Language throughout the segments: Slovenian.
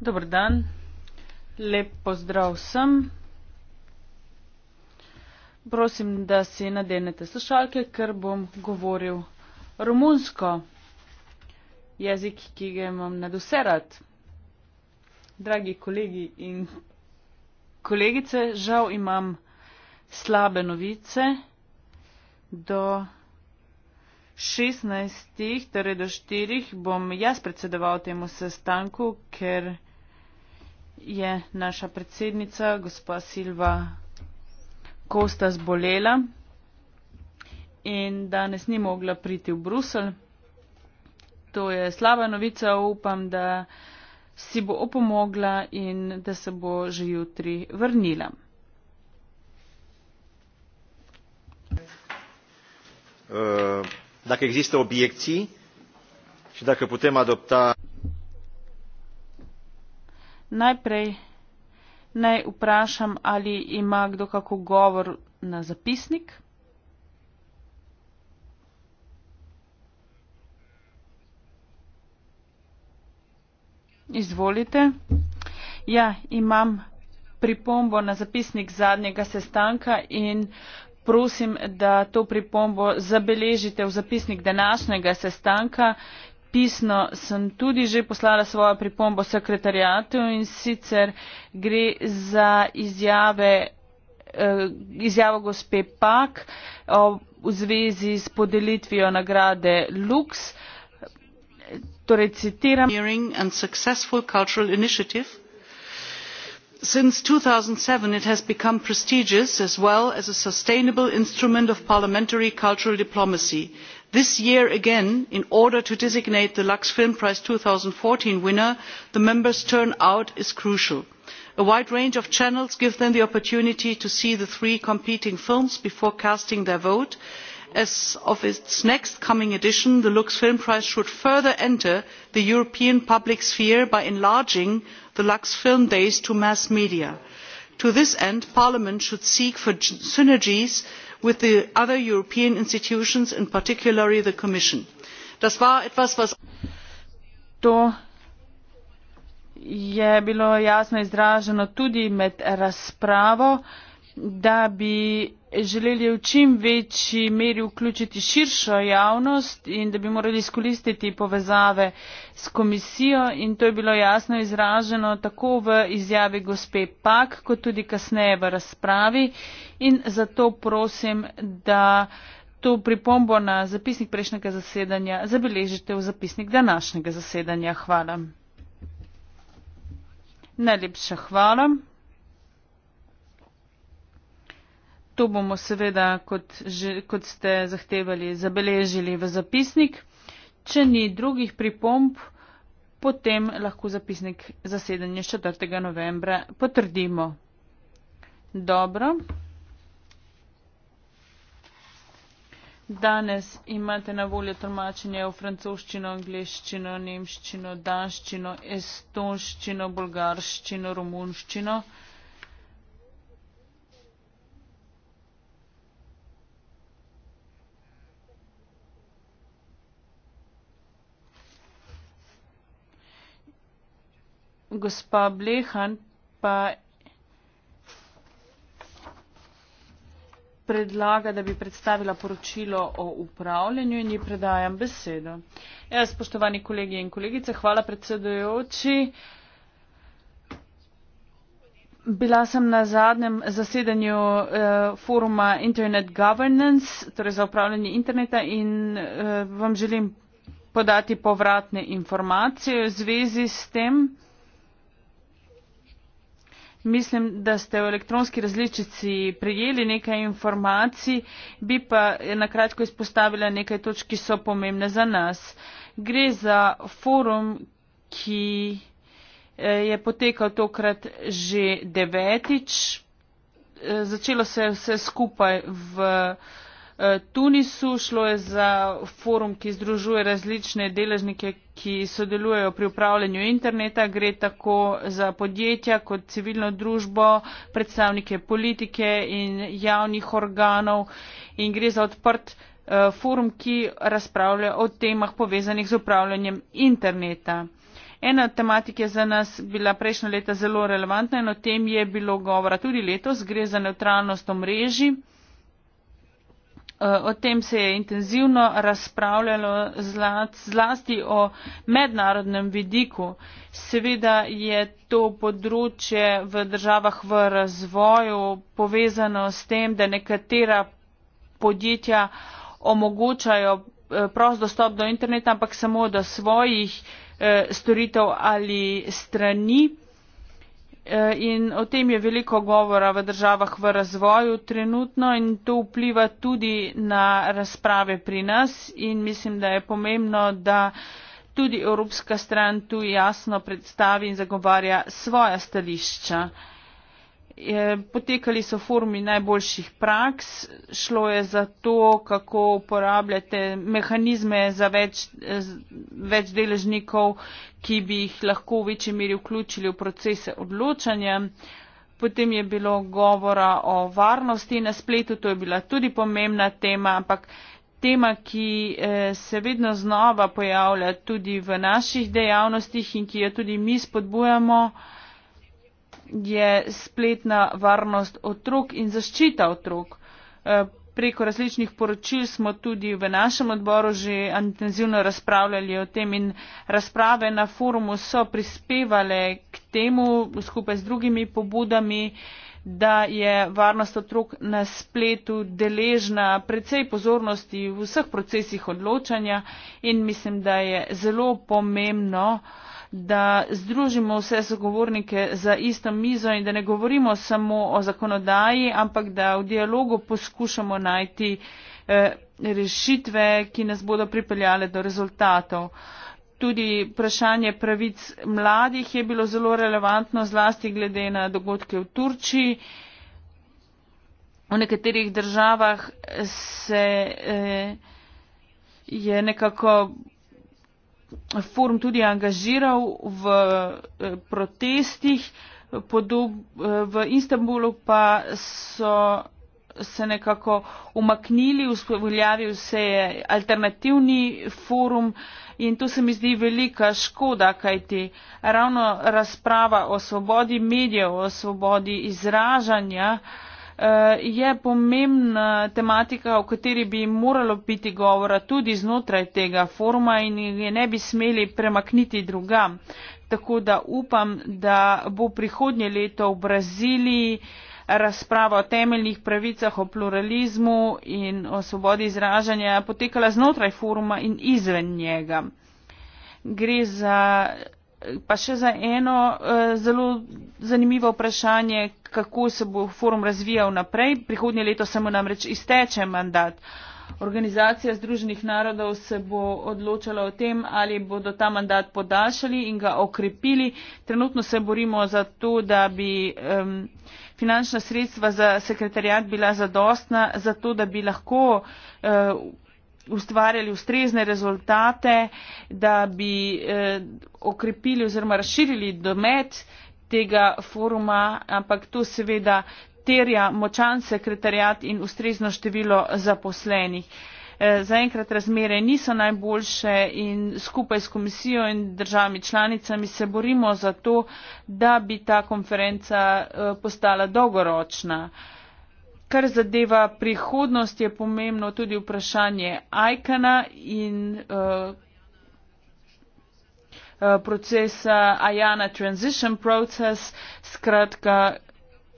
dober dan lep pozdrav vsem prosim da si nadenete slušalke ker bom govoril romunsko jezik ki ga imam nadvse rad dragi kolegi in kolegice žal imam slabe novice do 16. torej do 4. bom jaz predsedoval temu sestanku, ker je naša predsednica, gospa Silva Kosta, zbolela in danes ni mogla priti v Brusel. To je slaba novica, upam, da si bo opomogla in da se bo že jutri vrnila. Uh dacă există obiecții și dacă putem adopta. Najprej naj vprašam, ali ima kdo kako govor na zapisnik. Izvolite. Ja, imam pripombo na zapisnik zadnjega sestanka in prosim, da to pripombo zabeležite v zapisnik današnjega sestanka. Pisno sem tudi že poslala svojo pripombo sekretarijatu in sicer gre za izjave, eh, izjavo gospe Pak v zvezi s podelitvijo nagrade Lux. Torej, citiram since two thousand and seven it has become prestigious as well as a sustainable instrument of parliamentary cultural diplomacy. this year again in order to designate the lux film prize two thousand and fourteen winner the members' turnout is crucial. a wide range of channels give them the opportunity to see the three competing films before casting their vote as of its next coming edition the lux film prize should further enter the european public sphere by enlarging the lux film days to mass media. to this end parliament should seek for synergies with the other european institutions and particularly the commission. das war etwas was. to je bilo jasno izraženo tudi med razpravo da bi želeli v čim večji meri vključiti širšo javnost in da bi morali izkoristiti povezave s komisijo in to je bilo jasno izraženo tako v izjavi gospe Pak, kot tudi kasneje v razpravi in zato prosim, da to pripombo na zapisnik prejšnjega zasedanja zabeležite v zapisnik današnjega zasedanja. Hvala. Najlepša hvala. To bomo seveda, kot, že, kot ste zahtevali, zabeležili v zapisnik. Če ni drugih pripomb, potem lahko zapisnik zasedanja 4. novembra potrdimo. Dobro. Danes imate na voljo tolmačenje v francoščino, angliščino, nemščino, danščino, estonščino, bolgarščino, romunščino. gospa Blehan pa predlaga, da bi predstavila poročilo o upravljanju in ji predajam besedo. Ja, spoštovani kolegi in kolegice, hvala predsedujoči. Bila sem na zadnjem zasedanju eh, foruma Internet Governance, torej za upravljanje interneta in eh, vam želim podati povratne informacije v zvezi s tem. Mislim, da ste v elektronski različici prijeli nekaj informacij, bi pa na kratko izpostavila nekaj točk, ki so pomembne za nas. Gre za forum, ki eh, je potekal tokrat že devetič. Eh, začelo se je vse skupaj v Eh, tunisu šlo je za forum ki združuje različne deležnike ki sodelujejo pri upravljanju interneta gre tako za podjetja kot civilno družbo predstavnike politike in javnih organov in gre za odprt eh, forum ki razpravlja o temah povezanih z upravljanjem interneta Ena od tematik je za nas bila prejšnja leta zelo relevantna in o tem je bilo govora tudi letos. Gre za neutralnost omrežij. Eh, o tem se je intenzivno razpravljalo zlasti o mednarodnem vidiku. Seveda je to področje v državah v razvoju povezano s tem, da nekatera podjetja omogočajo eh, prost dostop do interneta, ampak samo do svojih eh, storitev ali strani. Eh, in o tem je veliko govora v državah v razvoju trenutno in to vpliva tudi na razprave pri nas in mislim, da je pomembno, da tudi evropska stran tu jasno predstavi in zagovarja svoja stališča je, potekali so forumi najboljših praks, šlo je za to, kako uporabljate mehanizme za več, eh, več deležnikov, ki bi jih lahko v večji meri vključili v procese odločanja. Potem je bilo govora o varnosti na spletu, to je bila tudi pomembna tema, ampak tema, ki eh, se vedno znova pojavlja tudi v naših dejavnostih in ki jo tudi mi spodbujamo, je spletna varnost otrok in zaščita otrok. Eh, preko različnih poročil smo tudi v našem odboru že intenzivno razpravljali o tem in razprave na forumu so prispevale k temu skupaj z drugimi pobudami, da je varnost otrok na spletu deležna precej pozornosti v vseh procesih odločanja in mislim, da je zelo pomembno, uh, da združimo vse sogovornike za isto mizo in da ne govorimo samo o zakonodaji, ampak da v dialogu poskušamo najti eh, rešitve, ki nas bodo pripeljale do rezultatov. Tudi vprašanje pravic mladih je bilo zelo relevantno, zlasti glede na dogodke v Turčiji. V nekaterih državah se eh, je nekako forum tudi angažiral v eh, protestih podob, eh, v Istanbulu, pa so se nekako umaknili, uspeljavil se je alternativni forum in to se mi zdi velika škoda, kajti ravno razprava o svobodi medijev, o svobodi izražanja, eh, Eh, je pomembna tematika, o kateri bi moralo biti govora tudi znotraj tega foruma in je ne bi smeli premakniti drugam. Tako da upam, da bo prihodnje leto v Braziliji razprava o temeljnih pravicah, o pluralizmu in o svobodi izražanja potekala znotraj foruma in izven njega. Gre za pa še za eno eh, zelo zanimivo vprašanje, kako se bo forum razvijal naprej. Prihodnje leto se mu namreč izteče mandat. Organizacija Združenih narodov se bo odločala o tem, ali bodo ta mandat podaljšali in ga okrepili. Trenutno se borimo za to, da bi um, finančna sredstva za sekretarjat bila zadostna, zato da bi lahko uh, ustvarjali ustrezne rezultate, da bi eh, okrepili oziroma razširili domet tega foruma, ampak to seveda terja močan sekretarjat in ustrezno število zaposlenih. Eh, zaenkrat razmere niso najboljše in skupaj s komisijo in državami članicami se borimo za to, da bi ta konferenca eh, postala dolgoročna kar zadeva prihodnost, je pomembno tudi vprašanje Aikana in uh, procesa Ajana Transition Process. Skratka,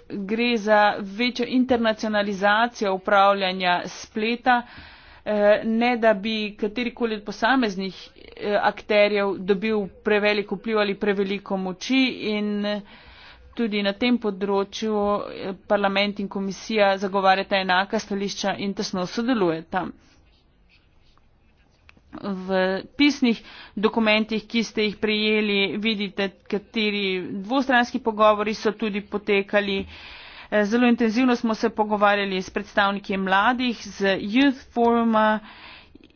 gre za večjo internacionalizacijo upravljanja spleta, uh, ne da bi katerikoli od posameznih uh, akterjev dobil prevelik vpliv ali preveliko moči in uh, tudi na tem področju eh, parlament in komisija zagovarjata enaka stališča in tesno sodelujeta. V pisnih dokumentih, ki ste jih prijeli, vidite, kateri dvostranski pogovori so tudi potekali. Eh, zelo intenzivno smo se pogovarjali s predstavniki mladih, z Youth Foruma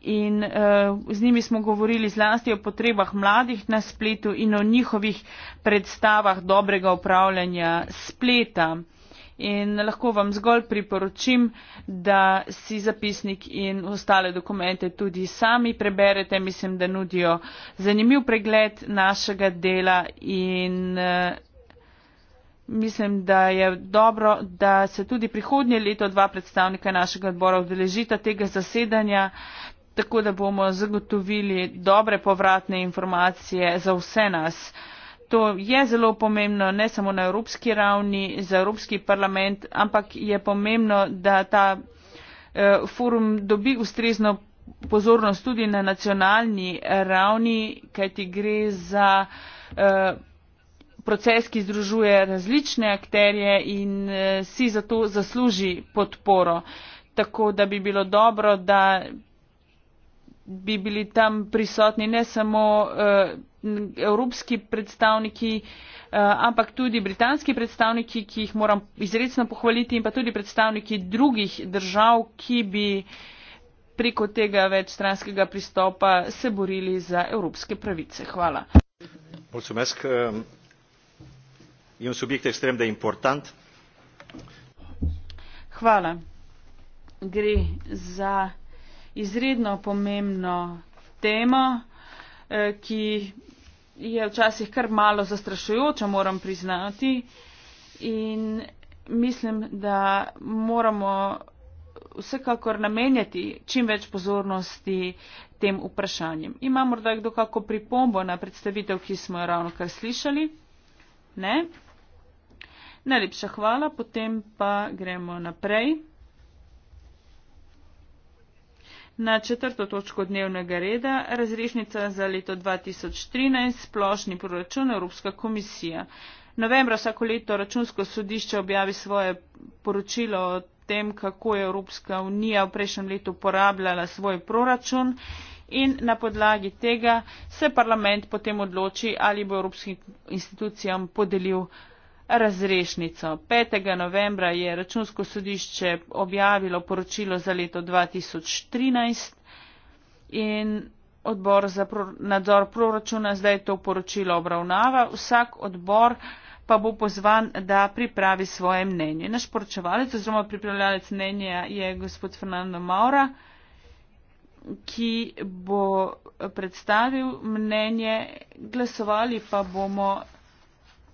in uh, z njimi smo govorili zlasti o potrebah mladih na spletu in o njihovih predstavah dobrega upravljanja spleta. In lahko vam zgolj priporočim, da si zapisnik in ostale dokumente tudi sami preberete. Mislim, da nudijo zanimiv pregled našega dela in eh, mislim, da je dobro, da se tudi prihodnje leto dva predstavnika našega odbora odeležita tega zasedanja, tako da bomo zagotovili dobre povratne informacije za vse nas. To je zelo pomembno ne samo na evropski ravni, za evropski parlament, ampak je pomembno, da ta eh, forum dobi ustrezno pozornost tudi na nacionalni ravni, kajti gre za eh, proces, ki združuje različne akterje in eh, si zato zasluži podporo. Tako da bi bilo dobro, da bi bili tam prisotni ne samo uh, evropski predstavniki, eh, ampak tudi britanski predstavniki, ki jih moram izredno pohvaliti in pa tudi predstavniki drugih držav, ki bi preko tega večstranskega pristopa se borili za evropske pravice. Hvala. Mulțumesc. Je eh, un subjekt ekstrem da important. Hvala. Gre za izredno pomembno temo, eh, ki je včasih kar malo zastrašujoča, moram priznati. In mislim, da moramo vsekakor namenjati čim več pozornosti tem vprašanjem. Ima morda kdo kako pripombo na predstavitev, ki smo jo ravno kar slišali? Ne? Najlepša hvala, potem pa gremo naprej. Na četrto točko dnevnega reda razrešnica za leto 2013 splošni proračun Evropska komisija. Novembra vsako leto računsko sodišče objavi svoje poročilo o tem, kako je Evropska unija v prejšnjem letu porabljala svoj proračun in na podlagi tega se parlament potem odloči, ali bo Evropskim institucijam podelil razrešnico. 5. novembra je računsko sodišče objavilo poročilo za leto 2013 in odbor za nadzor proračuna zdaj to poročilo obravnava. Vsak odbor pa bo pozvan, da pripravi svoje mnenje. Naš poročevalec oziroma pripravljalec mnenja je gospod Fernando Maura, ki bo predstavil mnenje. Glasovali pa bomo.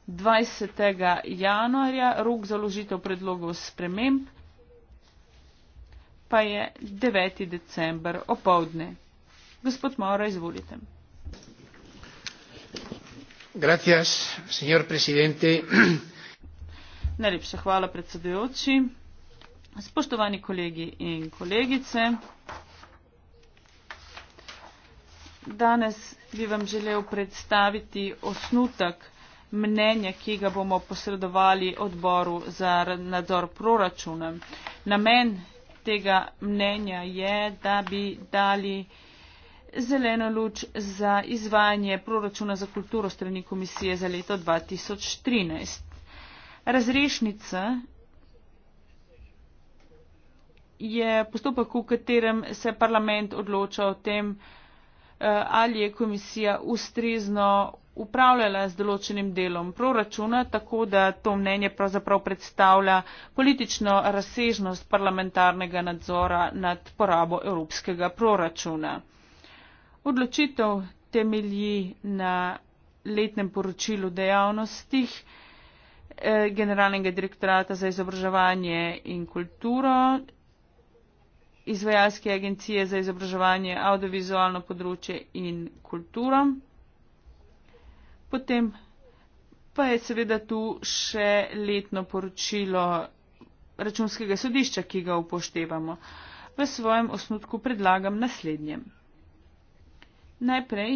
20. januarja, rok za ložitev predlogov sprememb pa je 9. december opovdne. Gospod Mora, izvolite. Gracias, señor presidente. Najlepša hvala, predsedujoči. Spoštovani kolegi in kolegice, danes bi vam želel predstaviti osnutek mnenje, ki ga bomo posredovali odboru za nadzor proračuna. Namen tega mnenja je, da bi dali zeleno luč za izvajanje proračuna za kulturo strani komisije za leto 2013. Razrešnica je postopek, v katerem se parlament odloča o tem, eh, ali je komisija ustrezno upravljala z določenim delom proračuna, tako da to mnenje pravzaprav predstavlja politično razsežnost parlamentarnega nadzora nad porabo evropskega proračuna. Odločitev temelji na letnem poročilu dejavnostih eh, Generalnega direktorata za izobraževanje in kulturo, izvajalske agencije za izobraževanje, audiovizualno področje in kulturo. Potem pa je seveda tu še letno poročilo računskega sodišča, ki ga upoštevamo. V svojem osnutku predlagam naslednje. Najprej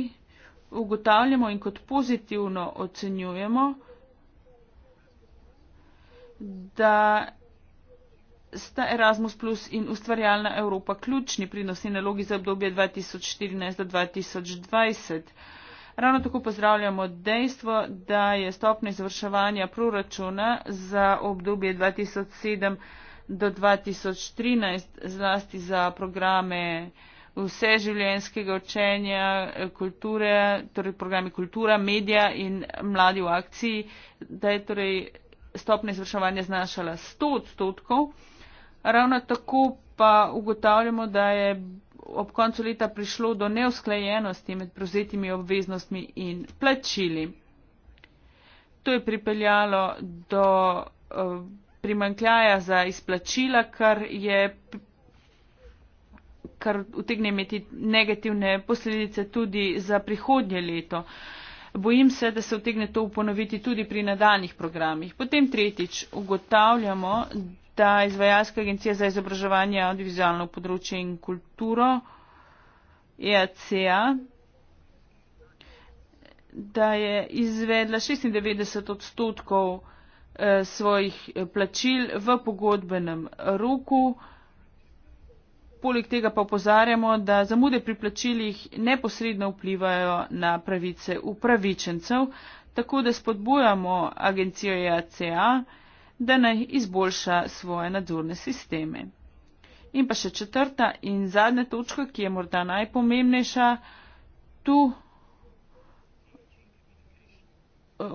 ugotavljamo in kot pozitivno ocenjujemo, da sta Erasmus Plus in ustvarjalna Evropa ključni pri nosni nalogi za obdobje 2014-2020. Ravno tako pozdravljamo dejstvo, da je stopnja izvrševanja proračuna za obdobje 2007 do 2013 zlasti za programe vseživljenjskega učenja, kulture, torej programe kultura, medija in mladi v akciji, da je torej stopnja izvrševanja znašala 100 odstotkov. Ravno tako pa ugotavljamo, da je ob koncu leta prišlo do neusklajenosti med prevzetimi obveznostmi in plačili. To je pripeljalo do eh, primankljaja za izplačila, kar je kar utegne imeti negativne posledice tudi za prihodnje leto. Bojim se, da se utegne to uponoviti tudi pri nadaljnih programih. Potem tretjič, ugotavljamo, sta izvajalska agencija za izobraževanje audiovizualno področje in kulturo EACA, da je izvedla 96 odstotkov eh, svojih eh, plačil v pogodbenem roku. Poleg tega pa opozarjamo, da zamude pri plačilih neposredno vplivajo na pravice upravičencev, tako da spodbujamo agencijo EACA, da naj izboljša svoje nadzorne sisteme. In pa še četrta in zadnja točka, ki je morda najpomembnejša, tu eh,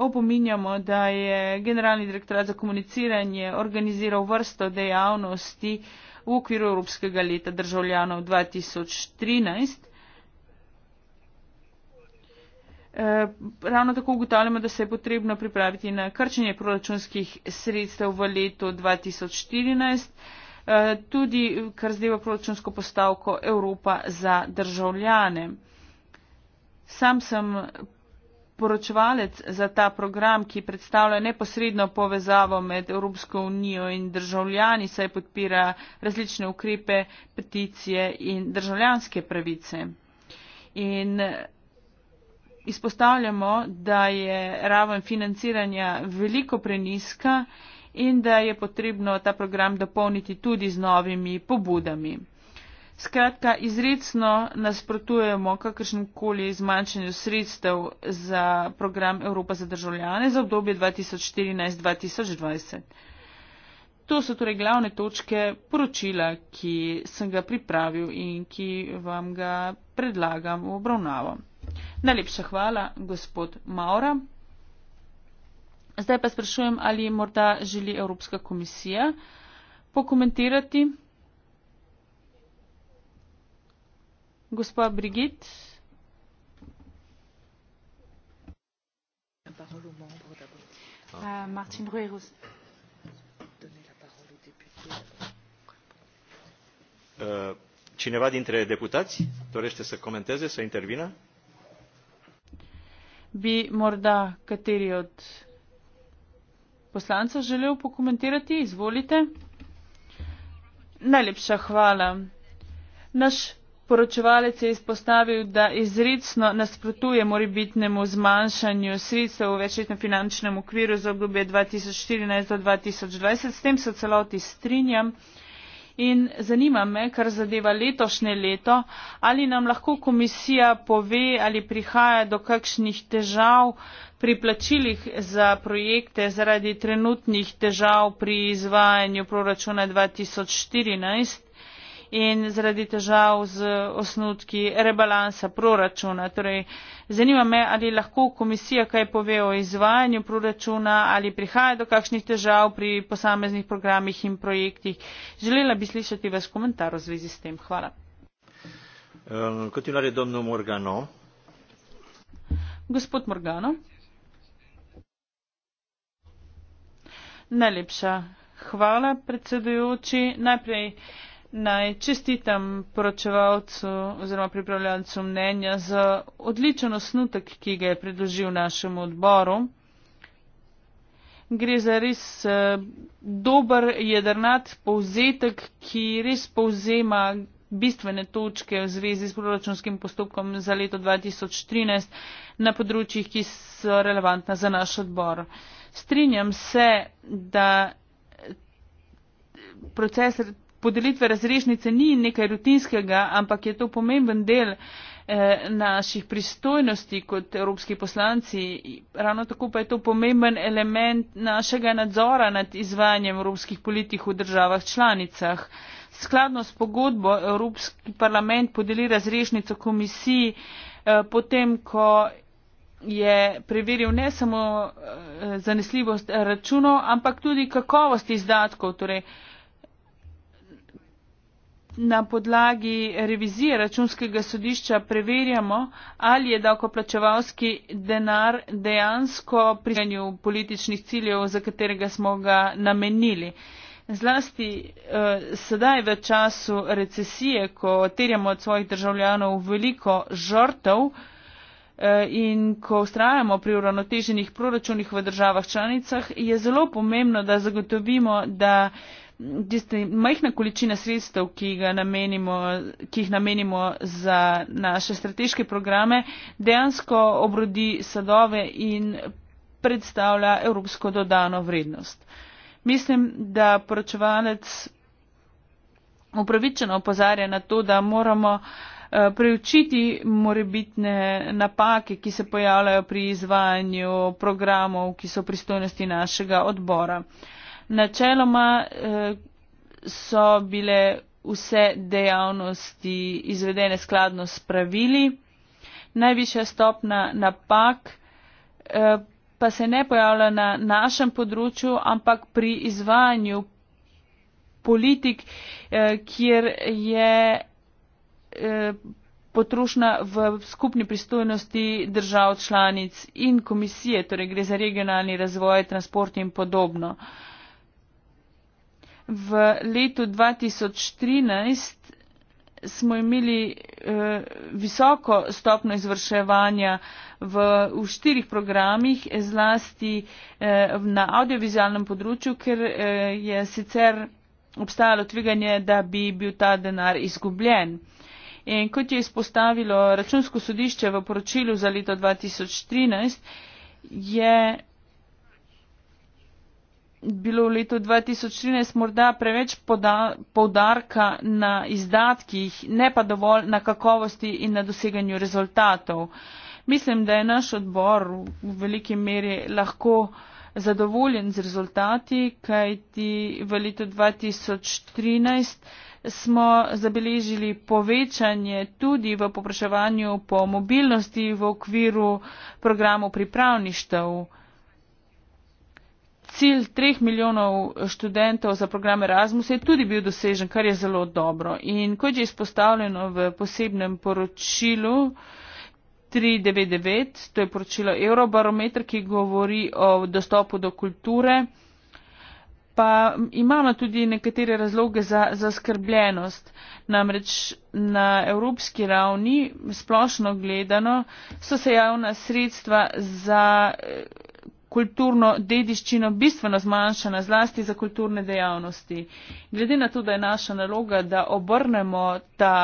opominjamo, da je Generalni direktorat za komuniciranje organiziral vrsto dejavnosti v okviru Evropskega leta državljanov 2013. Eh, ravno tako ugotavljamo, da se je potrebno pripraviti na krčenje proračunskih sredstev v letu 2014, eh, tudi kar zdeva proračunsko postavko Evropa za državljane. Sam sem poročevalec za ta program, ki predstavlja neposredno povezavo med Evropsko unijo in državljani, saj podpira različne ukrepe, peticije in državljanske pravice. In izpostavljamo, da je raven financiranja veliko preniska in da je potrebno ta program dopolniti tudi z novimi pobudami. Skratka, izredno nasprotujemo kakršnemkoli zmanjšanju sredstev za program Evropa za državljane za obdobje 2014-2020. To so torej glavne točke poročila, ki sem ga pripravil in ki vam ga predlagam v obravnavo. Najlepša hvala, gospod Maura. Zdaj pa sprašujem, ali morda želi Evropska komisija pokomentirati. Gospod Brigit. Euh, Martin Rueros. Euh, cineva dintre deputați dorește să comenteze, să intervină? bi morda kateri od poslancev želel pokomentirati. Izvolite. Najlepša hvala. Naš poročevalec je izpostavil, da izredno nasprotuje moribitnemu zmanjšanju sredstev v večletnem finančnem okviru za obdobje 2014-2020. S tem se celoti strinjam in zanima me kar zadeva letošnje leto ali nam lahko komisija pove ali prihaja do kakšnih težav pri plačilih za projekte zaradi trenutnih težav pri izvajanju proračuna 2014 in zaradi težav z osnutki rebalansa proračuna. Torej, zanima me ali lahko komisija kaj pove o izvajanju proračuna ali prihaja do kakšnih težav pri posameznih programih in projektih želela bi slišati vaš komentar v zvezi s tem hvala Continuare, domnul Morgano. Gospod Morgano. Najlepša hvala, predsedujoči. Najprej naj čestitam poročevalcu oziroma pripravljalcu mnenja za odličen osnutek, ki ga je predložil našemu odboru. Gre za res eh, dober jedrnat povzetek, ki res povzema bistvene točke v zvezi s proračunskim postopkom za leto 2013 na področjih, ki so relevantna za naš odbor. Strinjam se, da proces podelitve razrešnice ni nekaj rutinskega, ampak je to pomemben del eh, naših pristojnosti kot evropski poslanci. Ravno tako pa je to pomemben element našega nadzora nad izvajanjem evropskih politik v državah članicah. Skladno s pogodbo Evropski parlament podeli razrešnico komisiji eh, potem, ko je preveril ne samo eh, zanesljivost računov, ampak tudi kakovost izdatkov, torej na podlagi revizije računskega sodišča preverjamo, ali je davkoplačevalski denar dejansko pri sledenju političnih ciljev, za katerega smo ga namenili. Zlasti eh, sedaj v času recesije, ko terjamo od svojih državljanov veliko žrtev eh, in ko ustrajamo pri uravnoteženih proračunih v državah članicah, je zelo pomembno, da zagotovimo, da eh, tiste majhne količine sredstev, ki, namenimo, ki jih namenimo za naše strateške programe, dejansko obrodi sadove in predstavlja evropsko dodano vrednost. Mislim, da poročevalec upravičeno opozarja na to, da moramo eh, preučiti morebitne napake, ki se pojavljajo pri izvajanju programov, ki so pristojnosti našega odbora. Uh, načeloma eh, so bile vse dejavnosti izvedene skladno s pravili. Najvišja stopna napak eh, pa se ne pojavlja na našem področju, ampak pri izvajanju politik, eh, kjer je potrošna v skupni pristojnosti držav članic in komisije, torej gre za regionalni razvoj, transport in podobno v letu 2013 smo imeli eh, visoko stopno izvrševanja v, v štirih programih, zlasti eh, na audiovizualnem področju, ker eh, je sicer obstajalo tveganje, da bi bil ta denar izgubljen. In kot je izpostavilo računsko sodišče v poročilu za leto 2013, je bilo v letu 2013 morda preveč poudarka na izdatkih, ne pa dovolj na kakovosti in na doseganju rezultatov. Mislim, da je naš odbor v veliki meri lahko zadovoljen z rezultati, kajti v letu 2013 smo zabeležili povečanje tudi v popraševanju po mobilnosti v okviru programov pripravništev cilj treh milijonov študentov za program Erasmus je tudi bil dosežen, kar je zelo dobro. In kot je izpostavljeno v posebnem poročilu 399, to je poročilo Eurobarometr, ki govori o dostopu do kulture, pa imamo tudi nekatere razloge za zaskrbljenost. Namreč na evropski ravni, splošno gledano, so se javna sredstva za kulturno dediščino bistveno zmanjšana zlasti za kulturne dejavnosti. Glede na to, da je naša naloga, da obrnemo ta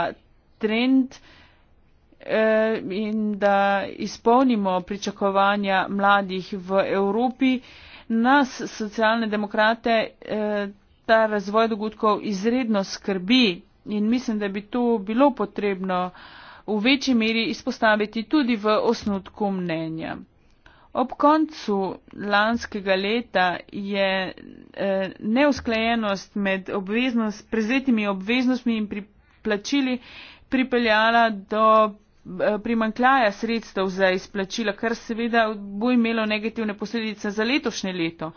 trend eh, in da izpolnimo pričakovanja mladih v Evropi, nas socialne demokrate eh, ta razvoj dogodkov izredno skrbi in mislim, da bi to bilo potrebno v večji meri izpostaviti tudi v osnutku mnenja. Ob koncu lanskega leta je eh, neusklajenost med obveznost, prezetimi obveznostmi in priplačili pripeljala do eh, primankljaja sredstev za izplačila, kar seveda bo imelo negativne posledice za letošnje leto.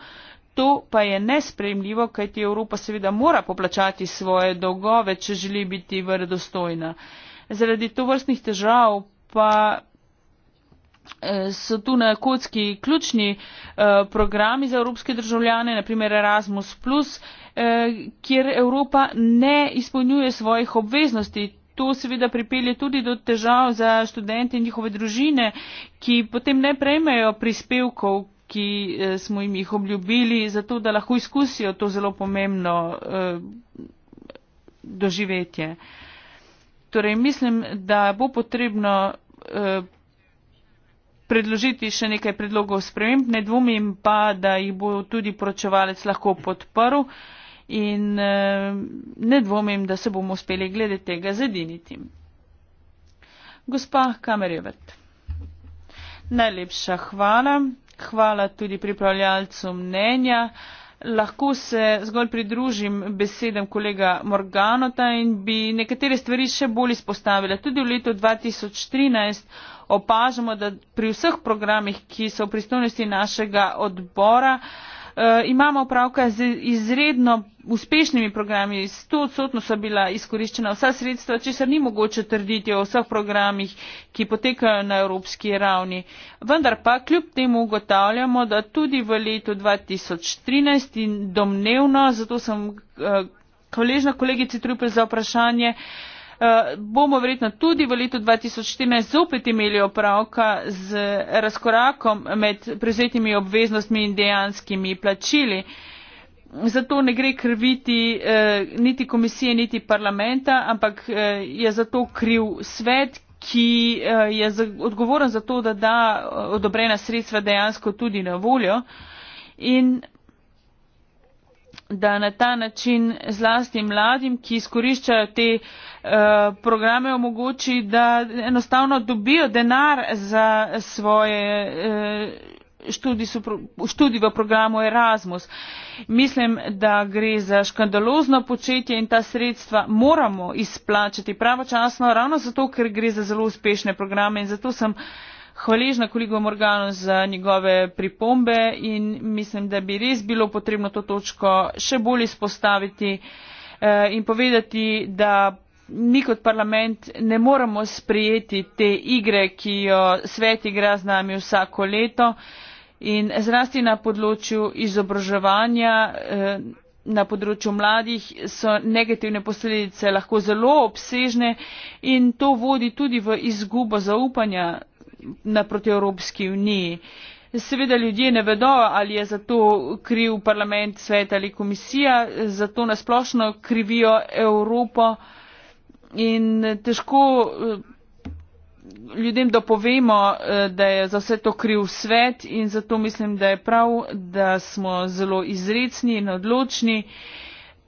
To pa je nespremljivo, kajti Evropa seveda mora poplačati svoje dolgove, če želi biti verodostojna. Zaradi to vrstnih težav pa Eh, so tu na kocki ključni eh, programi za evropske državljane, naprimer Erasmus, eh, kjer Evropa ne izpolnjuje svojih obveznosti. To seveda pripelje tudi do težav za študente in njihove družine, ki potem ne prejmejo prispevkov, ki smo jim jih obljubili, zato da lahko izkusijo to zelo pomembno doživetje. Torej, mislim, da bo potrebno predložiti še nekaj predlogov sprememb, ne dvomim pa, da jih bo tudi poročevalec lahko podprl in eh, ne dvomim, da se bomo uspeli glede tega zediniti. Gospa Kamerjevet, najlepša hvala, hvala tudi pripravljalcu mnenja. Lahko se zgolj pridružim besedam kolega Morganota in bi nekatere stvari še bolj izpostavila. Tudi v letu 2013 opažamo da pri vseh programih ki so v pristojnosti našega odbora eh, imamo opravka z izredno uspešnimi programi sto odstotno so bila izkoriščena vsa sredstva česar ni mogoče trditi o vseh programih ki potekajo na evropski ravni vendar pa kljub temu ugotavljamo da tudi v letu dva tisoč trinajst in domnevno zato sem eh, hvaležna kolegici trupel za vprašanje uh, Eh, bomo verjetno tudi v letu 2014 zopet imeli opravka z razkorakom med prevzetimi obveznostmi in dejanskimi plačili. Zato ne gre kriviti eh, niti komisije, niti parlamenta, ampak eh, je zato kriv svet, ki eh, je za, odgovoren za to, da da eh, odobrena sredstva dejansko tudi na voljo. In da na ta način zlasti mladim, ki izkoriščajo te eh, programe, omogoči, da enostavno dobijo denar za svoje eh, študij, študij v programu Erasmus. Mislim, da gre za škandalozno početje in ta sredstva moramo izplačati pravočasno, ravno zato, ker gre za zelo uspešne programe in zato sem hvaležna kolegu Morganu za njegove pripombe in mislim, da bi res bilo potrebno to točko še bolj izpostaviti eh, in povedati, da mi kot parlament ne moremo sprijeti te igre, ki jo svet igra z nami vsako leto in zrasti na področju izobraževanja. Eh, na področju mladih so negativne posledice lahko zelo obsežne in to vodi tudi v izgubo zaupanja naproti Evropski uniji. Seveda ljudje ne vedo, ali je za to kriv parlament, svet ali komisija, zato nasplošno krivijo Evropo in težko eh, ljudem dopovemo, eh, da je za vse to kriv svet in zato mislim, da je prav, da smo zelo izrecni in odločni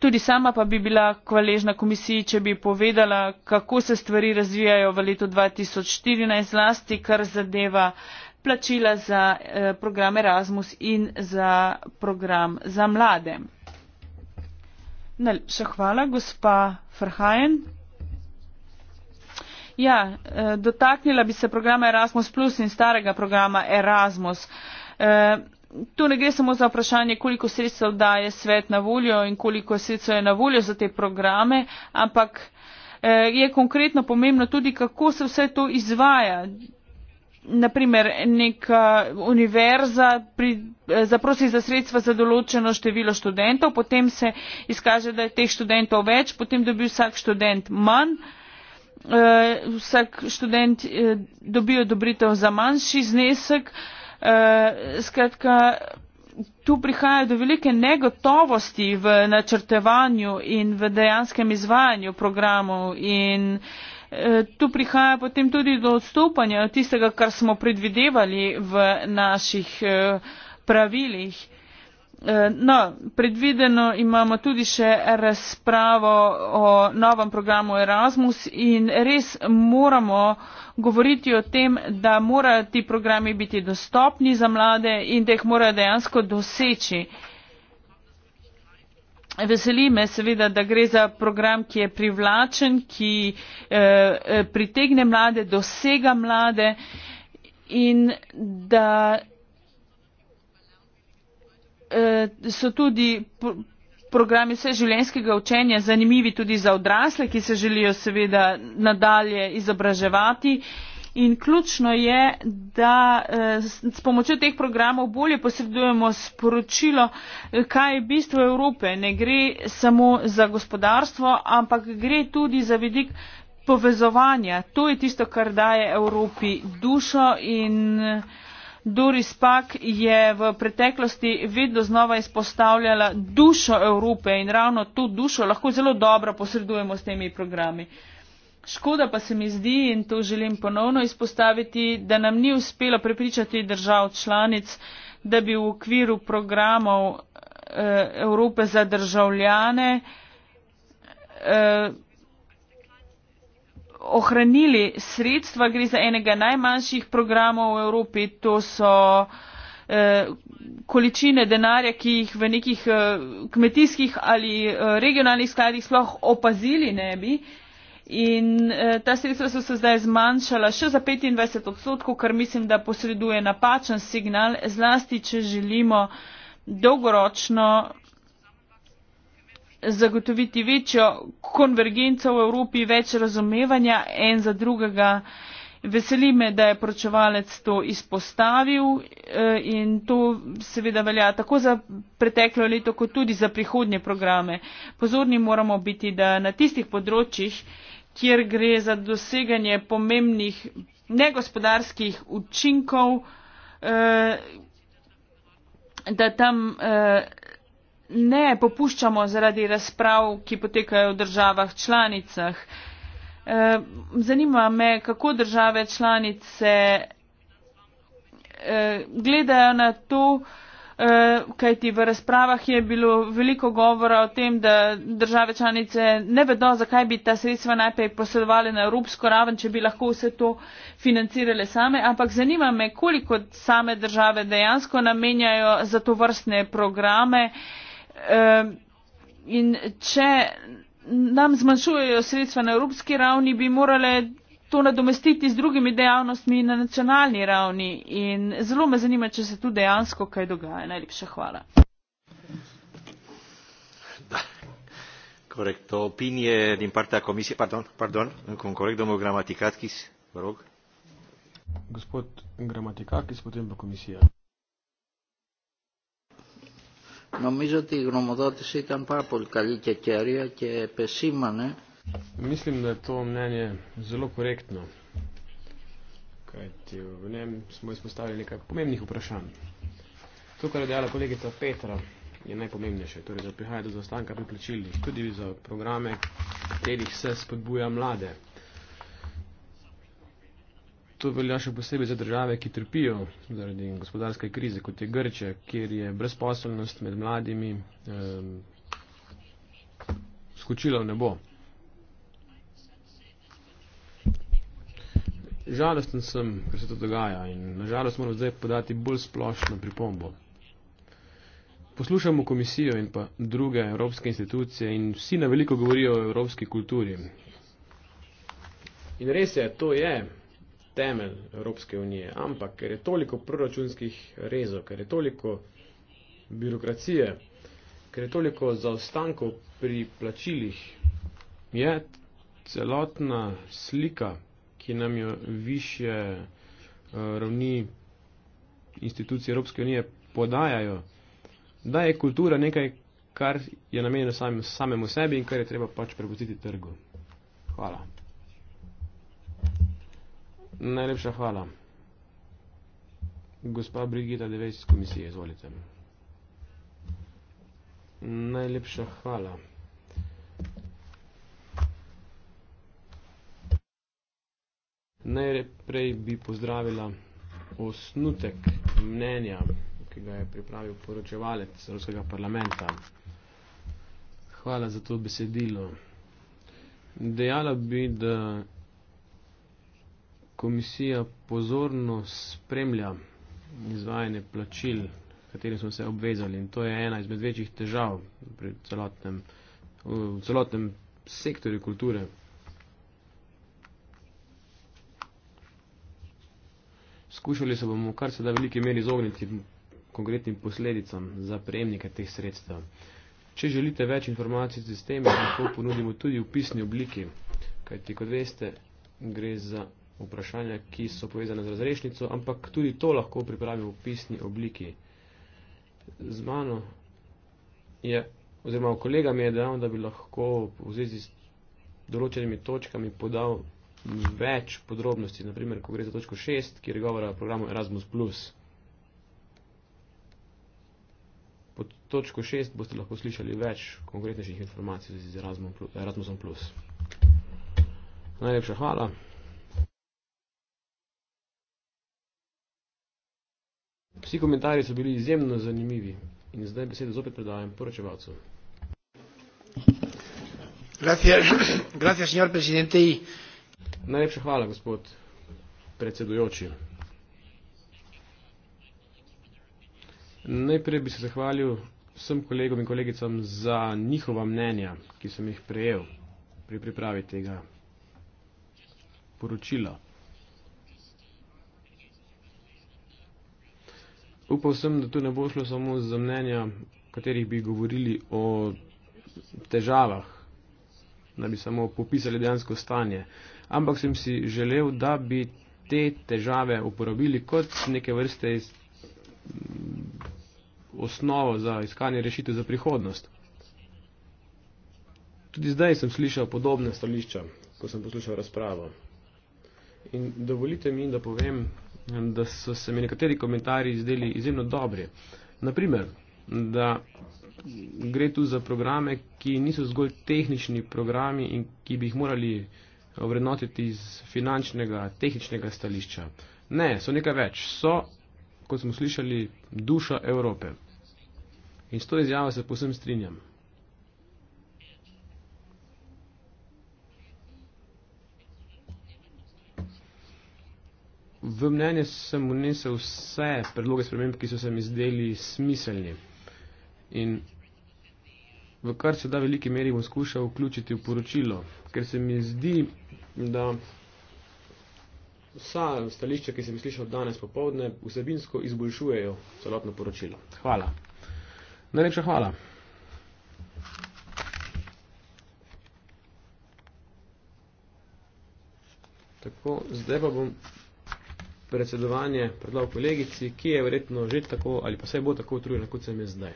tudi sama pa bi bila hvaležna komisiji če bi povedala kako se stvari razvijajo v letu 2014 zlasti kar zadeva plačila za eh, program Erasmus in za program za mlade. Najlepša hvala, gospa Frhajen. Ja, eh, dotaknila bi se programa Erasmus Plus in starega programa Erasmus. Eh, tu ne gre samo za vprašanje, koliko sredstev daje svet na voljo in koliko sredstev je na voljo za te programe, ampak eh, je konkretno pomembno tudi, kako se vse to izvaja. Naprimer, neka univerza pri, eh, zaprosi za sredstva za določeno število študentov, potem se izkaže, da je teh študentov več, potem dobi vsak študent manj. Eh, vsak študent dobijo odobritev za manjši znesek, Eh, skratka, tu prihaja do velike negotovosti v načrtevanju in v dejanskem izvajanju programov in eh, tu prihaja potem tudi do odstopanja od tistega, kar smo predvidevali v naših eh, pravilih. Eh, no, predvideno imamo tudi še razpravo o novem programu Erasmus in res moramo govoriti o tem, da morajo ti programi biti dostopni za mlade in da jih morajo dejansko doseči. Veseli me seveda, da gre za program, ki je privlačen, ki eh, pritegne mlade, dosega mlade in da Eh, so tudi programi vseživljenjskega učenja zanimivi tudi za odrasle, ki se želijo seveda nadalje izobraževati. In ključno je, da eh, s pomočjo teh programov bolje posredujemo sporočilo, eh, kaj je bistvo Evrope. Ne gre samo za gospodarstvo, ampak gre tudi za vidik povezovanja. To je tisto, kar daje Evropi dušo in Doris Pak je v preteklosti vedno znova izpostavljala dušo Evrope in ravno to dušo lahko zelo dobro posredujemo s temi programi. Škoda pa se mi zdi, in to želim ponovno izpostaviti, da nam ni uspelo prepričati držav članic, da bi v okviru programov eh, Evrope za državljane eh, ohranili sredstva, gre za enega najmanjših programov v Evropi, to so eh, količine denarja, ki jih v nekih eh, kmetijskih ali eh, regionalnih skladih sploh opazili ne bi. In ta sredstva so se zdaj zmanjšala še za 25 odstotkov, kar mislim, da posreduje napačen signal, zlasti, če želimo dolgoročno zagotoviti večjo konvergenco v Evropi, več razumevanja en za drugega. Veseli me, da je pročevalec to izpostavil eh, in to seveda velja tako za preteklo leto, kot tudi za prihodnje programe. Pozorni moramo biti, da na tistih področjih, kjer gre za doseganje pomembnih negospodarskih učinkov, eh, da tam eh, ne popuščamo zaradi razprav, ki potekajo v državah članicah. E, zanima me, kako države članice e, gledajo na to, e, kajti v razpravah je bilo veliko govora o tem, da države članice ne vedo, zakaj bi ta sredstva najprej posredovali na evropsko raven, če bi lahko vse to financirale same, ampak zanima me, koliko same države dejansko namenjajo za to vrstne programe. In če nam zmanjšujejo sredstva na evropski ravni, bi morale to nadomestiti z drugimi dejavnostmi na nacionalni ravni. In zelo me zanima, če se tu dejansko kaj dogaja. Najlepša hvala. Correcto. Opinie din partea comisiei. Pardon, pardon. Încă un corect, domnul Gramaticatis, vă rog. Gospod Gramaticatis, putem pe comisia. Νομίζω ότι η γνωμοδότηση ήταν πάρα πολύ καλή και κέρια και επεσήμανε. Μίσλιμ να το μνένι ζελό κορέκτνο. Κάτι, ναι, σμό εισποστάλλει λίκα πομέμνιχ ουπρασάν. Το καρέ διάλα κολέγητα Πέτρα, για να υπομέμνιεσαι, τώρα για πιχάει το ζωστάν κάποιο πλουτσίλι. Τούτι βίζω προγράμμε, τέτοιχ σε σπουτμπούια μλάδε to velja še posebej za države, ki trpijo zaradi gospodarske krize, kot je Grče, kjer je brezposobnost med mladimi eh, skočila v nebo. Žalosten sem, ker se to dogaja in nažalost moram zdaj podati bolj splošno pripombo. Poslušamo komisijo in pa druge evropske institucije in vsi na veliko govorijo o evropski kulturi. In res je, to je temelj Evropske unije. Ampak, ker je toliko proračunskih rezov, ker je toliko birokracije, ker je toliko zaostankov pri plačilih, je celotna slika, ki nam jo više eh, ravni institucije Evropske unije podajajo, da je kultura nekaj, kar je namenjeno samemu sebi in kar je treba pač prepustiti trgu. Hvala. Najlepša hvala. Gospa Brigita Deves iz komisije, izvolite. Najlepša hvala. Najprej bi pozdravila osnutek mnenja, ki ga je pripravil poročevalec Evropskega parlamenta. Hvala za to besedilo. Dejala bi, da komisija pozorno spremlja izvajanje plačil, katerim smo se obvezali in to je ena izmed večjih težav pri celotnem, v celotnem sektorju kulture. Skušali se bomo kar se da veliki meri izogniti konkretnim posledicam za prejemnike teh sredstev. Če želite več informacij z tem, lahko ponudimo tudi v pisni obliki, kajti kot veste, gre za vprašanja, ki so povezane z razrešnico, ampak tudi to lahko pripravim v pisni obliki. Z mano je, oziroma kolega mi je dejal, da bi lahko v zvezi s določenimi točkami podal več podrobnosti, naprimer, ko gre za točko 6, kjer govora o programu Erasmus. Pod točko 6 boste lahko slišali več konkretnejših informacij z Erasmusom. Najlepša hvala. Vsi komentarji so bili izjemno zanimivi in zdaj besedo zopet predajam poročevalcu. Najlepša hvala, gospod predsedujoči. Najprej bi se zahvalil vsem kolegom in kolegicam za njihova mnenja, ki sem jih prejel pri pripravi tega poročila. upal sem, da to ne bo šlo samo za mnenja, katerih bi govorili o težavah, da bi samo popisali dejansko stanje. Ampak sem si želel, da bi te težave uporabili kot neke vrste iz, mm, osnovo za iskanje rešitev za prihodnost. Tudi zdaj sem slišal podobne stališča, ko sem poslušal razpravo. In dovolite mi, da povem da so se mi nekateri komentarji izdeli izjemno dobri. Naprimer, da gre tu za programe, ki niso zgolj tehnični programi in ki bi jih morali vrednotiti iz finančnega, tehničnega stališča. Ne, so nekaj več. So, kot smo slišali, duša Evrope. In s to izjavo se posebno strinjam. V mnenje sem unesel vse predloge sprememb, ki so se mi zdeli smiselni in v kar se da veliki meri bom skušal vključiti v poročilo, ker se mi zdi, da vsa stališča, ki sem slišal danes popovdne, vsebinsko izboljšujejo celotno poročilo. Hvala. Najlepša hvala. Tako, zdaj pa bom predsedovanje predlav kolegici, ki je verjetno že tako ali pa vse bo tako utrujena, kot sem je zdaj.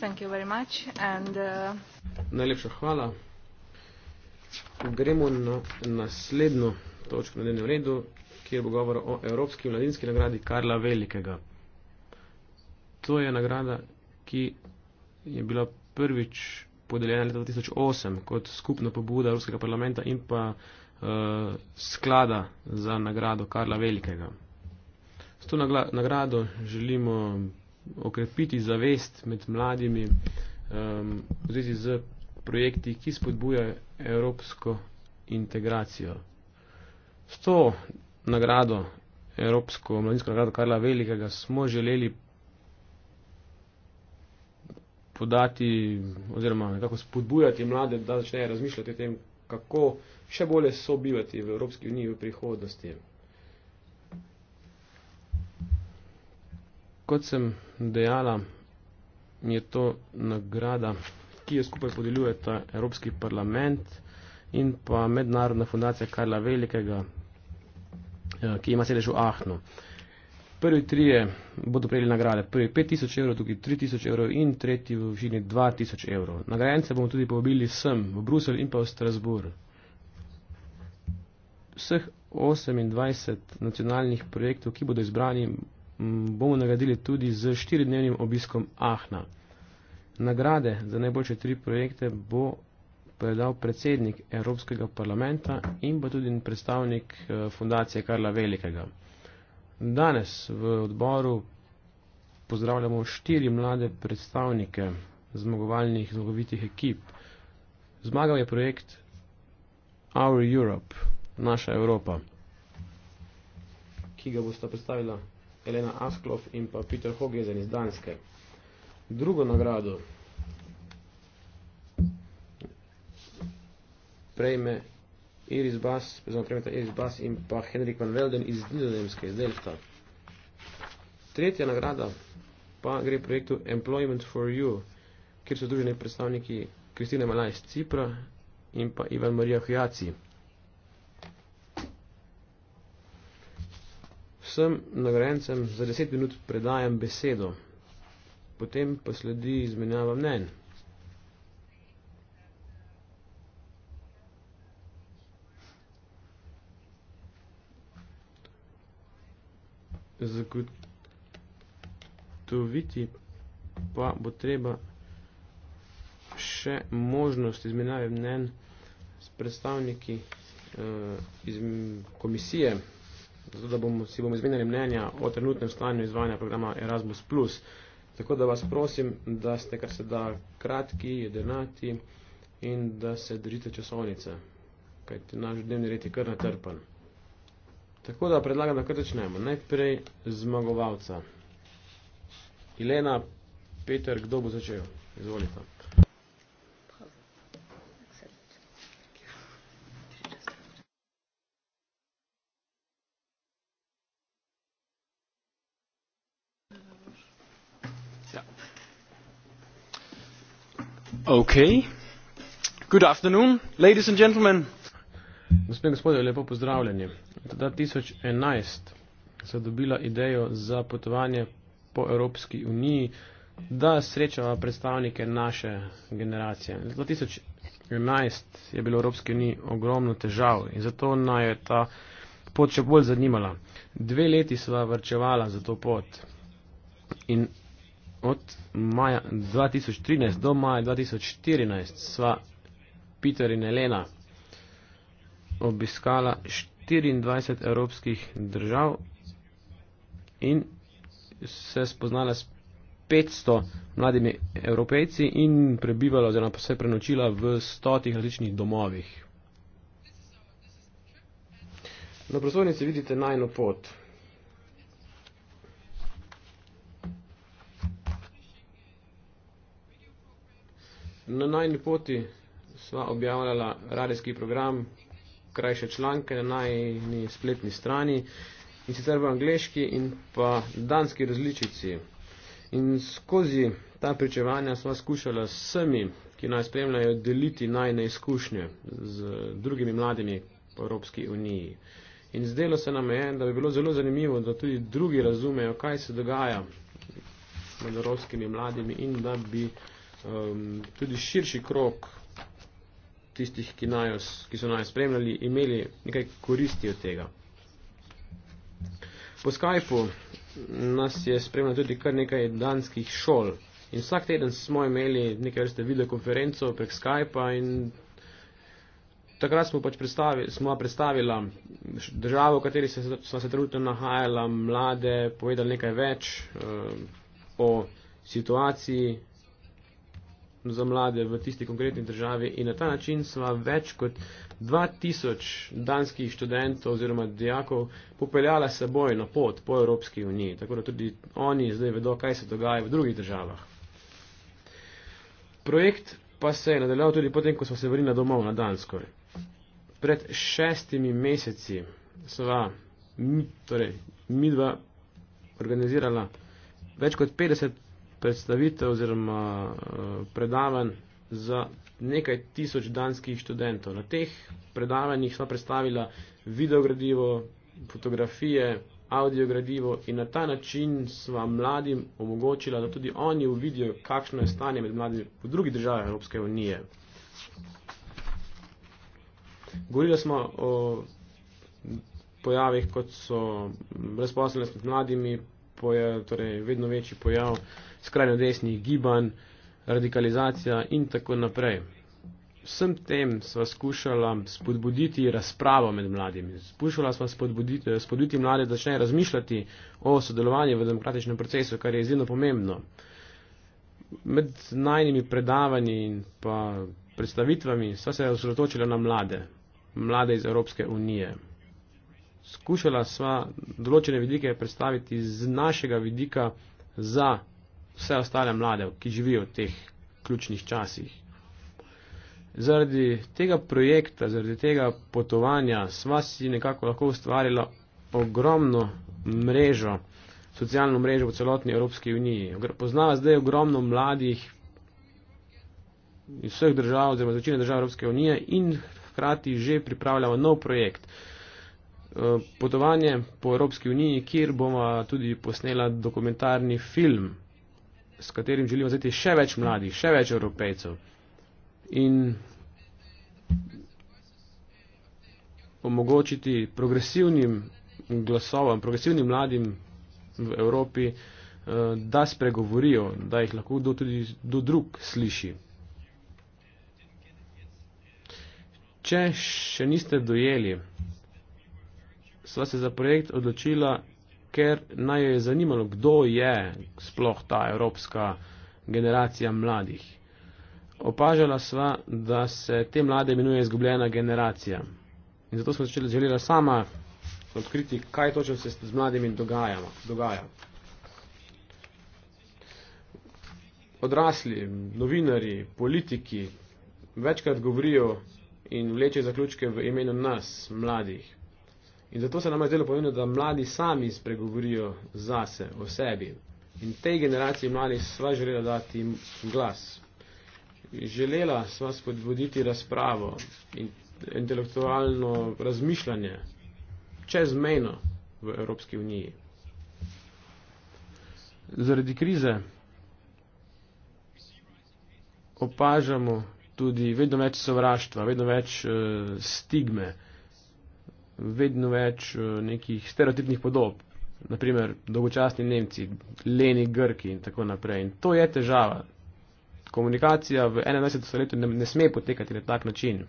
Thank you very much and, uh... Najlepša hvala. Gremo na naslednjo točko na dnevnem redu, kjer bo govor o Evropski mladinski nagradi Karla Velikega. To je nagrada, ki je bila prvič podeljena leta 2008 kot skupna pobuda Evropskega parlamenta in pa uh, sklada za nagrado Karla Velikega. S to nagrado želimo okrepiti zavest med mladimi um, v zvezi z projekti, ki spodbujajo evropsko integracijo. S to nagrado, Evropsko mladinsko nagrado Karla Velikega, smo želeli podati oziroma nekako spodbujati mlade, da začnejo razmišljati o tem, kako še bolje sobivati v Evropski uniji v prihodnosti. Kot sem dejala, je to nagrada, ki jo skupaj podeljuje ta Evropski parlament in pa Mednarodna fundacija Karla Velikega, Eh, ki ima sedež v Ahnu. Prvi trije bodo prejeli nagrade, prvi 5000 evrov, drugi 3000 evrov in tretji v višini 2000 evrov. Nagrajence bomo tudi povabili sem, v Bruselj in pa v Strasbourg. Vseh 28 nacionalnih projektov, ki bodo izbrani, bomo nagradili tudi z 4-dnevnim obiskom Ahna. Nagrade za najboljše tri projekte bo povedal predsednik Evropskega parlamenta in pa tudi predstavnik eh, fundacije Karla Velikega. Danes v odboru pozdravljamo štiri mlade predstavnike zmagovalnih, zmagovitih ekip. Zmagal je projekt Our Europe, naša Evropa, ki ga bosta predstavila Elena Asklov in pa Peter Hogezen iz Danske. Drugo nagrado prejme Iris Bas, oziroma prejmeta Iris Bas in pa Henrik van Velden iz Nizozemske, iz Delfta. Tretja nagrada pa gre projektu Employment for You, kjer so združeni predstavniki Kristine Malaj iz Cipra in pa Ivan Marija Hujaci. Vsem nagrajencem za 10 minut predajam besedo, potem pa sledi izmenjava mnenj. zagotoviti pa bo treba še možnost izmenjave mnen s predstavniki eh, iz komisije, zato da bomo, si bomo izmenjali mnenja o trenutnem stanju izvajanja programa Erasmus+. Tako da vas prosim, da ste kar se da kratki, jedenati in da se držite časovnice, kajti naš dnevni red je kar natrpan. Tako da predlagam, da kar začnemo. Najprej zmagovalca. Ilena, Peter, kdo bo začel? Izvolite. Okay. Good afternoon, ladies and gentlemen. Gospod, gospodje, lepo pozdravljeni. 2011 so dobila idejo za potovanje po Evropski uniji, da srečava predstavnike naše generacije. 2011 je bilo v Evropski uniji ogromno težav in zato naj je ta pot še bolj zanimala. Dve leti sva vrčevala za to pot in od maja 2013 do maja 2014 sva Peter in Elena obiskala 24 evropskih držav in se spoznala s 500 mladimi evropejci in prebivala oziroma pa se prenočila v stotih različnih domovih. Na prosovnici vidite najno pot. Na najni poti sva objavljala radijski program krajše članke na najni spletni strani in sicer v angleški in pa danski različici. In skozi ta pričevanja smo skušala s vsemi, ki naj spremljajo, deliti najne izkušnje z drugimi mladimi v Evropski uniji. In zdelo se nam je, da bi bilo zelo zanimivo, da tudi drugi razumejo, kaj se dogaja med evropskimi mladimi in da bi um, tudi širši krok tistih, ki, najos, ki so naj spremljali, imeli nekaj koristi od tega. Po Skypeu nas je spremljalo tudi kar nekaj danskih šol in vsak teden smo imeli nekaj vrste videokonferenco prek Skypa in takrat smo pač predstavili, smo predstavila državo, v kateri se, smo se trenutno nahajala, mlade, povedali nekaj več eh, o situaciji za mlade v tisti konkretni državi in na ta način sva več kot 2000 danskih študentov oziroma dejakov popeljala seboj na pot po Evropski uniji, tako da tudi oni zdaj vedo, kaj se dogaja v drugih državah. Projekt pa se je nadaljal tudi potem, ko smo se vrnili domov na Dansko. Pred šestimi meseci sva mi, torej, mi dva organizirala več kot 50 predstavitev oziroma eh, predavanj za nekaj tisoč danskih študentov. Na teh predavanjih sva predstavila videogradivo, fotografije, audiogradivo in na ta način sva mladim omogočila, da tudi oni uvidijo, kakšno je stanje med mladimi v drugi državi Evropske unije. Govorili smo o pojavih, kot so brezposobnost med mladimi, poja, torej vedno večji pojav uh, skrajno desnih gibanj, radikalizacija in tako naprej. Vsem tem sva skušala spodbuditi razpravo med mladimi. Skušala sva spodbuditi, spodbuditi mlade, da začnejo razmišljati o sodelovanju v demokratičnem procesu, kar je izjemno pomembno. Med najnimi predavanji in pa predstavitvami sva se osredotočila na mlade, mlade iz Evropske unije. Skušala sva določene vidike predstaviti z našega vidika za vse ostale mlade, ki živijo v teh ključnih časih. Zaradi tega projekta, zaradi tega potovanja sva si nekako lahko ustvarila ogromno mrežo, socialno mrežo v celotni Evropski uniji. Poznala zdaj ogromno mladih iz vseh držav, oziroma večine držav Evropske unije in hkrati že pripravljala nov projekt. E, potovanje po Evropski uniji, kjer bomo tudi posnela dokumentarni film s katerim želimo zeti še več mladih, še več evropejcev in omogočiti progresivnim glasovam, progresivnim mladim v Evropi, eh, da spregovorijo, da jih lahko do, tudi, do drug sliši. Če še niste dojeli, sva se za projekt odločila ker naj jo je zanimalo, kdo je sploh ta evropska generacija mladih. Opažala sva, da se te mlade imenuje izgubljena generacija. In zato smo začeli želela sama odkriti, kaj točno se z mladimi dogajamo, dogaja. Odrasli, novinari, politiki večkrat govorijo in vlečejo zaključke v imenu nas, mladih, In zato se nam je zelo pomembno, da mladi sami spregovorijo zase, o sebi. In tej generaciji mladih sva želela dati jim glas. Želela sva spodbuditi razpravo in intelektualno razmišljanje čezmejno v Evropski uniji. Zaradi krize opažamo tudi vedno več sovraštva, vedno več eh, stigme vedno več eh, nekih stereotipnih podob, naprimer dolgočasni Nemci, leni Grki in tako naprej. In to je težava. Komunikacija v 21. stoletju ne, ne sme potekati na tak način.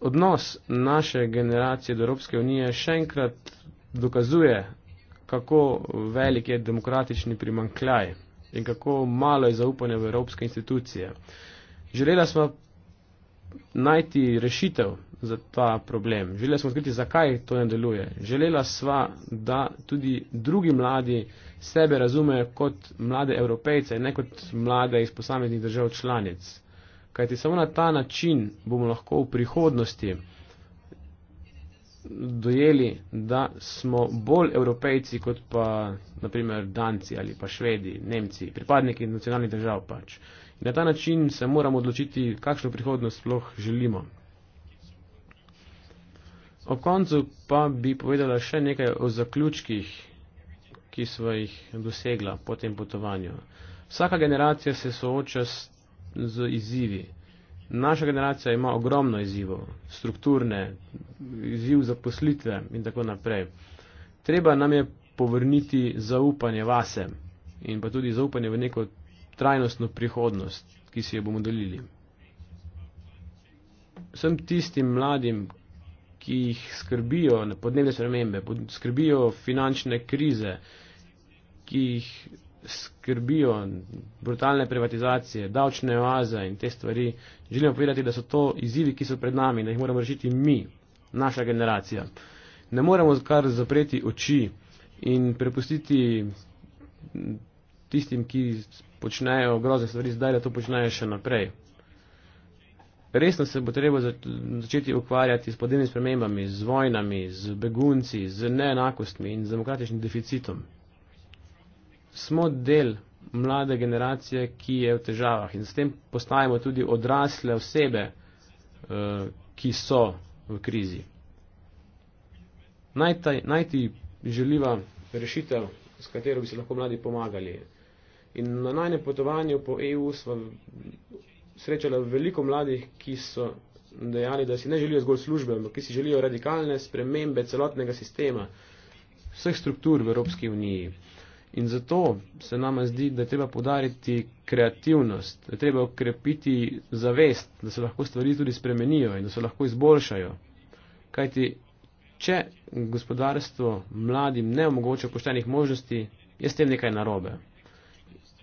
Odnos naše generacije do Evropske unije še enkrat dokazuje, kako velik je demokratični primankljaj in kako malo je zaupanja v evropske institucije. Želela smo najti rešitev za ta problem. Želela smo odkriti, zakaj to ne deluje. Želela sva, da tudi drugi mladi sebe razumejo kot mlade evropejce, ne kot mlade iz posameznih držav članic. Kajti samo na ta način bomo lahko v prihodnosti dojeli, da smo bolj evropejci kot pa naprimer Danci ali pa Švedi, Nemci, pripadniki nacionalnih držav pač. In na ta način se moramo odločiti, kakšno prihodnost sploh želimo. Ob koncu pa bi povedala še nekaj o zaključkih, ki smo jih dosegla po tem potovanju. Vsaka generacija se sooča s, z izzivi. Naša generacija ima ogromno izzivov, strukturne, izziv za poslitve in tako naprej. Treba nam je povrniti zaupanje vase in pa tudi zaupanje v neko trajnostno prihodnost, ki si jo bomo delili. Vsem tistim mladim, ki jih skrbijo podnebne spremembe, skrbijo finančne krize, ki jih skrbijo brutalne privatizacije, davčne oaze in te stvari. Želimo povedati, da so to izzivi, ki so pred nami, da jih moramo rešiti mi, naša generacija. Ne moramo kar zapreti oči in prepustiti tistim, ki počnejo grozne stvari zdaj, da to počnejo še naprej. Resno se bo treba začeti ukvarjati s podnebnimi spremembami, z vojnami, z begunci, z neenakostmi in z demokratičnim deficitom. Smo del mlade generacije, ki je v težavah in s tem postajamo tudi odrasle osebe, eh, ki so v krizi. Najti želiva rešitev, s katero bi se lahko mladi pomagali. In na najnem potovanju po EU smo srečala veliko mladih, ki so dejali, da si ne želijo zgolj službe, ampak ki si želijo radikalne spremembe celotnega sistema, vseh struktur v Evropski uniji. In zato se nama zdi, da je treba podariti kreativnost, da je treba okrepiti zavest, da se lahko stvari tudi spremenijo in da se lahko izboljšajo. Kajti, če gospodarstvo mladim ne omogoča poštenih možnosti, je s tem nekaj narobe.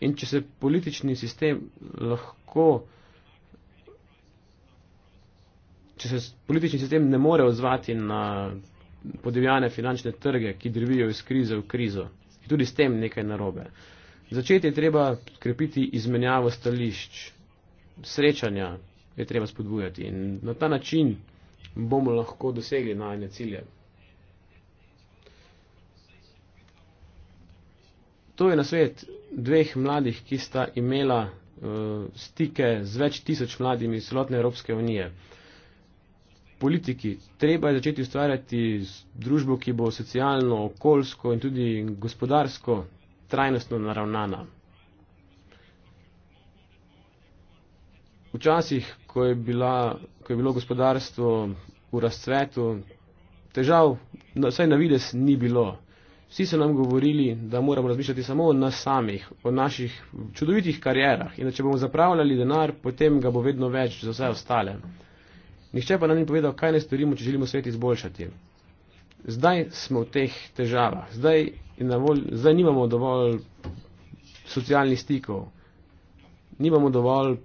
In če se politični sistem lahko če se politični sistem ne more odzvati na podivjane finančne trge, ki drvijo iz krize v krizo, je tudi s tem nekaj narobe. Začeti je treba krepiti izmenjavo stališč, srečanja je treba spodbujati in na ta način bomo lahko dosegli najne cilje. To je na svet dveh mladih, ki sta imela uh, stike z več tisoč mladimi iz celotne Evropske unije. Uh, politiki. Treba je začeti ustvarjati družbo, ki bo socialno, okoljsko in tudi gospodarsko trajnostno naravnana. Včasih, ko je, bila, ko je bilo gospodarstvo v razcvetu, težav vsaj na vides ni bilo. Vsi so nam govorili, da moramo razmišljati samo o nas samih, o naših čudovitih karjerah in da če bomo zapravljali denar, potem ga bo vedno več za vse ostale. Nihče pa nam ni povedal, kaj naj storimo, če želimo svet izboljšati. Zdaj smo v teh težavah, zdaj, vol, zdaj nimamo dovolj socialnih stikov, nimamo dovolj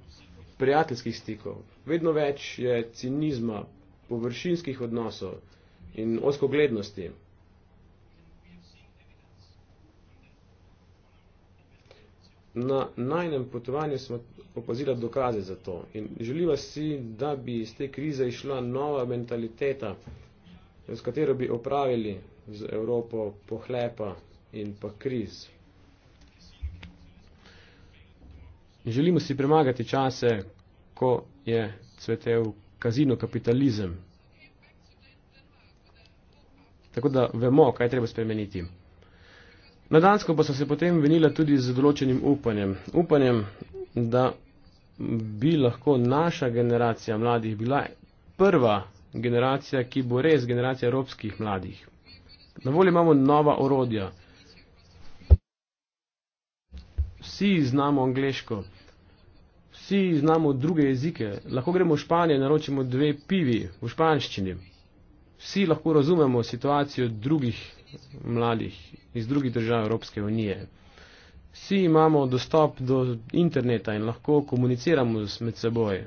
prijateljskih stikov, vedno več je cinizma, površinskih odnosov in oskoglednosti. Na najnem potovanju smo opazili dokaze za to in želiva si, da bi iz te krize išla nova mentaliteta, s katero bi opravili z Evropo pohlepa in pa kriz. Želimo si premagati čase, ko je cvetev kazino kapitalizem. Tako da vemo, kaj treba spremeniti. Na Dansko pa so se potem venila tudi z določenim upanjem. Upanjem, da bi lahko naša generacija mladih bila prva generacija, ki bo res generacija evropskih mladih. Na voljo imamo nova orodja. Vsi znamo angliško, vsi znamo druge jezike, lahko gremo v Španijo in naročimo dve pivi v španščini. Vsi lahko razumemo situacijo drugih mladih iz drugih držav Evropske unije. Vsi imamo dostop do interneta in lahko komuniciramo med seboj.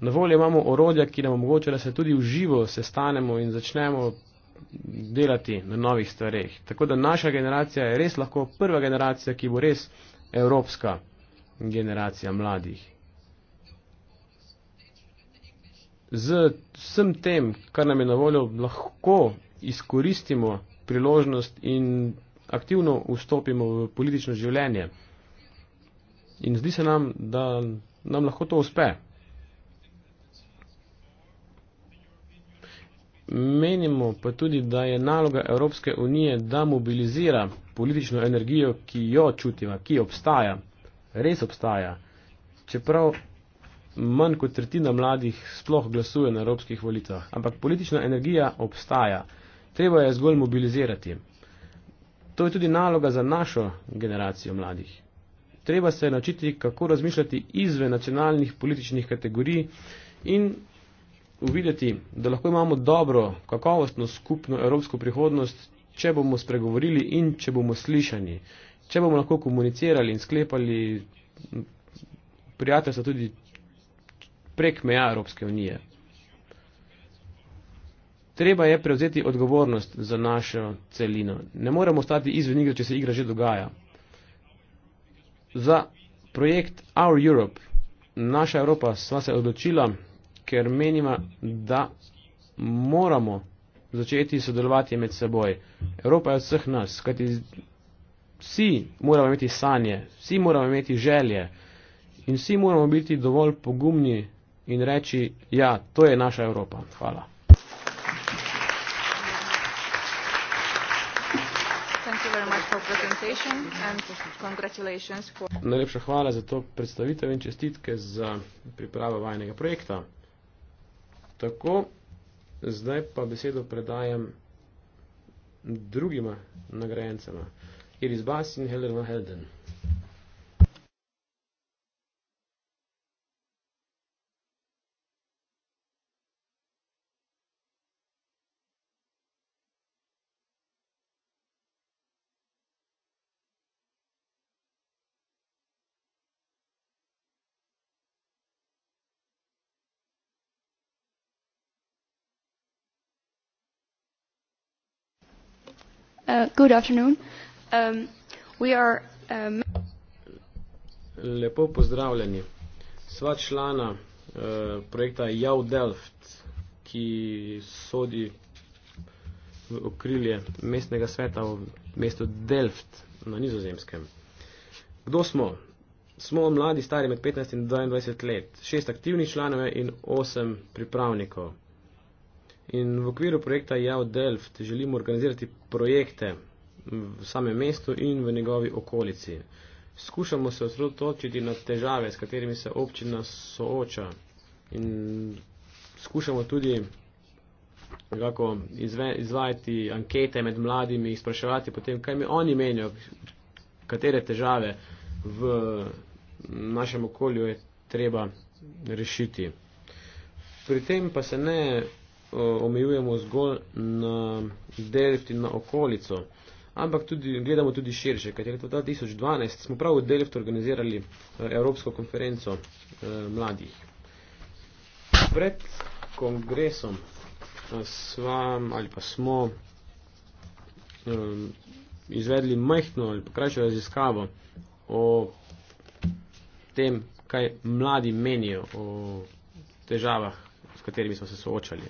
Na voljo imamo orodja, ki nam omogoča, da se tudi v živo sestanemo in začnemo delati na novih stvareh. Tako da naša generacija je res lahko prva generacija, ki bo res evropska generacija mladih. Z vsem tem, kar nam je na voljo, lahko izkoristimo priložnost in aktivno vstopimo v politično življenje. In zdi se nam, da nam lahko to uspe. Menimo pa tudi, da je naloga Evropske unije, da mobilizira politično energijo, ki jo čutiva, ki obstaja, res obstaja. Čeprav manj kot tretjina mladih sploh glasuje na evropskih volitvah. Ampak politična energija obstaja. Treba je zgolj mobilizirati. To je tudi naloga za našo generacijo mladih. Treba se naučiti, kako razmišljati izven nacionalnih političnih kategorij in uvideti, da lahko imamo dobro, kakovostno, skupno evropsko prihodnost, če bomo spregovorili in če bomo slišani, če bomo lahko komunicirali in sklepali prijateljstva tudi prek meja Evropske unije. Treba je prevzeti odgovornost za našo celino. Ne moremo ostati izven igre, če se igra že dogaja. Za projekt Our Europe, naša Evropa, sva se odločila, ker menima, da moramo začeti sodelovati med seboj. Evropa je od vseh nas, kajti vsi moramo imeti sanje, vsi moramo imeti želje in vsi moramo biti dovolj pogumni in reči, ja, to je naša Evropa. Hvala. presentation and congratulations for... Najlepša hvala za to predstavitev in čestitke za pripravo vajnega projekta. Tako, zdaj pa besedo predajam drugima nagrajencema. Iris Bass in Helena Helden. Uh, good afternoon. Um, we are, um Lepo pozdravljeni. Sva člana uh, projekta Jav Delft, ki sodi v okrilje mestnega sveta v mestu Delft na nizozemskem. Kdo smo? Smo mladi, stari med 15 in 22 let, šest aktivnih članov in osem pripravnikov. In v okviru projekta Jav Delft želimo organizirati projekte v samem mestu in v njegovi okolici. Skušamo se osredotočiti na težave, s katerimi se občina sooča in skušamo tudi nekako izvajati ankete med mladimi in spraševati potem, kaj mi oni menijo, katere težave v našem okolju je treba rešiti. Pri tem pa se ne Eh, omejujemo zgolj na Delft in na okolico, ampak tudi, gledamo tudi širše, kajti leta 2012 smo prav v Delft organizirali eh, Evropsko konferenco eh, mladih. Pred kongresom svam, ali pa smo izvedli majhno ali pa krajšo raziskavo o tem, kaj mladi menijo o težavah, s katerimi smo se soočali.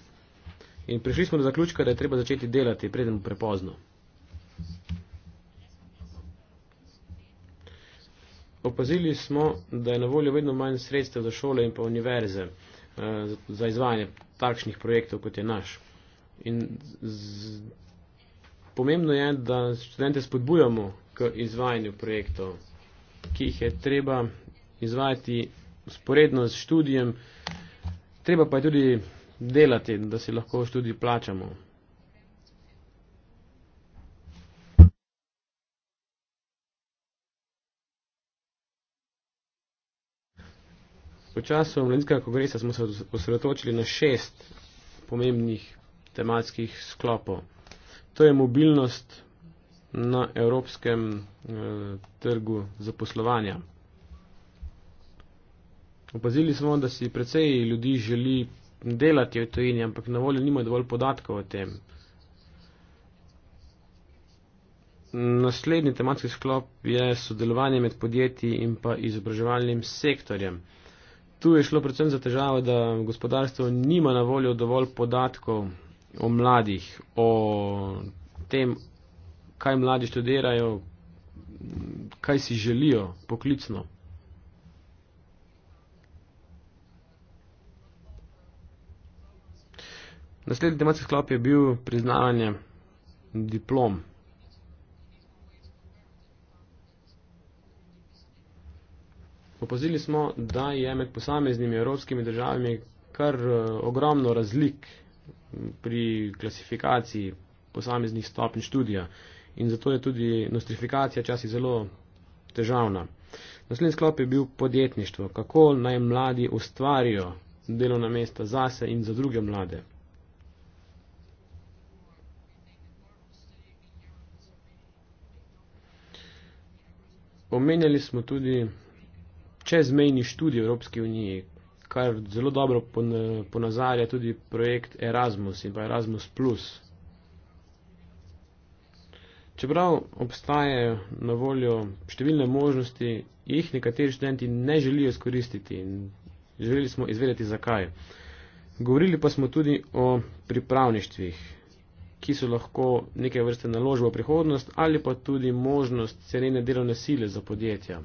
In prišli smo do zaključka, da je treba začeti delati, preden prepozno. Opazili smo, da je na voljo vedno manj sredstev za šole in pa univerze eh, za izvajanje takšnih projektov, kot je naš. In z... pomembno je, da študente spodbujamo k izvajanju projektov, ki jih je treba izvajati sporedno s študijem, treba pa je tudi delati, da si lahko študij plačamo. V času mladinskega kongresa smo se osredotočili na šest pomembnih tematskih sklopov. To je mobilnost na evropskem eh, trgu zaposlovanja. Opazili smo, da si precej ljudi želi delati v tujini, ampak na voljo nimajo dovolj podatkov o tem. Naslednji tematski sklop je sodelovanje med podjetji in pa izobraževalnim sektorjem. Tu je šlo predvsem za težavo, da gospodarstvo nima na voljo dovolj podatkov o mladih, o tem, kaj mladi študirajo, kaj si želijo poklicno, Naslednji tematski sklop je bil priznavanje diplom. Opazili smo, da je med posameznimi evropskimi državami kar eh, ogromno razlik pri klasifikaciji posameznih stopin študija in zato je tudi nostrifikacija časi zelo težavna. Naslednji sklop je bil podjetništvo, kako naj mladi ustvarijo delovna mesta zase in za druge mlade. Omenjali smo tudi čezmejni študij Evropske unije, kar zelo dobro ponazarja tudi projekt Erasmus in pa Erasmus. Čeprav obstajajo na voljo številne možnosti, jih nekateri študenti ne želijo izkoristiti in želeli smo izvedeti zakaj. Govorili pa smo tudi o pripravništvih ki so lahko neke vrste naložbo v prihodnost ali pa tudi možnost cenene delovne sile za podjetja.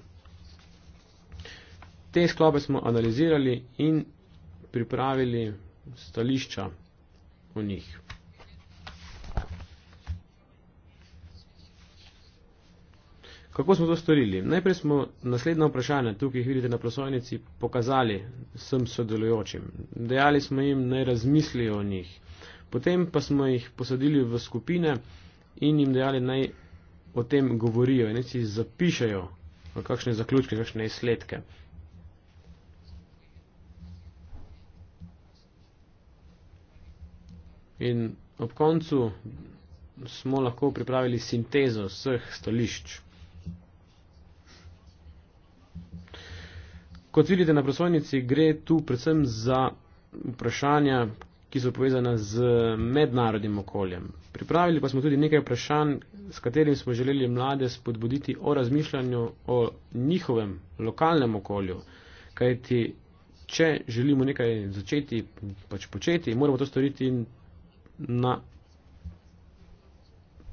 Te sklope smo analizirali in pripravili stališča o njih. Kako smo to storili? Najprej smo naslednja vprašanja, tukaj jih vidite na prosojnici, pokazali vsem sodelujočim. Dejali smo jim, naj razmislijo o njih. Potem pa smo jih posadili v skupine in jim dejali, naj o tem govorijo in naj si zapišajo, kakšne zaključke, kakšne izsledke. In ob koncu smo lahko pripravili sintezo vseh stališč. Kot vidite na prosojnici, gre tu predvsem za vprašanja, ki so povezana z mednarodnim okoljem. Pripravili pa smo tudi nekaj vprašanj, s katerim smo želeli mlade spodbuditi o razmišljanju o njihovem lokalnem okolju, kajti če želimo nekaj začeti, pač početi, moramo to storiti na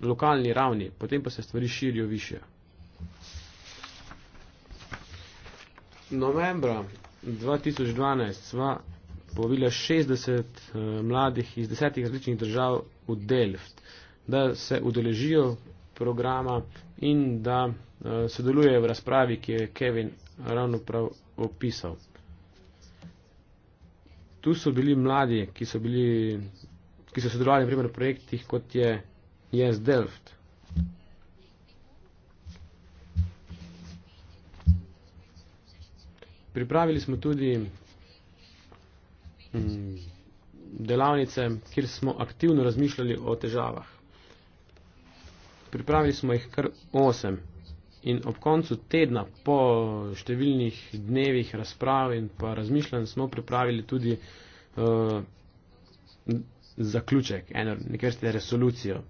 lokalni ravni, potem pa se stvari širijo više. Novembra 2012 sva povabila 60 uh, eh, mladih iz desetih različnih držav v Delft, da se udeležijo programa in da uh, sodelujejo v razpravi, ki je Kevin ravno prav opisal. Tu so bili mladi, ki so, bili, ki so sodelovali na primer v projektih, kot je Yes Delft. Pripravili smo tudi Mm, delavnice, kjer smo aktivno razmišljali o težavah. Pripravili smo jih kar osem in ob koncu tedna, po številnih dnevih razprav in pa razmišljanj, smo pripravili tudi uh, zaključek, eno, nekaj ste resolucijo.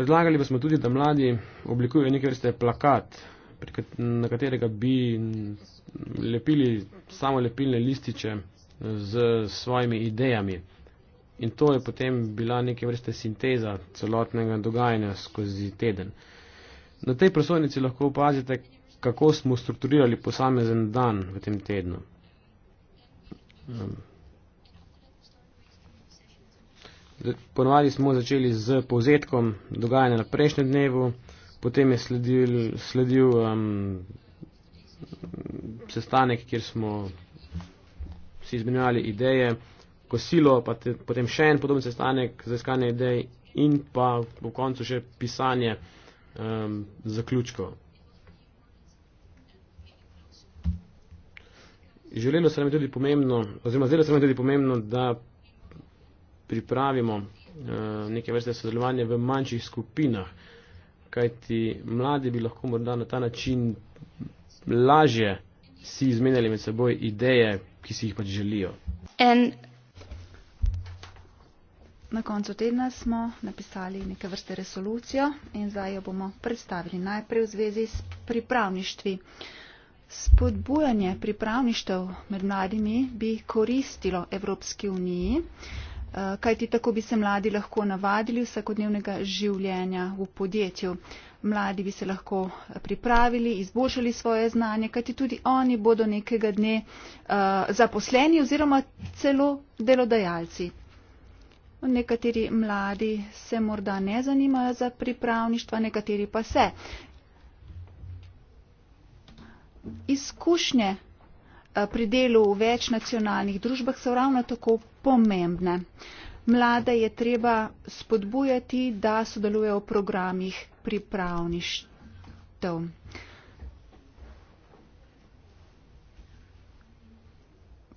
Predlagali pa smo tudi, da mladi oblikujejo neke vrste plakat, na katerega bi lepili samo lepilne lističe z svojimi idejami. In to je potem bila neke vrste sinteza celotnega dogajanja skozi teden. Na tej prosojnici lahko opazite, kako smo strukturirali posamezen dan v tem tednu. Um. Ponovadi smo začeli z povzetkom dogajanja na prejšnjem dnevu, potem je sledil, sledil um, sestanek, kjer smo si izmenjali ideje, kosilo, pa te, potem še en podoben sestanek za iskanje idej in pa v koncu še pisanje um, zaključkov. Želelo se nam je tudi pomembno, oziroma zdelo se nam je tudi pomembno, da pripravimo eh, neke vrste sodelovanja v manjših skupinah, kajti mladi bi lahko morda na ta način lažje si izmenjali med seboj ideje, ki si jih pač želijo. En. Na koncu tedna smo napisali neke vrste resolucijo in zdaj jo bomo predstavili najprej v zvezi s pripravništvi. Spodbujanje pripravništev med mladimi bi koristilo Evropski uniji, Eh, kajti tako bi se mladi lahko navadili vsakodnevnega življenja v podjetju. Mladi bi se lahko eh, pripravili, izboljšali svoje znanje, kajti tudi oni bodo nekega dne eh, zaposleni oziroma celo delodajalci. Nekateri mladi se morda ne zanimajo za pripravništva, nekateri pa se. Izkušnje Eh, pri delu v večnacionalnih družbah so ravno tako pomembne. Mlade je treba spodbujati, da sodelujejo v programih pripravništev.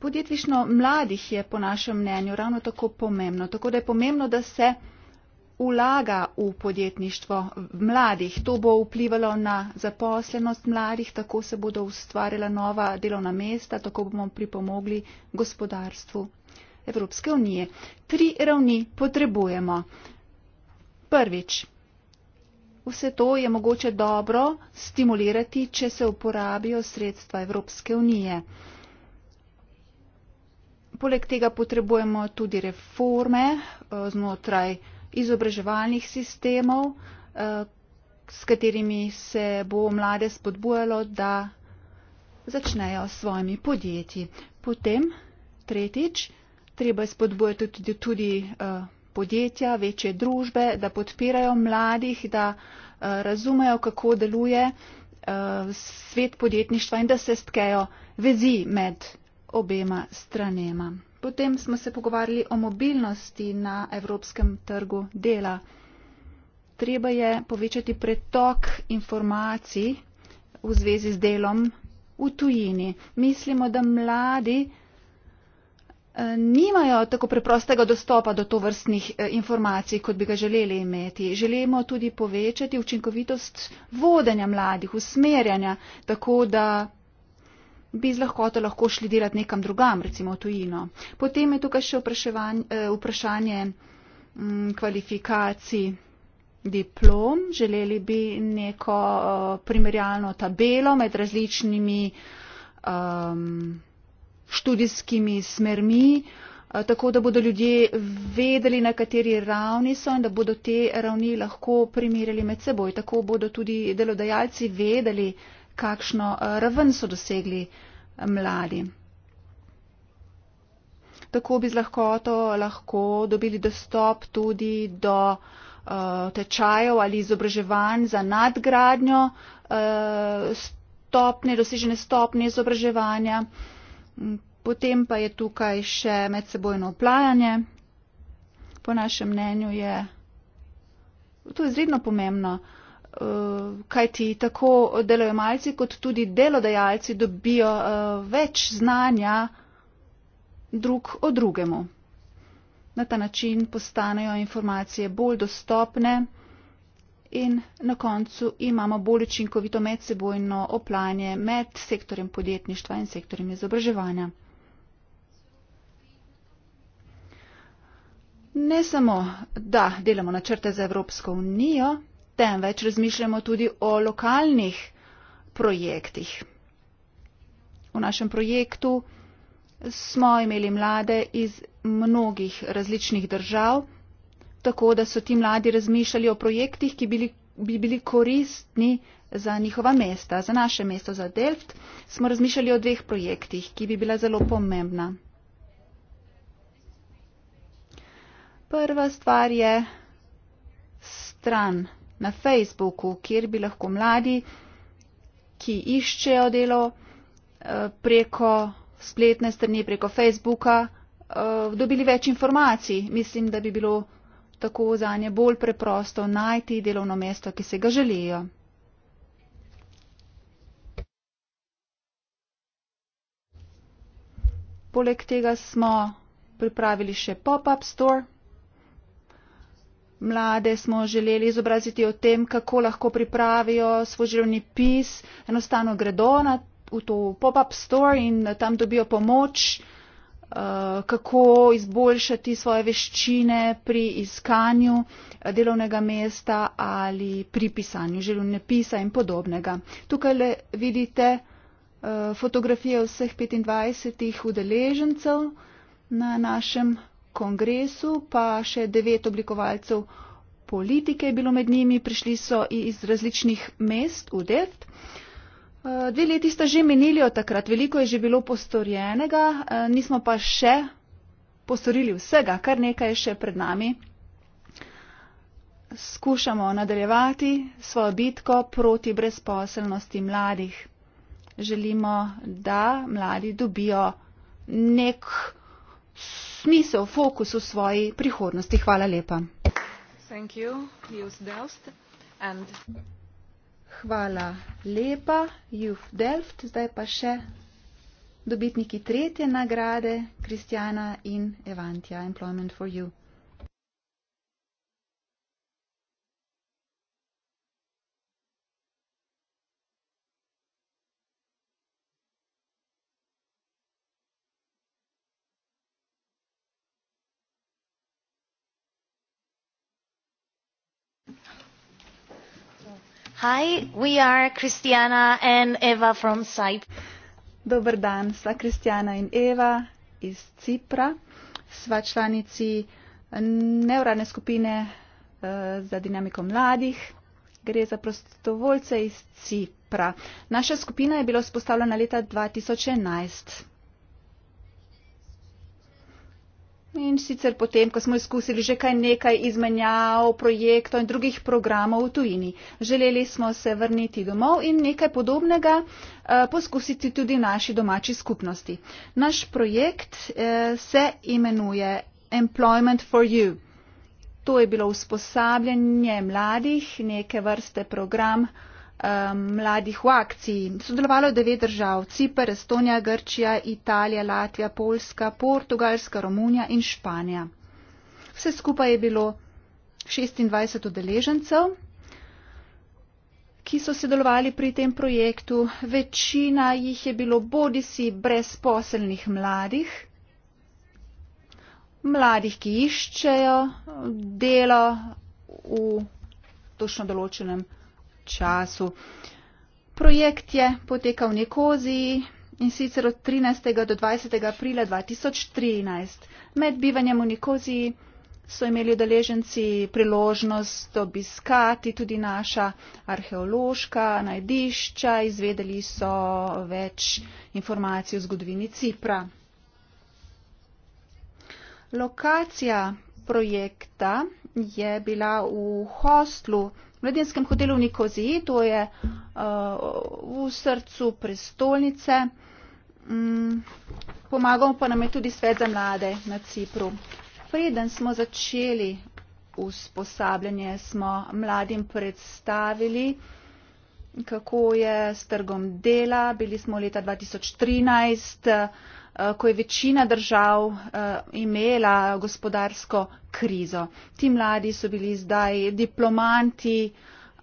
Podjetništvo mladih je po našem mnenju ravno tako pomembno, tako da je pomembno, da se vlaga v podjetništvo mladih. To bo vplivalo na zaposlenost mladih, tako se bodo ustvarjala nova delovna mesta, tako bomo pripomogli gospodarstvu Evropske unije. Tri ravni potrebujemo. Prvič, vse to je mogoče dobro stimulirati, če se uporabijo sredstva Evropske unije. Poleg tega potrebujemo tudi reforme eh, znotraj izobraževalnih sistemov, eh, s katerimi se bo mlade spodbujalo, da začnejo s svojimi podjetji. Potem, tretjič, treba je spodbujati tudi, tudi eh, podjetja, večje družbe, da podpirajo mladih, da eh, razumejo, kako deluje svet podjetništva in da se stkejo vezi med obema stranema. Potem smo se pogovarjali o mobilnosti na evropskem trgu dela. Treba je povečati pretok informacij v zvezi z delom v tujini. Mislimo, da mladi eh, nimajo tako preprostega dostopa do tovrstnih eh, informacij, kot bi ga želeli imeti. Želimo tudi povečati učinkovitost vodenja mladih, usmerjanja, tako da bi z lahkoto lahko šli delati nekam drugam, recimo v tujino. Potem je tukaj še eh, vprašanje mm, kvalifikacij diplom. Želeli bi neko eh, primerjalno tabelo med različnimi um, študijskimi smermi, eh, tako da bodo ljudje vedeli, na kateri ravni so in da bodo te ravni lahko primerjali med seboj. Tako bodo tudi delodajalci vedeli, kakšno eh, raven so dosegli eh, mladi. Tako bi z lahkoto lahko dobili dostop tudi do uh, tečajev ali izobraževanj za nadgradnjo uh, stopne, dosežene stopne izobraževanja. Potem pa je tukaj še medsebojno oplajanje. Po našem mnenju je to izredno pomembno. Uh, Eh, kajti tako delojemalci kot tudi delodajalci dobijo eh, več znanja drug o drugemu. Na ta način postanejo informacije bolj dostopne in na koncu imamo bolj učinkovito medsebojno oplanje med sektorjem podjetništva in sektorjem izobraževanja. Ne samo, da delamo načrte za Evropsko unijo, temveč razmišljamo tudi o lokalnih projektih. V našem projektu smo imeli mlade iz mnogih različnih držav, tako da so ti mladi razmišljali o projektih, ki bili, bi bili koristni za njihova mesta, za naše mesto, za Delft. Smo razmišljali o dveh projektih, ki bi bila zelo pomembna. Prva stvar je stran na Facebooku, kjer bi lahko mladi, ki iščejo delo eh, preko spletne strani, preko Facebooka, eh, dobili več informacij. Mislim, da bi bilo tako za nje bolj preprosto najti delovno mesto, ki se ga želijo. Poleg tega smo pripravili še pop-up store mlade smo želeli izobraziti o tem, kako lahko pripravijo svoj življenjski pis, enostavno gredo na, v to pop-up store in tam dobijo pomoč, eh, kako izboljšati svoje veščine pri iskanju eh, delovnega mesta ali pri pisanju življenjskega pisa in podobnega. Tukaj vidite eh, fotografije vseh 25 udeležencev na našem kongresu, pa še devet oblikovalcev politike je bilo med njimi, prišli so iz različnih mest v Deft. Eh, dve leti sta že menili od takrat, veliko je že bilo postorjenega, eh, nismo pa še postorili vsega, kar nekaj je še pred nami. Skušamo nadaljevati svojo bitko proti brezposelnosti mladih. Želimo, da mladi dobijo nek smisel, fokus v svoji prihodnosti. Hvala lepa. Hvala lepa, Juf Delft. Zdaj pa še dobitniki tretje nagrade, Kristjana in Evantija, Employment for You. Hi, we are Kristjana and Eva from Cyprus. Dobar dan, sva Kristjana in Eva iz Cipra. Sva članici eh, neuradne skupine eh, za dinamiko mladih. Gre za prostovoljce iz Cipra. Naša skupina je bila vzpostavljena leta 2011. In sicer potem, ko smo izkusili že kaj nekaj izmenjav, projektov in drugih programov v tujini. Želeli smo se vrniti domov in nekaj podobnega eh, poskusiti tudi v naši domači skupnosti. Naš projekt eh, se imenuje Employment for You. To je bilo usposabljanje mladih, neke vrste program. Eh, Um, mladih v akciji. Sodelovalo je devet držav - Cipr, Estonija, Grčija, Italija, Latvija, Poljska, Portugalska, Romunija in Španija. Vse skupaj je bilo 26 udeležencev, ki so sodelovali pri tem projektu. Večina jih je bilo bodisi brezposelnih mladih, mladih, ki iščejo delo v točno določenem času. Projekt je potekal v Nikoziji in sicer od 13. do 20. aprila 2013. Med bivanjem v Nikoziji so imeli udeleženci priložnost obiskati tudi naša arheološka najdišča, izvedeli so več informacij o zgodovini Cipra. Lokacija projekta je bila v hostlu mladinskem hotelu v Nikoziji, to je uh, v srcu prestolnice. Um, mm, pomagal pa nam je tudi svet za mlade na Cipru. Preden smo začeli usposabljanje, smo mladim predstavili, kako je s trgom dela. Bili smo leta 2013. Eh, ko je večina držav eh, imela gospodarsko krizo. Ti mladi so bili zdaj diplomanti.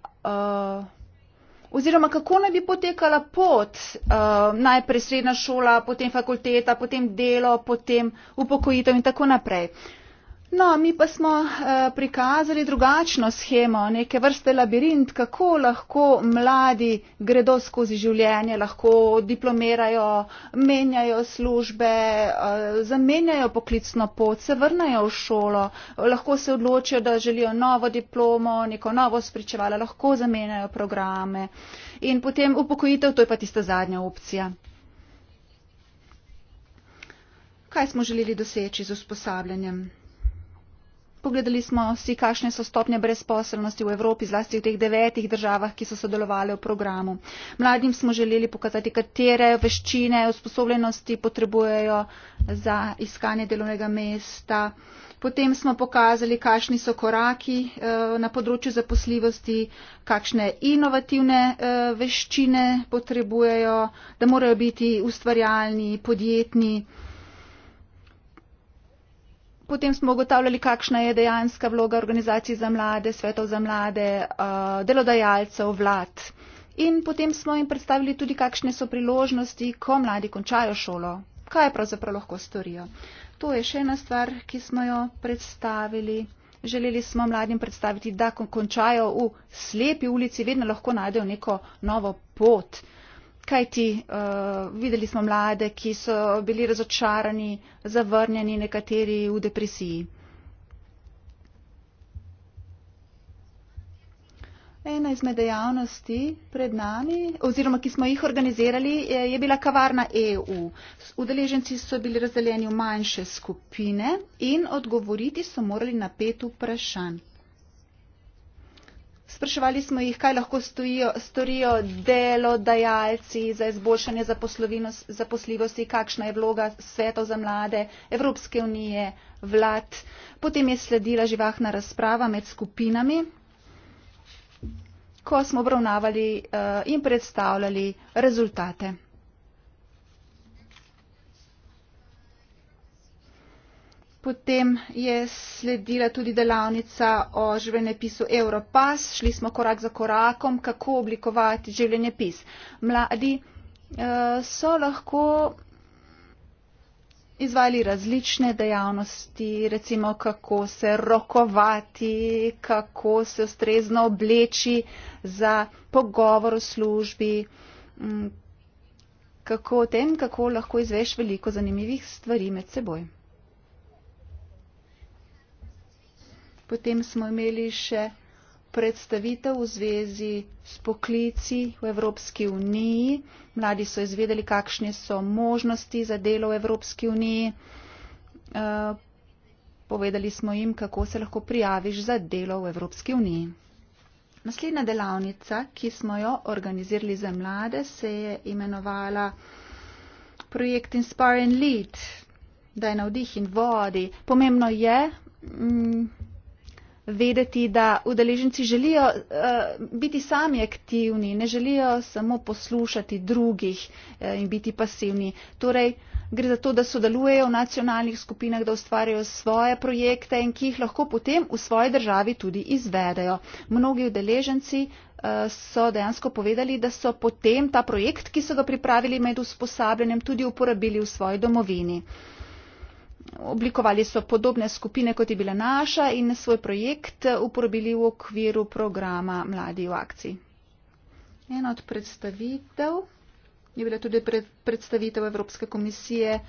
Eh, oziroma, kako naj bi potekala pot? Najprej srednja šola, potem fakulteta, potem delo, potem upokojitev in tako naprej. No, mi pa smo eh, prikazali drugačno schemo, neke vrste labirint, kako lahko mladi gredo skozi življenje, lahko diplomirajo, menjajo službe, eh, zamenjajo poklicno pot, se vrnajo v šolo, lahko se odločijo, da želijo novo diplomo, neko novo spričevalo, lahko zamenjajo programe. In potem upokojitev, to je pa tista zadnja opcija. Kaj smo želeli doseči z usposabljanjem? Pogledali smo si, kakšne so stopnje brezposelnosti v Evropi, zlasti v teh devetih državah, ki so sodelovali v programu. Mladim smo želeli pokazati, katere veščine, usposobljenosti potrebujejo za iskanje delovnega mesta. Potem smo pokazali, kakšni so koraki eh, na področju zaposljivosti, kakšne inovativne eh, veščine potrebujejo, da morajo biti ustvarjalni, podjetni potem smo ugotavljali, kakšna je dejanska vloga organizacij za mlade, svetov za mlade, eh, delodajalcev, vlad. In potem smo jim predstavili tudi, kakšne so priložnosti, ko mladi končajo šolo, kaj pravzaprav lahko storijo. To je še ena stvar, ki smo jo predstavili. Želeli smo mladim predstaviti, da ko končajo v slepi ulici, vedno lahko najdejo neko novo pot. Uh, kajti uh, videli smo mlade, ki so bili razočarani, zavrnjeni, nekateri v depresiji. Ena izmed dejavnosti pred nami, oziroma ki smo jih organizirali, je, je bila kavarna EU. Udeleženci so bili razdeljeni v manjše skupine in odgovoriti so morali na pet vprašanj. Spraševali smo jih, kaj lahko stojijo, storijo delodajalci za izboljšanje zaposljivosti, kakšna je vloga svetov za mlade, Evropske unije, vlad. Potem je sledila živahna razprava med skupinami, ko smo obravnavali uh, in predstavljali rezultate. Potem je sledila tudi delavnica o življenjepisu Europass, šli smo korak za korakom, kako oblikovati življenjepis. Mladi uh, so lahko izvajali različne dejavnosti, recimo kako se rokovati, kako se ustrezno obleči za pogovor v službi, mm, kako o tem, kako lahko izveš veliko zanimivih stvari med seboj. Potem smo imeli še predstavitev v zvezi s poklici v Evropski uniji. Mladi so izvedeli, kakšne so možnosti za delo v Evropski uniji. Eh, povedali smo jim, kako se lahko prijaviš za delo v Evropski uniji. Naslednja delavnica, ki smo jo organizirali za mlade, se je imenovala projekt Inspire and Lead, da je navdih in vodi. Pomembno je, mm, vedeti, da udeleženci želijo uh, biti sami aktivni, ne želijo samo poslušati drugih uh, in biti pasivni. Torej, gre za to, da sodelujejo v nacionalnih skupinah, da ustvarjajo svoje projekte in ki jih lahko potem v svoji državi tudi izvedejo. Mnogi udeleženci eh, so dejansko povedali, da so potem ta projekt, ki so ga pripravili med usposabljanjem, tudi uporabili v svoji domovini oblikovali so podobne skupine, kot je bila naša in svoj projekt uporabili v okviru programa Mladi v akciji. Ena od predstavitev je bila tudi pred, predstavitev Evropske komisije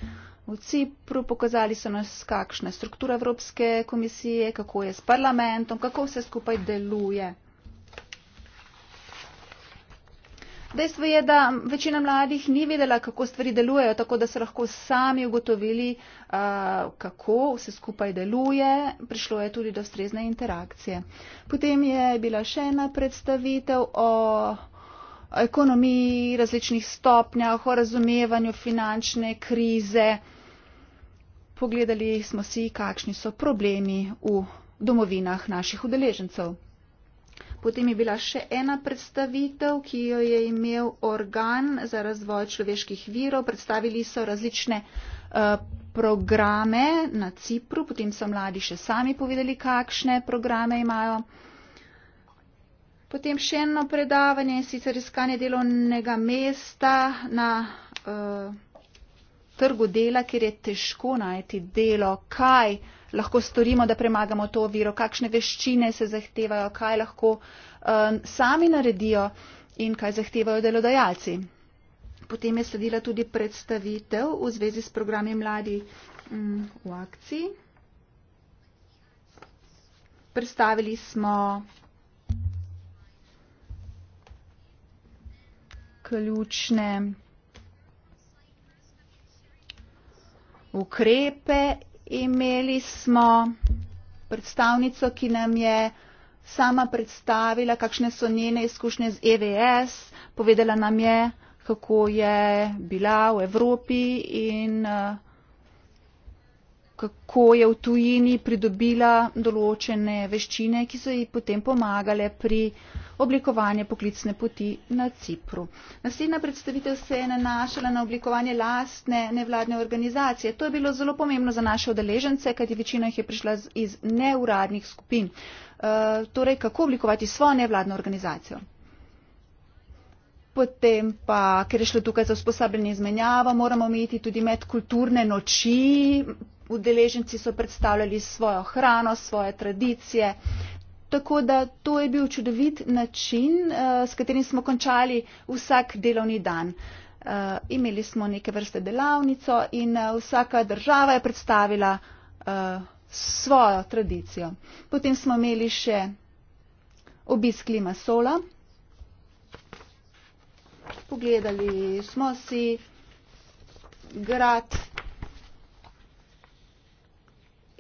v Cipru. Pokazali so nas, kakšna je struktura Evropske komisije, kako je s parlamentom, kako vse skupaj deluje. Dejstvo je, da večina mladih ni vedela, kako stvari delujejo, tako da so lahko sami ugotovili, uh, kako vse skupaj deluje. Prišlo je tudi do strezne interakcije. Potem je bila še ena predstavitev o ekonomiji, različnih stopnjah, o razumevanju finančne krize. Pogledali smo si, kakšni so problemi v domovinah naših udeležencev. Potem je bila še ena predstavitev, ki jo je imel organ za razvoj človeških virov. Predstavili so različne eh, programe na Cipru, potem so mladi še sami povedali, kakšne programe imajo. Potem še eno predavanje in sicer iskanje delovnega mesta na uh, trgu dela, kjer je težko najti delo, kaj uh, lahko storimo, da premagamo to oviro, kakšne veščine se zahtevajo, kaj lahko um, sami naredijo in kaj zahtevajo delodajalci. Potem je sledila tudi predstavitev v zvezi s programi mladi um, v akciji. Predstavili smo ključne ukrepe imeli smo predstavnico, ki nam je sama predstavila, kakšne so njene izkušnje z EVS, povedala nam je, kako je bila v Evropi in uh, kako je v tujini pridobila določene veščine, ki so ji potem pomagale pri oblikovanju poklicne poti na Cipru. Naslednja predstavitev se je nanašala na oblikovanje lastne nevladne organizacije. To je bilo zelo pomembno za naše odeležence, kajti večina jih je prišla iz neuradnih skupin. E, torej, kako oblikovati svojo nevladno organizacijo. Potem pa, ker je šlo tukaj za usposabljanje izmenjava, moramo imeti tudi medkulturne noči, udeleženci so predstavljali svojo hrano, svoje tradicije. Tako da to je bil čudovit način, eh, s katerim smo končali vsak delovni dan. Eh, imeli smo neke vrste delavnico in eh, vsaka država je predstavila svojo tradicijo. Potem smo imeli še obisk Lima Sola. Pogledali smo si grad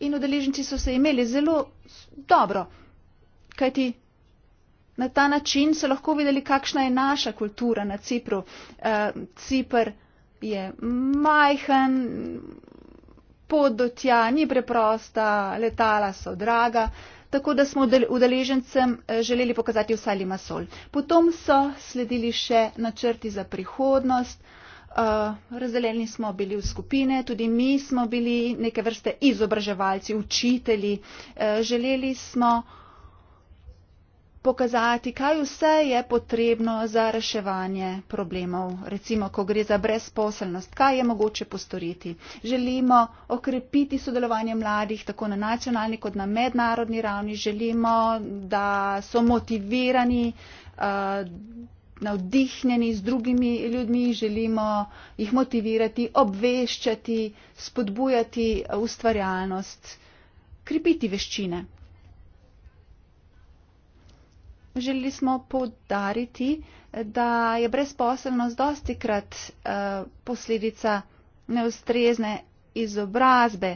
in udeleženci so se imeli zelo dobro, kajti na ta način so lahko videli, kakšna je naša kultura na Cipru. Uh, eh, Cipr je majhen, pot do tja ni preprosta, letala so draga, tako da smo udeležencem eh, želeli pokazati vsaj Limasol. Potem so sledili še načrti za prihodnost. Uh, Eh, razdeljeni smo bili v skupine tudi mi smo bili neke vrste izobraževalci učitelji eh, želeli smo pokazati, kaj vse je potrebno za reševanje problemov, recimo, ko gre za brezposelnost, kaj je mogoče postoriti. Želimo okrepiti sodelovanje mladih tako na nacionalni kot na mednarodni ravni, želimo, da so motivirani. Uh, navdihnjeni z drugimi ljudmi, želimo jih motivirati, obveščati, spodbujati ustvarjalnost, krepiti veščine. Želeli smo podariti, da je brezposelnost dosti krat eh, posledica neustrezne izobrazbe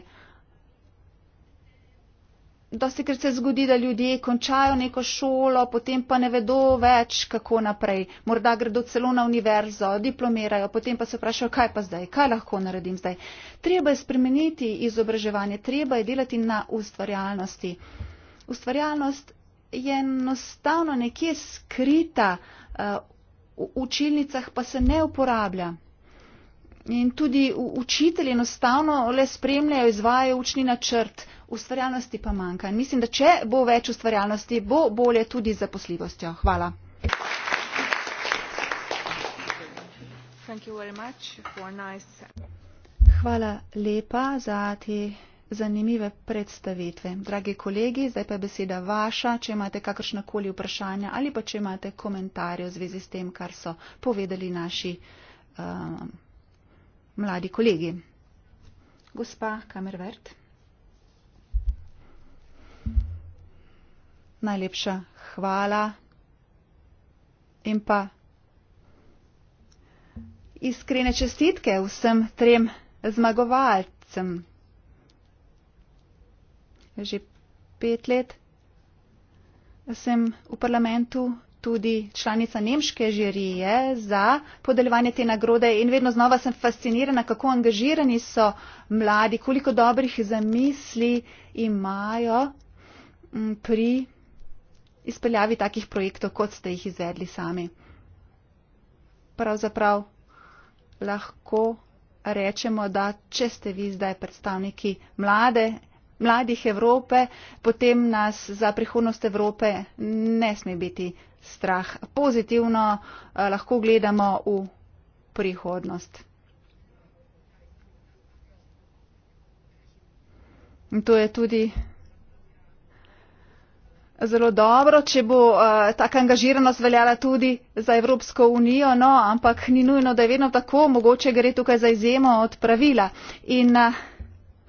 dosti krat se zgodi, da ljudje končajo neko šolo, potem pa ne vedo več, kako naprej. Morda gredo celo na univerzo, diplomirajo, potem pa se vprašajo, kaj pa zdaj, kaj lahko naredim zdaj. Treba je spremeniti izobraževanje, treba je delati na ustvarjalnosti. Ustvarjalnost je enostavno nekje skrita, eh, v učilnicah pa se ne uporablja. In tudi učitelji enostavno le spremljajo, izvajajo učni načrt ustvarjalnosti pa manjka. In mislim, da če bo več ustvarjalnosti, bo bolje tudi z zaposljivostjo. Hvala. Hvala lepa za te zanimive predstavitve. Dragi kolegi, zdaj pa je beseda vaša, če imate kakršnakoli vprašanja ali pa če imate komentarje v zvezi s tem, kar so povedali naši um, mladi kolegi. Gospa Kamervert. najlepša hvala in pa iskrene čestitke vsem trem zmagovalcem. Že pet let sem v parlamentu tudi članica nemške žirije za podeljevanje te nagrode in vedno znova sem fascinirana, kako angažirani so mladi, koliko dobrih zamisli imajo pri izpeljavi takih projektov, kot ste jih izvedli sami. Pravzaprav lahko rečemo, da če ste vi zdaj predstavniki mlade, mladih Evrope, potem nas za prihodnost Evrope ne sme biti strah. Pozitivno eh, lahko gledamo v prihodnost. In to je tudi Zelo dobro, če bo uh, taka angažiranost veljala tudi za Evropsko unijo, no, ampak ni nujno, da je vedno tako, mogoče gre tukaj za izjemo od pravila. In uh,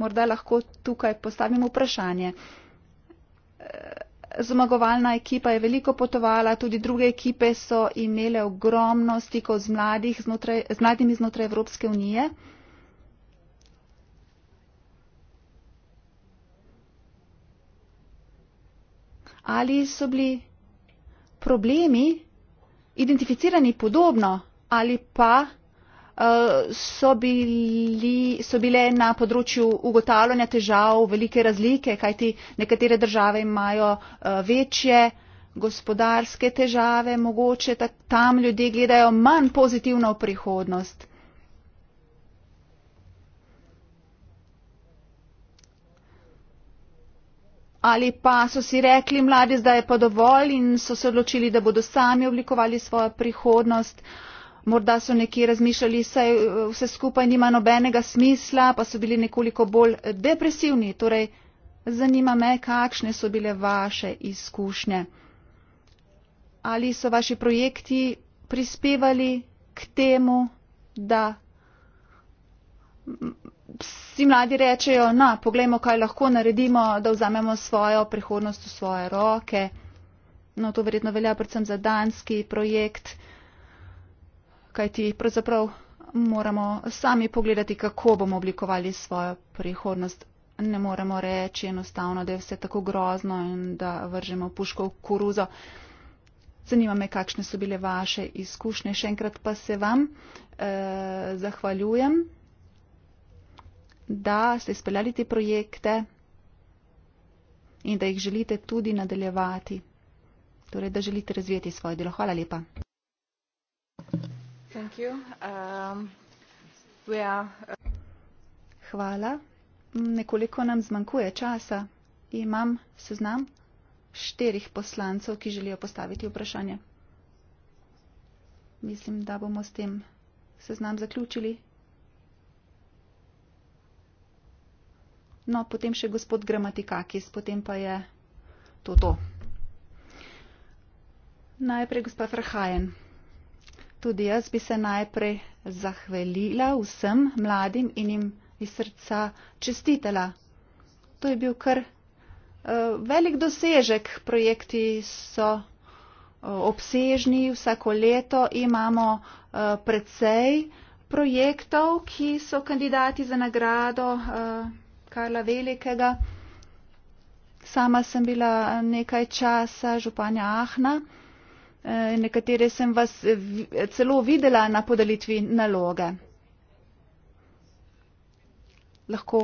morda lahko tukaj postavim vprašanje. Eh, zmagovalna ekipa je veliko potovala, tudi druge ekipe so imele ogromno stikov z, z mladimi znotraj Evropske unije. Uh, ali so bili problemi identificirani podobno ali pa uh, so, bili, so bile na področju ugotavljanja težav velike razlike, kajti nekatere države imajo uh, večje gospodarske težave, mogoče tam ljudje gledajo manj pozitivno v prihodnost. ali pa so si rekli mladi, zdaj je pa dovolj in so se odločili, da bodo sami oblikovali svojo prihodnost. Morda so nekje razmišljali, saj eh, vse skupaj nima nobenega smisla, pa so bili nekoliko bolj depresivni. Torej, zanima me, kakšne so bile vaše izkušnje. Ali so vaši projekti prispevali k temu, da Vsi mladi rečejo, na, poglejmo, kaj lahko naredimo, da vzamemo svojo prihodnost v svoje roke. No, to verjetno velja predvsem za danski projekt, kajti pravzaprav moramo sami pogledati, kako bomo oblikovali svojo prihodnost. Ne moremo reči enostavno, da je vse tako grozno in da vržemo puško v koruzo. Zanima me, kakšne so bile vaše izkušnje. Še enkrat pa se vam eh, zahvaljujem da ste izpeljali te projekte in da jih želite tudi nadaljevati. Torej, da želite razvijati svoje delo. Hvala lepa. Um, uh, Hvala. Nekoliko nam zmanjkuje časa. Imam seznam štirih poslancev, ki želijo postaviti vprašanje. Mislim, da bomo s tem seznam zaključili. No, potem še gospod Gramatikakis, potem pa je to to. Najprej gospa Frahajen. Tudi jaz bi se najprej zahvalila vsem mladim in jim iz srca čestitela. To je bil kar uh, velik dosežek. Projekti so uh, obsežni, vsako leto imamo uh, precej projektov, ki so kandidati za nagrado. Uh, Karla Velikega. Sama sem bila nekaj časa županja Ahna, eh, nekatere sem vas celo videla na podelitvi naloge. Lahko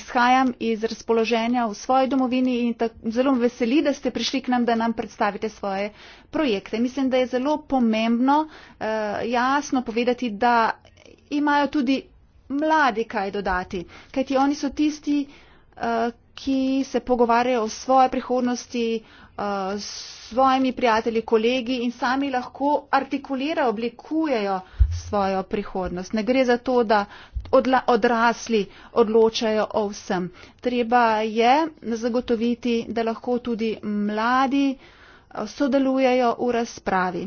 izhajam iz razpoloženja v svoji domovini in zelo veseli, da ste prišli k nam, da nam predstavite svoje projekte. Mislim, da je zelo pomembno eh, jasno povedati, da imajo tudi mladi kaj dodati, kajti oni so tisti, eh, ki se pogovarjajo o svoje prihodnosti eh, s svojimi prijatelji, kolegi in sami lahko artikulirajo, oblikujejo svojo prihodnost. Ne gre za to, da odrasli odločajo o vsem. Treba je zagotoviti, da lahko tudi mladi eh, sodelujejo v razpravi.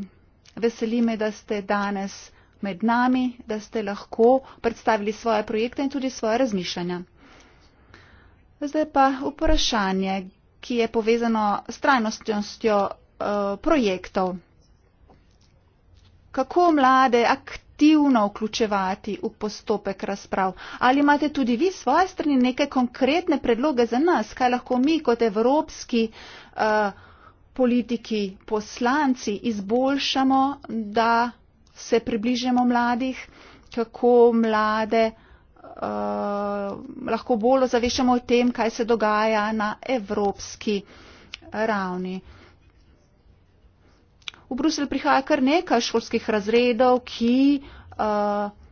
Veseli me, da ste danes med nami, da ste lahko predstavili svoje projekte in tudi svoje razmišljanja. Zdaj pa vprašanje, ki je povezano s trajnostjo eh, projektov. Kako mlade aktivno vključevati v postopek razprav? Ali imate tudi vi svoje strani neke konkretne predloge za nas, kaj lahko mi kot evropski uh, politiki, poslanci izboljšamo, da se približamo mladih, kako mlade uh, lahko bolj zavešamo o tem, kaj se dogaja na evropski eh, ravni. V Bruselj prihaja kar nekaj šolskih razredov, ki uh,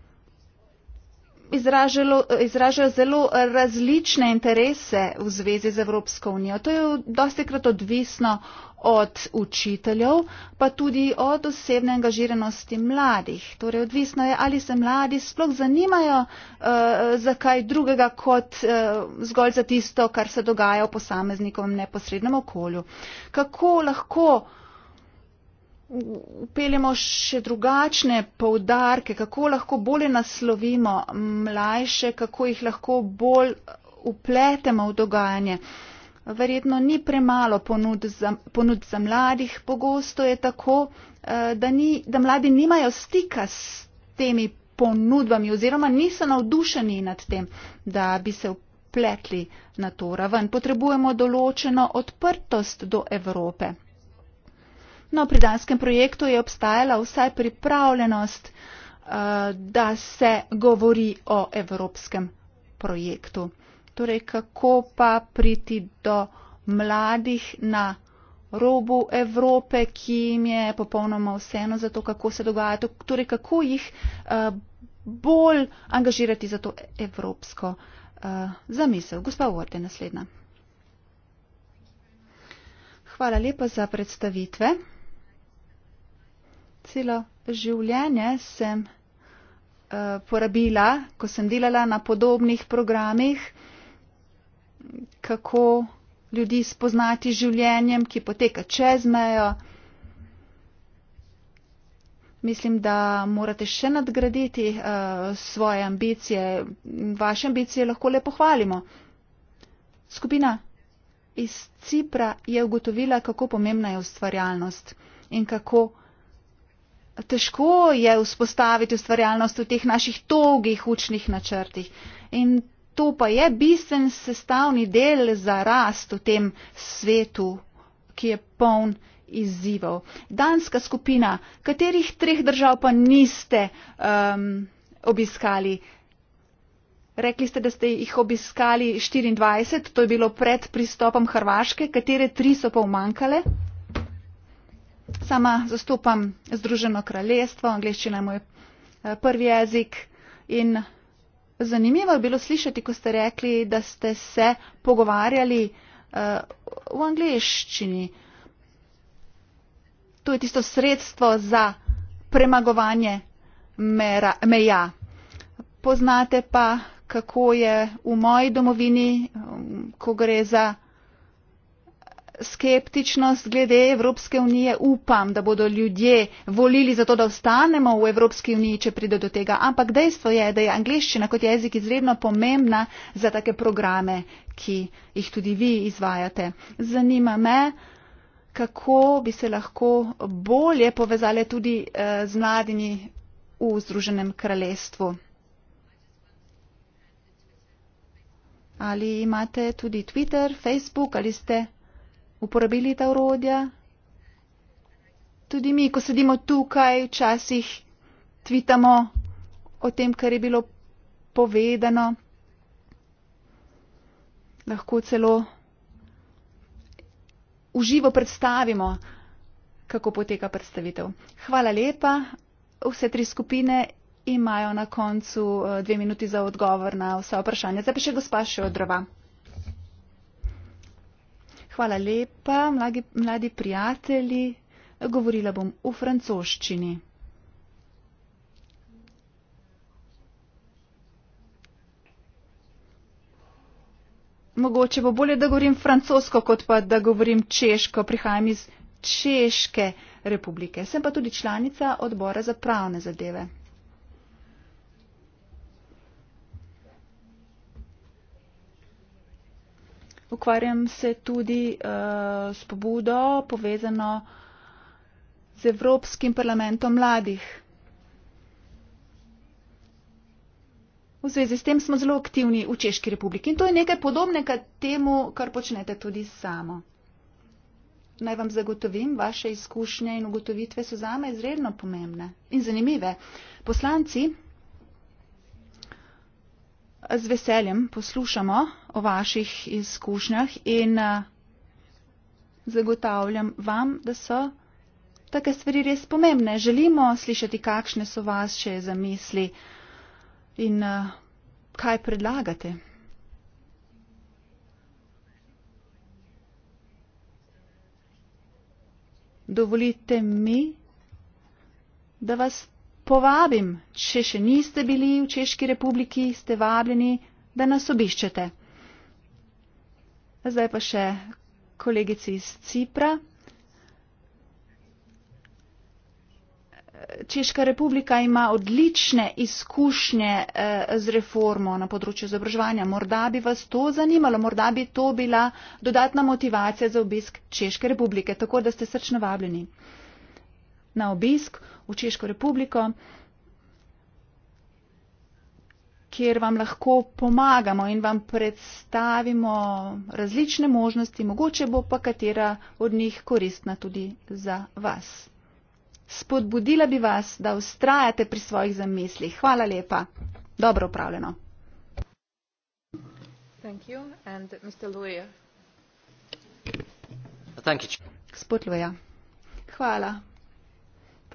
izražajo zelo različne interese v zvezi z Evropsko unijo. To je dosti krat odvisno od učiteljev, pa tudi od osebne angažiranosti mladih. Torej, odvisno je, ali se mladi sploh zanimajo uh, za kaj drugega, kot uh, zgolj za tisto, kar se dogaja v posameznikovem neposrednem okolju. Kako lahko upeljemo še drugačne poudarke, kako lahko bolje naslovimo mlajše, kako jih lahko bolj upletemo v dogajanje. Verjetno ni premalo ponud za, ponud za mladih, pogosto je tako, eh, da, ni, da mladi nimajo stika s temi ponudbami oziroma niso navdušeni nad tem, da bi se upletli na to raven. Potrebujemo določeno odprtost do Evrope. No, pri danskem projektu je obstajala vsaj pripravljenost, eh, da se govori o evropskem projektu. Torej, kako pa priti do mladih na robu Evrope, ki jim je popolnoma vseeno za to, kako se dogaja, torej kako jih eh, bolj angažirati za to evropsko eh, zamisel. Gospa Vorte, naslednja. Hvala lepa za predstavitve celo življenje sem uh, porabila, ko sem delala na podobnih programih, kako ljudi spoznati z življenjem, ki poteka čez mejo. Mislim, da morate še nadgraditi uh, svoje ambicije. Vaše ambicije lahko le pohvalimo. Skupina iz Cipra je ugotovila, kako pomembna je ustvarjalnost in kako težko je vzpostaviti ustvarjalnost v teh naših togih učnih načrtih. In to pa je bistven sestavni del za rast v tem svetu, ki je poln izzivov. Danska skupina, katerih treh držav pa niste um, obiskali? Rekli ste, da ste jih obiskali 24, to je bilo pred pristopom Hrvaške, katere tri so pa umankale? Sama zastopam Združeno kraljestvo, angliščina je moj eh, prvi jezik in zanimivo je bilo slišati, ko ste rekli, da ste se pogovarjali uh, v angliščini. To je tisto sredstvo za premagovanje mera, meja. Poznate pa, kako je v moji domovini, eh, ko gre za skeptičnost glede Evropske unije. Upam, da bodo ljudje volili za to, da ostanemo v Evropski uniji, če pride do tega. Ampak dejstvo je, da je angliščina kot jezik izredno pomembna za take programe, ki jih tudi vi izvajate. Zanima me, kako bi se lahko bolje povezali tudi eh, z mladimi v Združenem kraljestvu. Ali imate tudi Twitter, Facebook ali ste uporabili ta urodja. Tudi mi, ko sedimo tukaj, včasih tvitamo o tem, kar je bilo povedano. Lahko celo uživo predstavimo, kako poteka predstavitev. Hvala lepa. Vse tri skupine imajo na koncu eh, dve minuti za odgovor na vsa vprašanja. Zdaj pa še gospa Šodrova. Hvala lepa, mladi, mladi prijatelji. Govorila bom v francoščini. Mogoče bo bolje, da govorim francosko, kot pa da govorim češko. Prihajam iz Češke republike. Sem pa tudi članica odbora za pravne zadeve. Ukvarjam se tudi uh, s pobudo povezano z Evropskim parlamentom mladih. V zvezi s tem smo zelo aktivni v Češki republiki in to je nekaj podobnega temu, kar počnete tudi samo. Naj vam zagotovim, vaše izkušnje in ugotovitve so zame izredno pomembne in zanimive. Poslanci z veseljem poslušamo o vaših izkušnjah in eh, zagotavljam vam, da so take stvari res pomembne. Želimo slišati, kakšne so vaše zamisli in eh, kaj predlagate. Dovolite mi, da vas povabim, če še niste bili v Češki republiki, ste vabljeni, da nas obiščete. Zdaj pa še kolegici iz Cipra. Češka republika ima odlične izkušnje eh, z reformo na področju izobraževanja. Morda bi vas to zanimalo, morda bi to bila dodatna motivacija za obisk Češke republike, tako da ste srčno vabljeni na obisk v Češko republiko, kjer vam lahko pomagamo in vam predstavimo različne možnosti, mogoče bo pa katera od njih koristna tudi za vas. Spodbudila bi vas, da ustrajate pri svojih zamislih. Hvala lepa. Dobro upravljeno. Hvala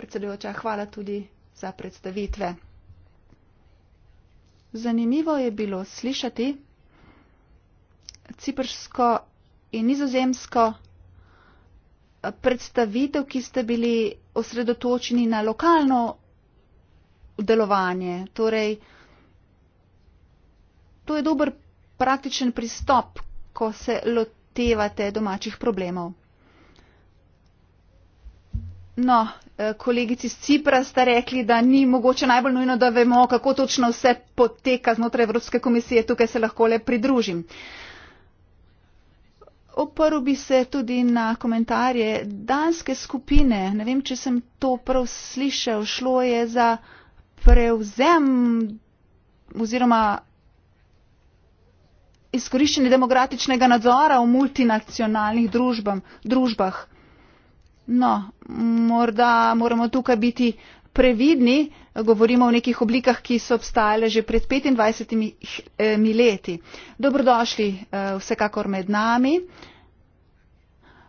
predsedujoča, hvala tudi za predstavitve. Zanimivo je bilo slišati cipršsko in nizozemsko predstavitev, ki ste bili osredotočeni na lokalno delovanje. Torej, to je dober praktičen pristop, ko se lotevate domačih problemov. No, eh, kolegici z Cipra ste rekli, da ni mogoče najbolj nujno, da vemo, kako točno vse poteka znotraj Evropske komisije. Tukaj se lahko le pridružim. Oprl bi se tudi na komentarje danske skupine. Ne vem, če sem to prav slišal. Šlo je za prevzem oziroma izkoriščenje demokratičnega nadzora v multinacionalnih družbam, družbah. No, morda moramo tukaj biti previdni, govorimo o nekih oblikah, ki so obstajale že pred 25 eh, leti. Dobrodošli eh, vsekakor med nami.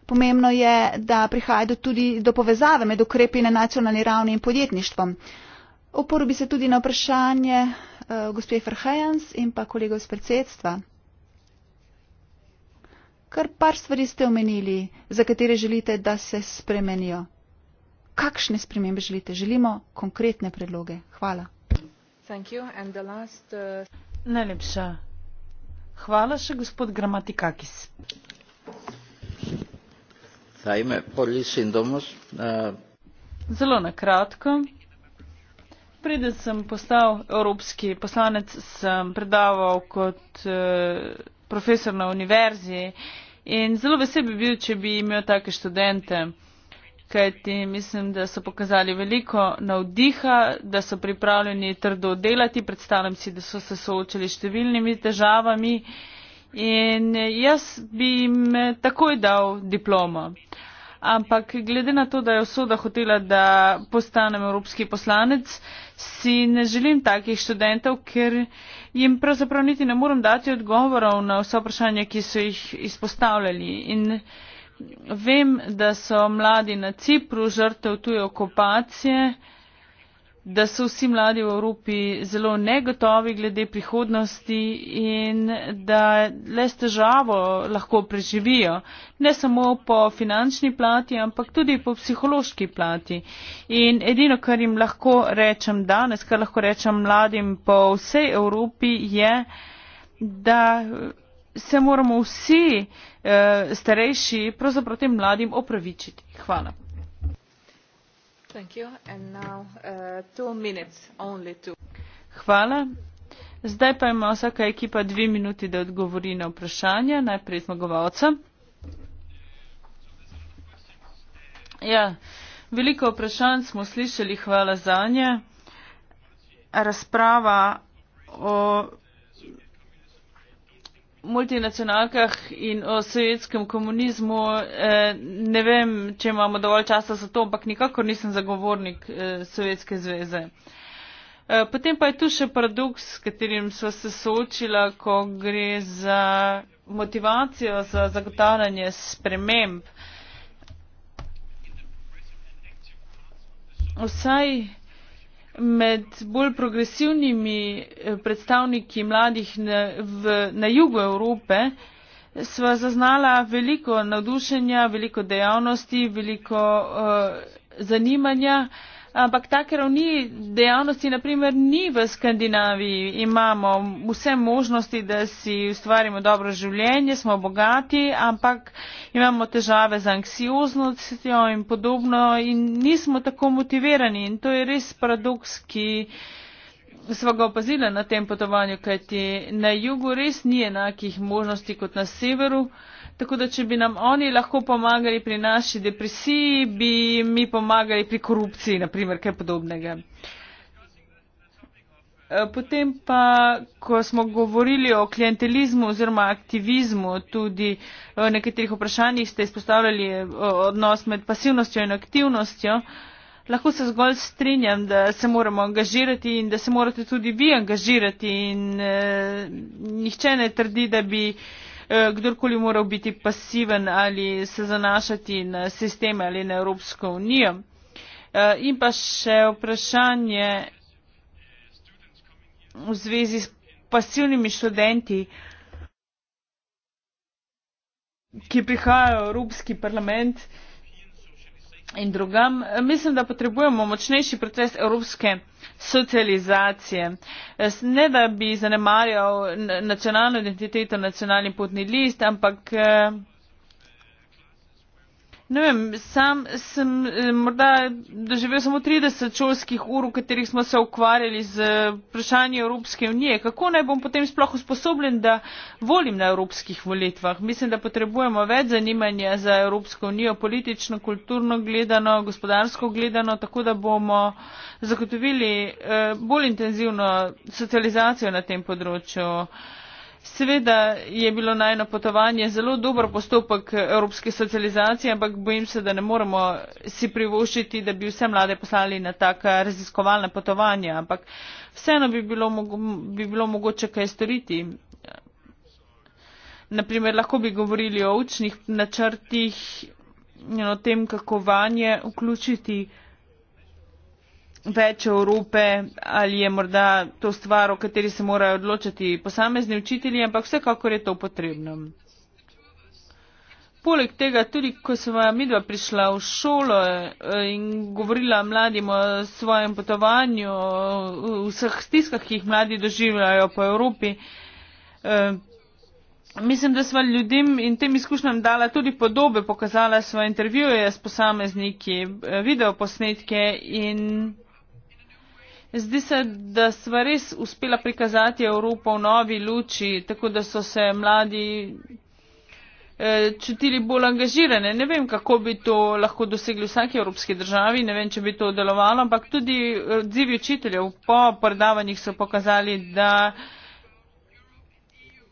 Pomembno je, da prihaja tudi do povezave med ukrepi na nacionalni ravni in podjetništvom. Oporu bi se tudi na vprašanje eh, gospe Ferhajans in pa kolegov iz predsedstva. Kar par stvari ste omenili, za katere želite, da se spremenijo. Kakšne spremembe želite? Želimo konkretne predloge. Hvala. Last, uh... Najlepša. Hvala še gospod Gramatikakis. Ime, domos, uh... Zelo nakratko. Preden sem postal evropski poslanec, sem predaval kot. Uh profesor na univerzi in zelo vesel bi bil, če bi imel take študente, kajti mislim, da so pokazali veliko navdiha, da so pripravljeni trdo delati, predstavljam si, da so se soočali s številnimi težavami in jaz bi jim eh, takoj dal diplomo. Ampak glede na to, da je osoda hotela, da postanem evropski poslanec, si ne želim takih študentov, ker jim pravzaprav niti ne morem dati odgovorov na vse vprašanja, ki so jih izpostavljali. In vem, da so mladi na Cipru žrtev tuje okupacije da so vsi mladi v Evropi zelo negotovi glede prihodnosti in da le s težavo lahko preživijo, ne samo po finančni plati, ampak tudi po psihološki plati. In edino, kar jim lahko rečem danes, kar lahko rečem mladim po vsej Evropi, je, da se moramo vsi eh, starejši, pravzaprav tem mladim, opravičiti. Hvala. Uh, hvala. Zdaj pa ima vsaka ekipa dve minuti, da odgovori na vprašanje. Najprej zmagovalca. Ja, veliko vprašanj smo slišali, hvala za nje. Razprava o multinacionalkah in o sovjetskem komunizmu. Eh, ne vem, če imamo dovolj časa za to, ampak nikakor nisem zagovornik eh, Sovjetske zveze. Eh, potem pa je tu še paradoks, s katerim smo se soočila, ko gre za motivacijo za zagotavljanje sprememb. Vsaj Med bolj progresivnimi eh, predstavniki mladih na, v, na jugu Evrope sva zaznala veliko navdušenja, veliko dejavnosti, veliko uh, zanimanja. Uh, ampak take ravni dejavnosti naprimer ni v Skandinaviji. Imamo vse možnosti, da si ustvarimo dobro življenje, smo bogati, ampak imamo težave z anksioznostjo in podobno in nismo tako motivirani. In to je res paradoks, ki smo ga opazili na tem potovanju, kajti na jugu res ni enakih možnosti kot na severu. Tako da, če bi nam oni lahko pomagali pri naši depresiji, bi mi pomagali pri korupciji, naprimer, kaj podobnega. E, potem pa, ko smo govorili o klientelizmu oziroma aktivizmu, tudi v e, nekaterih vprašanjih ste izpostavljali e, odnos med pasivnostjo in aktivnostjo, lahko se zgolj strinjam, da se moramo angažirati in da se morate tudi vi angažirati in eh, nihče ne trdi, da bi. Eh, Eh, kdorkoli moral biti pasiven ali se zanašati na sisteme ali na Evropsko unijo. Eh, in pa še vprašanje v zvezi s pasivnimi študenti, ki prihajajo v Evropski parlament in drugam. Mislim, da potrebujemo močnejši proces evropske socializacije. Ne, da bi zanemarjal nacionalno identiteto, nacionalni potni list, ampak eh, Ne vem, sam sem eh, morda doživel samo 30 šolskih ur, v katerih smo se ukvarjali z eh, vprašanji Evropske unije. Kako naj bom potem sploh usposobljen, da volim na evropskih volitvah? Mislim, da potrebujemo več zanimanja za Evropsko unijo, politično, kulturno gledano, gospodarsko gledano, tako da bomo zagotovili eh, bolj intenzivno socializacijo na tem področju. Seveda je bilo najno potovanje zelo dober postopek evropske socializacije, ampak bojim se, da ne moremo si privoščiti, da bi vse mlade poslali na taka raziskovalna potovanja, ampak vseeno bi bilo, mogo, bi bilo mogoče kaj storiti. Naprimer, lahko bi govorili o učnih načrtih in o tem, kako vanje vključiti več Evrope ali je morda to stvar, o kateri se morajo odločati posamezni učitelji, ampak vsekakor je to potrebno. Poleg tega, tudi ko sem midva prišla v šolo eh, in govorila mladim o svojem potovanju, o vseh stiskah, ki jih mladi doživljajo po Evropi, eh, mislim, da sva ljudem in tem izkušnjam dala tudi podobe, pokazala sva intervjuje s posamezniki, eh, videoposnetke in. Zdi se, da sva res uspela prikazati Evropo v novi luči, tako da so se mladi eh, čutili bolj angažirane. Ne vem, kako bi to lahko dosegli vsake evropske državi, ne vem, če bi to delovalo, ampak tudi eh, odzivi učiteljev po predavanjih so pokazali, da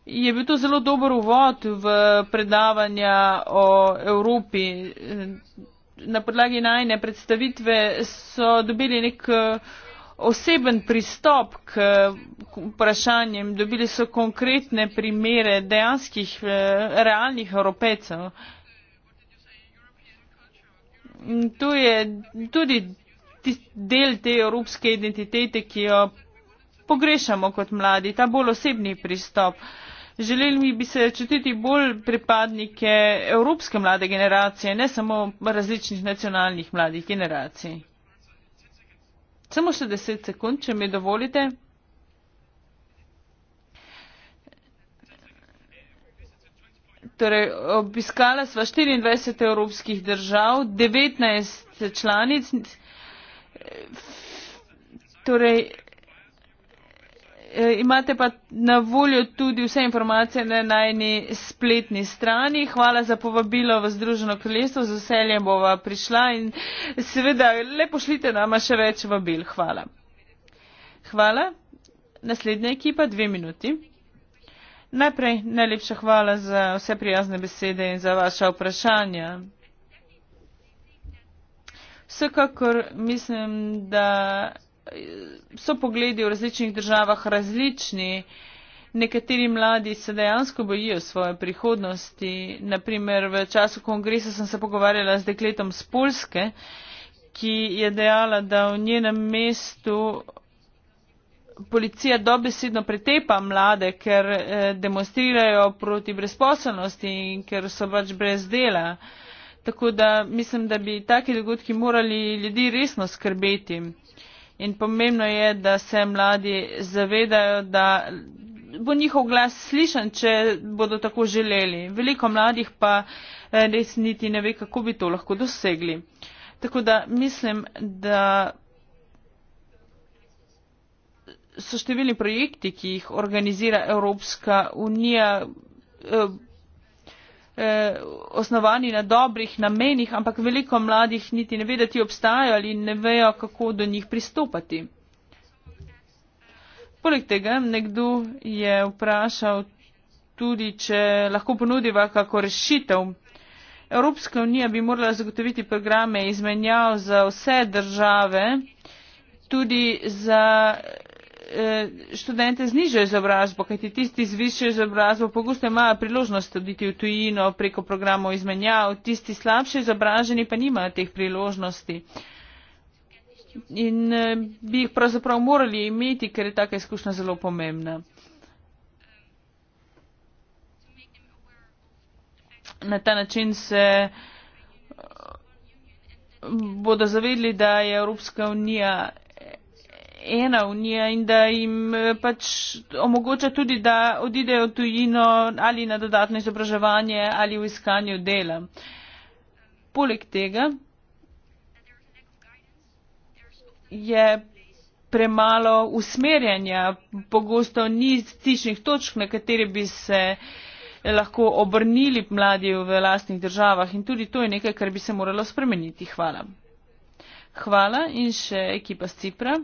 je bil to zelo dober uvod v predavanja o Evropi. Eh, na podlagi najne predstavitve so dobili nek oseben pristop k vprašanjem, dobili so konkretne primere dejanskih eh, realnih evropecev. To je tudi del te evropske identitete, ki jo pogrešamo kot mladi, ta bolj osebni pristop. Želeli bi se čutiti bolj pripadnike evropske mlade generacije, ne samo različnih nacionalnih mladih generacij. Samo še 10 sekund, če mi dovolite. Torej, obiskala sva 24 evropskih držav, 19 članic. Torej, Eh, imate pa na voljo tudi vse informacije na najni spletni strani. Hvala za povabilo v Združeno kraljestvo, z veseljem bova prišla in seveda le pošljite nama še več vabil. Hvala. Hvala. Naslednja ekipa, dve minuti. Najprej najlepša hvala za vse prijazne besede in za vaša vprašanja. Vsekakor mislim, da so pogledi v različnih državah različni. Nekateri mladi se dejansko bojijo svoje prihodnosti. Naprimer, v času kongresa sem se pogovarjala z dekletom z Polske, ki je dejala, da v njenem mestu policija dobesedno pretepa mlade, ker eh, demonstrirajo proti brezposobnosti in ker so pač brez dela. Tako da mislim, da bi taki dogodki morali ljudi resno skrbeti in pomembno je, da se mladi zavedajo, da bo njihov glas slišan, če bodo tako želeli. Veliko mladih pa eh, res niti ne ve, kako bi to lahko dosegli. Tako da mislim, da so številni projekti, ki jih organizira Evropska unija, eh, Eh, osnovani na dobrih namenih, ampak veliko mladih niti ne ve, da ti obstajajo ali ne vejo, kako do njih pristopati. Poleg tega nekdo je vprašal tudi, če lahko ponudiva kako rešitev. Evropska unija bi morala zagotoviti programe izmenjav za vse države, tudi za Eh, študente z nižjo izobrazbo kajti tisti z višjo izobrazbo pogosto imajo priložnost oditi v tujino preko programov izmenjav tisti slabše izobraženi pa nimajo teh priložnosti in eh, bi jih pravzaprav morali imeti ker je taka izkušnja zelo pomembna na ta način se eh, bodo zavedli da je Evropska unija ena unija in da jim eh, pač omogoča tudi, da odidejo tujino ali na dodatno izobraževanje ali v iskanju dela. Poleg tega je premalo usmerjanja, pogosto ni stičnih točk, na kateri bi se lahko obrnili mladi v lastnih državah in tudi to je nekaj, kar bi se moralo spremeniti. Hvala. Hvala in še ekipa z Cipra.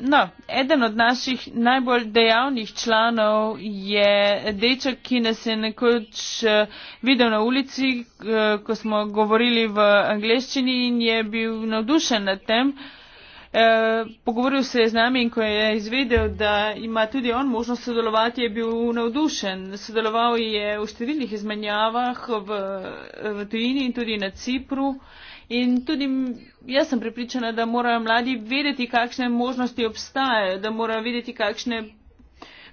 No, eden od naših najbolj dejavnih članov je deček, ki nas je nekoč eh, videl na ulici, eh, ko smo govorili v angleščini in je bil navdušen nad tem. Eh, pogovoril se je z nami in ko je izvedel, da ima tudi on možnost sodelovati, je bil navdušen. Sodeloval je v številnih izmenjavah v, v tujini in tudi na Cipru. In tudi jaz sem pripričana, da morajo mladi vedeti, kakšne možnosti obstajajo, da morajo vedeti, kakšne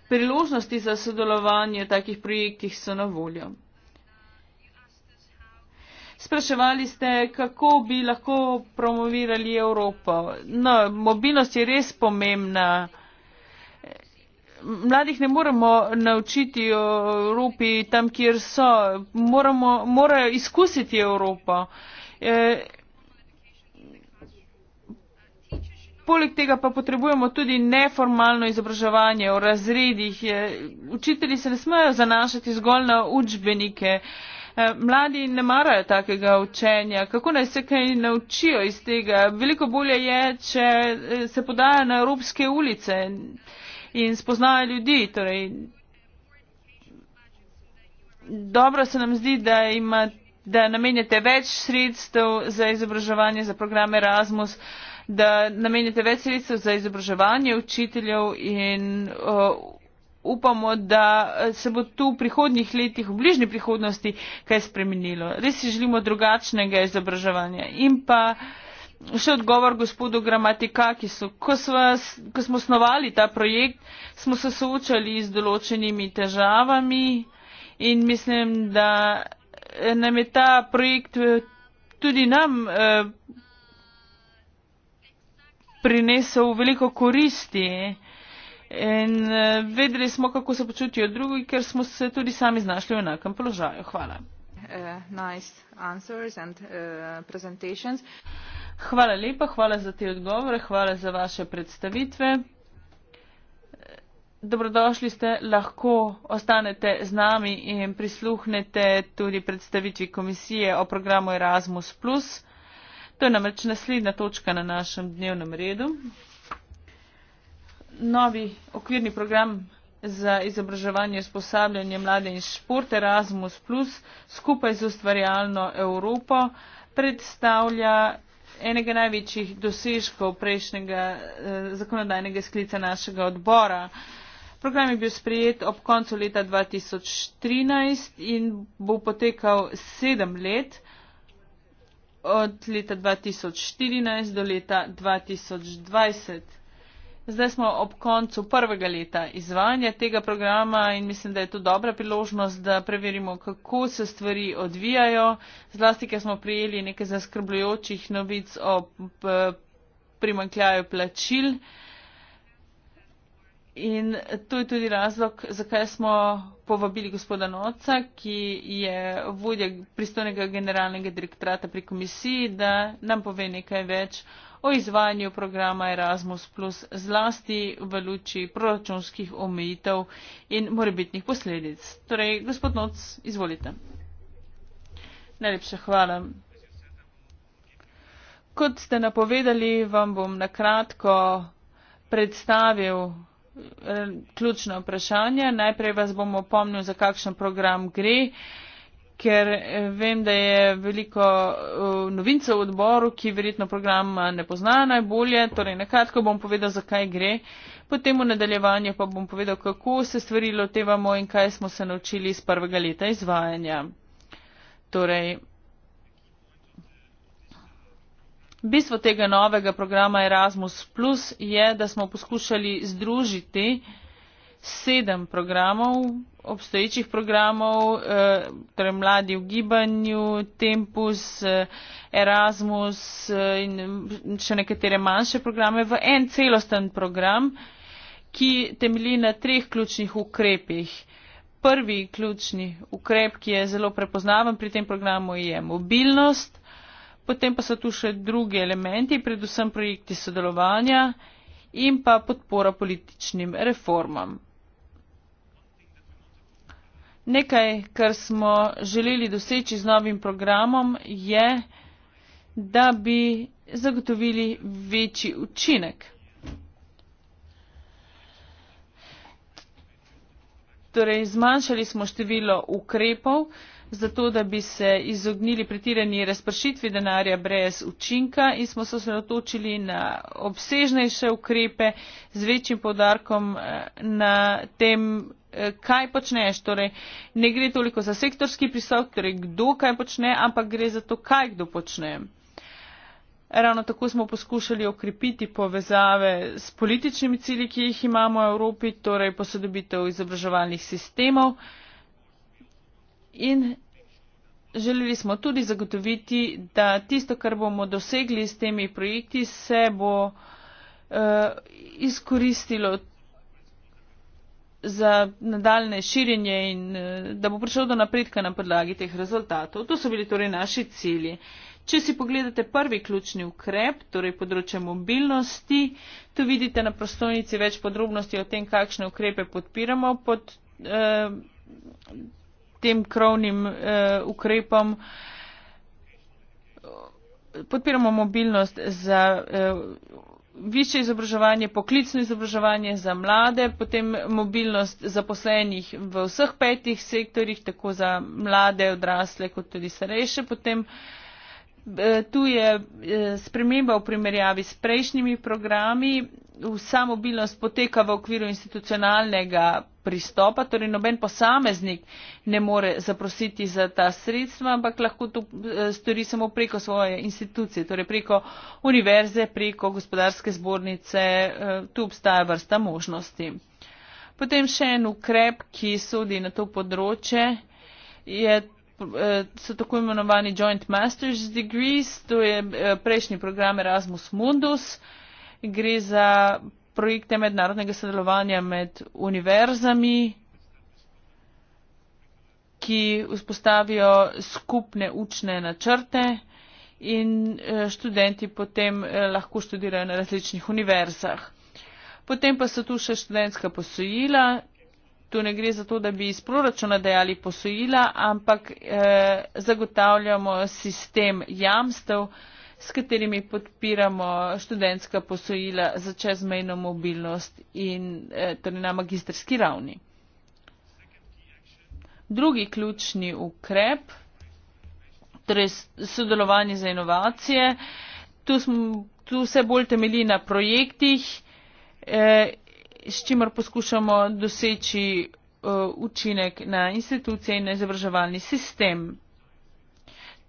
priložnosti za sodelovanje v takih projektih so na voljo. Spraševali ste, kako bi lahko promovirali Evropo. No, mobilnost je res pomembna. Mladih ne moremo naučiti o Evropi tam, kjer so. Moramo, morajo izkusiti Evropo. E, poleg tega pa potrebujemo tudi neformalno izobraževanje v razredih. E, učitelji se ne smejo zanašati zgolj na učbenike. E, mladi ne marajo takega učenja. Kako naj se kaj naučijo iz tega? Veliko bolje je, če se podajo na evropske ulice in spoznajo ljudi. Torej, dobro se nam zdi, da imate da namenjate več sredstev za izobraževanje za program Erasmus, da namenjate več sredstev za izobraževanje učiteljev in uh, upamo, da uh, se bo tu v prihodnjih letih, v bližnji prihodnosti, kaj spremenilo. Res si želimo drugačnega izobraževanja. In pa še odgovor gospodu Gramatikakisu. Ko, ko smo osnovali ta projekt, smo se soočali z določenimi težavami in mislim, da nam je ta projekt eh, tudi nam eh, prinesel veliko koristi. In eh, vedeli smo, kako se počutijo drugi, ker smo se tudi sami znašli v enakem položaju. Hvala. Hvala lepa, hvala za te odgovore, hvala za vaše predstavitve dobrodošli ste, lahko ostanete z nami in prisluhnete tudi predstavitvi komisije o programu Erasmus. To je namreč naslednja točka na našem dnevnem redu. Novi okvirni program za izobraževanje, usposabljanje mlade in šport Erasmus, skupaj z ustvarjalno Evropo, predstavlja enega največjih dosežkov prejšnjega eh, zakonodajnega sklica našega odbora. Eh, Program je bil sprejet ob koncu leta 2013 in bo potekal sedem let od leta 2014 do leta 2020. Zdaj smo ob koncu prvega leta izvajanja tega programa in mislim, da je to dobra priložnost, da preverimo, kako se stvari odvijajo. Zlasti, ker smo prijeli nekaj zaskrbljujočih novic o eh, primankljaju plačil. In to je tudi razlog, zakaj smo povabili gospoda Noca, ki je vodja pristojnega generalnega direktorata pri komisiji, da nam pove nekaj več o izvajanju programa Erasmus, zlasti v luči proračunskih omejitev in morebitnih posledic. Torej, gospod Noc, izvolite. Najlepša hvala. Kot ste napovedali, vam bom nakratko predstavil Eh, ključna vprašanja. Najprej vas bom opomnil, za kakšen program gre, ker eh, vem, da je veliko eh, novincev v odboru, ki verjetno program ne pozna najbolje. Torej, nakratko bom povedal, zakaj gre. Potem v nadaljevanju pa bom povedal, kako se stvari lotevamo in kaj smo se naučili iz prvega leta izvajanja. Torej, Bistvo tega novega programa Erasmus Plus je, da smo poskušali združiti sedem programov, obstoječih programov, eh, torej mladi v gibanju, Tempus, eh, Erasmus eh, in še nekatere manjše programe v en celosten program, ki temelji na treh ključnih ukrepih. Prvi ključni ukrep, ki je zelo prepoznaven pri tem programu, je mobilnost. Potem pa so tu še drugi elementi, predvsem projekti sodelovanja in pa podpora političnim reformam. Nekaj, kar smo želeli doseči z novim programom, je, da bi zagotovili večji učinek. Torej, zmanjšali smo število ukrepov, zato da bi se izognili pretirani razpršitvi denarja brez učinka in smo se osredotočili na obsežnejše ukrepe z večjim podarkom eh, na tem, eh, kaj počneš. Torej, ne gre toliko za sektorski pristop, torej kdo kaj počne, ampak gre za to, kaj kdo počne. Ravno tako smo poskušali okrepiti povezave s političnimi cilji, ki jih imamo v Evropi, torej posodobitev izobraževalnih sistemov in želeli smo tudi zagotoviti, da tisto, kar bomo dosegli s temi projekti, se bo uh, izkoristilo za nadaljne širjenje in eh, da bo prišel do napredka na podlagi teh rezultatov. To so bili torej naši cilji. Če si pogledate prvi ključni ukrep, torej področje mobilnosti, tu vidite na prostovnici več podrobnosti o tem, kakšne ukrepe podpiramo pod eh, tem krovnim uh, ukrepom. Podpiramo mobilnost za uh, eh, više izobraževanje, poklicno izobraževanje za mlade, potem mobilnost zaposlenih v vseh petih sektorjih, tako za mlade, odrasle kot tudi starejše. Potem eh, Tu je sprememba v primerjavi s prejšnjimi programi, vsa mobilnost poteka v okviru institucionalnega pristopa, torej noben posameznik ne more zaprositi za ta sredstva, ampak lahko to eh, stori samo preko svoje institucije, torej preko univerze, preko gospodarske zbornice, eh, tu obstaja vrsta možnosti. Potem še en ukrep, ki sodi na to področje, je, eh, so tako imenovani Joint Master's Degrees, to je prejšnji program Erasmus Mundus, gre za projekte mednarodnega sodelovanja med univerzami, ki vzpostavijo skupne učne načrte in eh, študenti potem eh, lahko študirajo na različnih univerzah. Potem pa so tu še študentska posojila. Tu ne gre za to, da bi iz proračuna dajali posojila, ampak eh, zagotavljamo sistem jamstev, eh, s katerimi podpiramo študentska posojila za čezmejno mobilnost in eh, torej na magistrski ravni. Drugi ključni ukrep, torej sodelovanje za inovacije, tu, smo, tu se bolj temelji na projektih, eh, s čimer poskušamo doseči eh, učinek na institucije in na izobraževalni sistem.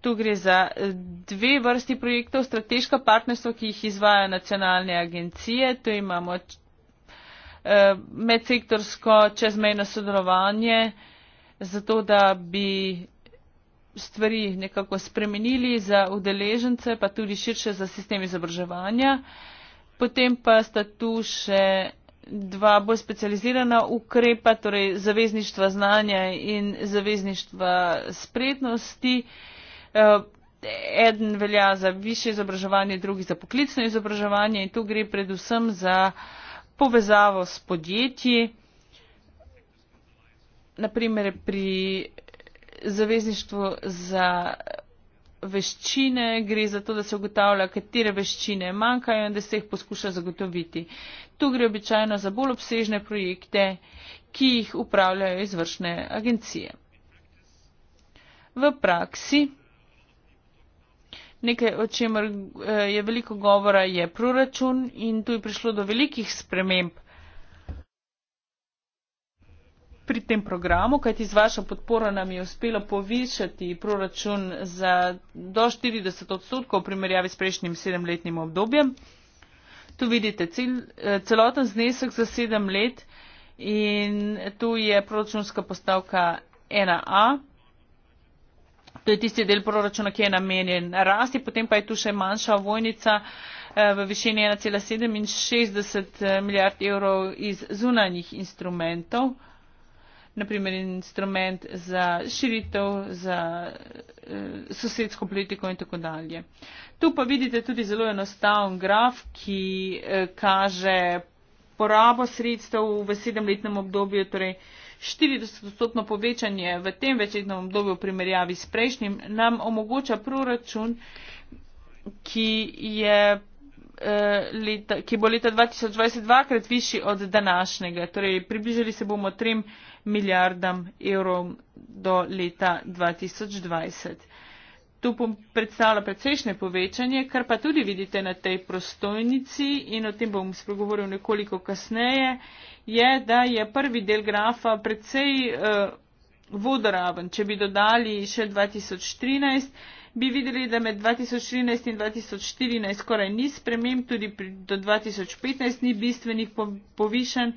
Tu gre za eh, dve vrsti projektov, strateška partnerstva, ki jih izvajo nacionalne agencije. Tu imamo eh, medsektorsko čezmejno sodelovanje, zato da bi stvari nekako spremenili za udeležence, pa tudi širše za sistem izobraževanja. Potem pa sta tu še dva bolj specializirana ukrepa, torej zavezništva znanja in zavezništva spretnosti. Eh, eden velja za više izobraževanje, drugi za poklicno izobraževanje in tu gre predvsem za povezavo s podjetji. Naprimer pri zavezništvu za veščine gre za to, da se ugotavlja, katere veščine manjkajo in da se jih poskuša zagotoviti. Tu gre običajno za bolj obsežne projekte, ki jih upravljajo izvršne agencije. V praksi nekaj, o čemer eh, je veliko govora, je proračun in tu je prišlo do velikih sprememb pri tem programu, kajti z vašo podporo nam je uspelo povišati proračun za do 40 odstotkov v primerjavi s prejšnjim sedemletnim obdobjem. Tu vidite cel, eh, celoten znesek za sedem let in tu je proračunska postavka 1A. To je tisti del proračuna, ki je namenjen rasti, potem pa je tu še manjša vojnica eh, v višini 1,67 eh, milijard evrov iz zunanjih instrumentov, naprimer instrument za širitev, za eh, sosedsko politiko in tako dalje. Tu pa vidite tudi zelo enostaven graf, ki eh, kaže porabo sredstev v sedemletnem obdobju, torej eh, 40-odstotno povečanje v tem večetnem obdobju v primerjavi s prejšnjim nam omogoča proračun, ki, je, eh, leta, ki bo leta 2020 dvakrat višji od današnjega. Torej, približali se bomo 3 milijardam evrov do leta 2020. Tu predstavlja precejšnje povečanje, kar pa tudi vidite na tej prostojnici in o tem bom spregovoril nekoliko kasneje, je, da je prvi del grafa precej uh, vodoraven. Če bi dodali še 2013, bi videli, da med 2013 in 2014 skoraj ni sprememb, tudi pri, do 2015 ni bistvenih povišanj.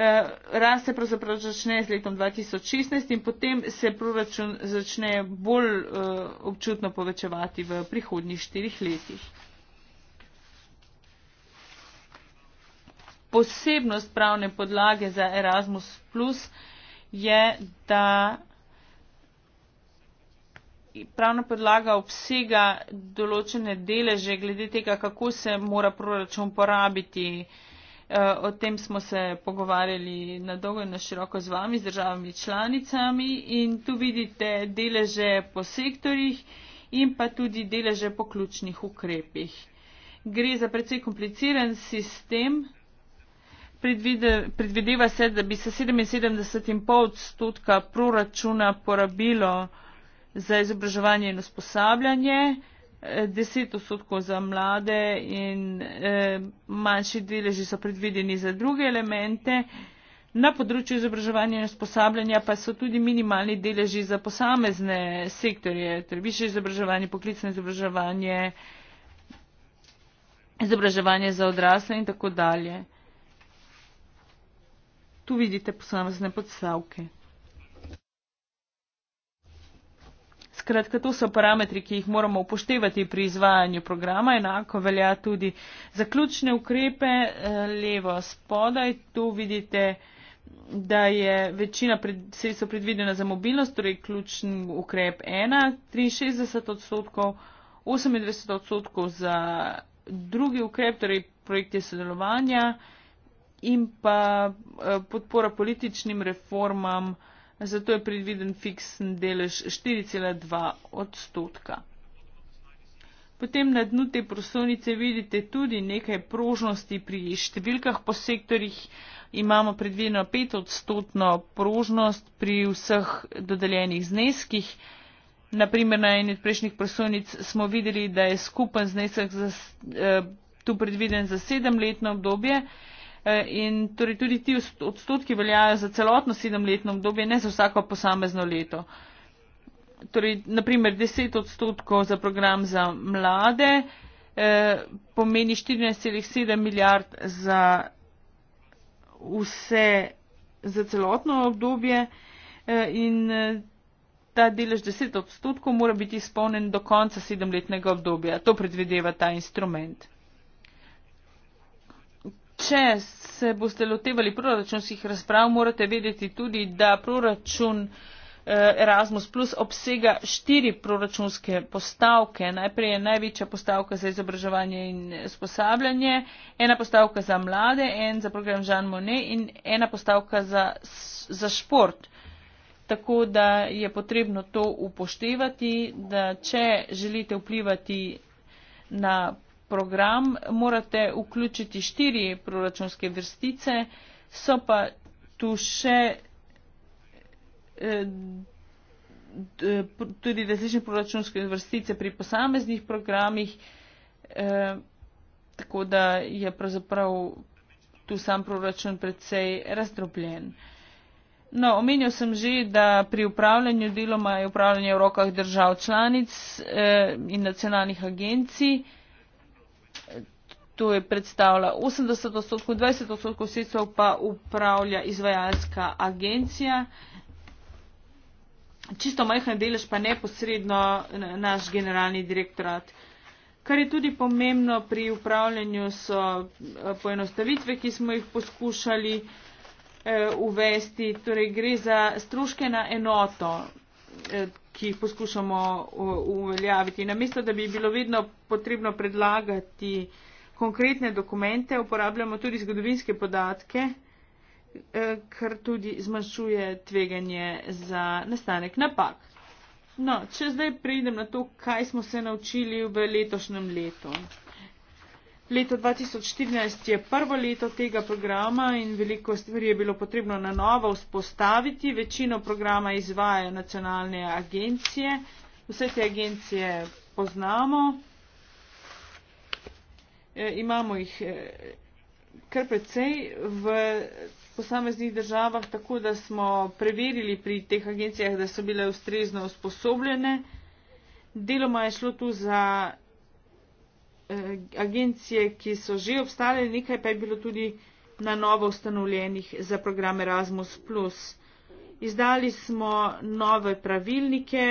Eh, rast se pravzaprav začne z letom 2016 in potem se proračun začne bolj eh, občutno povečevati v prihodnjih štirih letih. Posebnost pravne podlage za Erasmus Plus je, da pravna podlaga obsega določene deleže glede tega, kako se mora proračun porabiti. Eh, o tem smo se pogovarjali na dolgo in na široko z vami, z državami članicami in tu vidite deleže po sektorjih in pa tudi deleže po ključnih ukrepih. Gre za precej kompliciran sistem. Predvideva se, da bi se 77,5 odstotka proračuna porabilo za izobraževanje in usposabljanje deset odstotkov za mlade in eh, manjši deleži so predvideni za druge elemente. Na področju izobraževanja in usposabljanja pa so tudi minimalni deleži za posamezne sektorje, torej više izobraževanje, poklicno izobraževanje, izobraževanje za odrasle in tako dalje. Tu vidite posamezne podstavke. Skratka, to so parametri, ki jih moramo upoštevati pri izvajanju programa. Enako velja tudi za ključne ukrepe eh, levo spodaj. Tu vidite, da je večina sredstva predvidena za mobilnost, torej ključni ukrep 1, 63 odstotkov, 28 odstotkov za drugi ukrep, torej projekte sodelovanja in pa eh, podpora političnim reformam zato je predviden fiksen delež 4,2 odstotka. Potem na dnu te prosovnice vidite tudi nekaj prožnosti pri številkah po sektorjih. Imamo predvideno 5 odstotno prožnost pri vseh dodeljenih zneskih. Naprimer, na eni od prejšnjih prosovnic smo videli, da je skupen znesek za, eh, tu predviden za sedemletno obdobje. Eh, E, in torej tudi ti odstotki veljajo za celotno sedemletno obdobje, ne za vsako posamezno leto. Torej, naprimer, 10 odstotkov za program za mlade eh, pomeni 14,7 milijard za vse, za celotno obdobje eh, in e, ta delež 10 odstotkov mora biti izpolnen do konca sedemletnega obdobja. To predvideva ta instrument če se boste lotevali proračunskih razprav, morate vedeti tudi, da proračun eh, Erasmus Plus obsega štiri proračunske postavke. Najprej je največja postavka za izobraževanje in sposabljanje, ena postavka za mlade, en za program Jean Monnet in ena postavka za, za šport. Tako da je potrebno to upoštevati, da če želite vplivati na program morate vključiti štiri proračunske vrstice, so pa tu še eh, eh, tudi različne proračunske vrstice pri posameznih programih, eh, tako da je pravzaprav tu sam proračun predvsej razdrobljen. No, omenil sem že, da pri upravljanju deloma je upravljanje v rokah držav članic in nacionalnih agencij to je predstavlja 80 odstotkov, 20 odstotkov sredstev pa upravlja izvajalska agencija. Čisto majhen delež pa neposredno naš generalni direktorat. Kar je tudi pomembno pri upravljanju so eh, poenostavitve, ki smo jih poskušali eh, uvesti. Torej gre za stroške na enoto, eh, ki jih poskušamo uveljaviti. Namesto, da bi bilo vedno potrebno predlagati konkretne dokumente, uporabljamo tudi zgodovinske podatke, eh, kar tudi zmanjšuje tveganje za nastanek napak. No, če zdaj pridem na to, kaj smo se naučili v letošnjem letu. Leto 2014 je prvo leto tega programa in veliko stvari je bilo potrebno na novo vzpostaviti. Večino programa izvajajo nacionalne agencije. Vse te agencije poznamo. E, imamo jih e, kar precej v posameznih državah, tako da smo preverili pri teh agencijah, da so bile ustrezno usposobljene. Deloma je šlo tu za e, agencije, ki so že obstale, nekaj pa je bilo tudi na novo ustanovljenih za program Erasmus. Izdali smo nove pravilnike,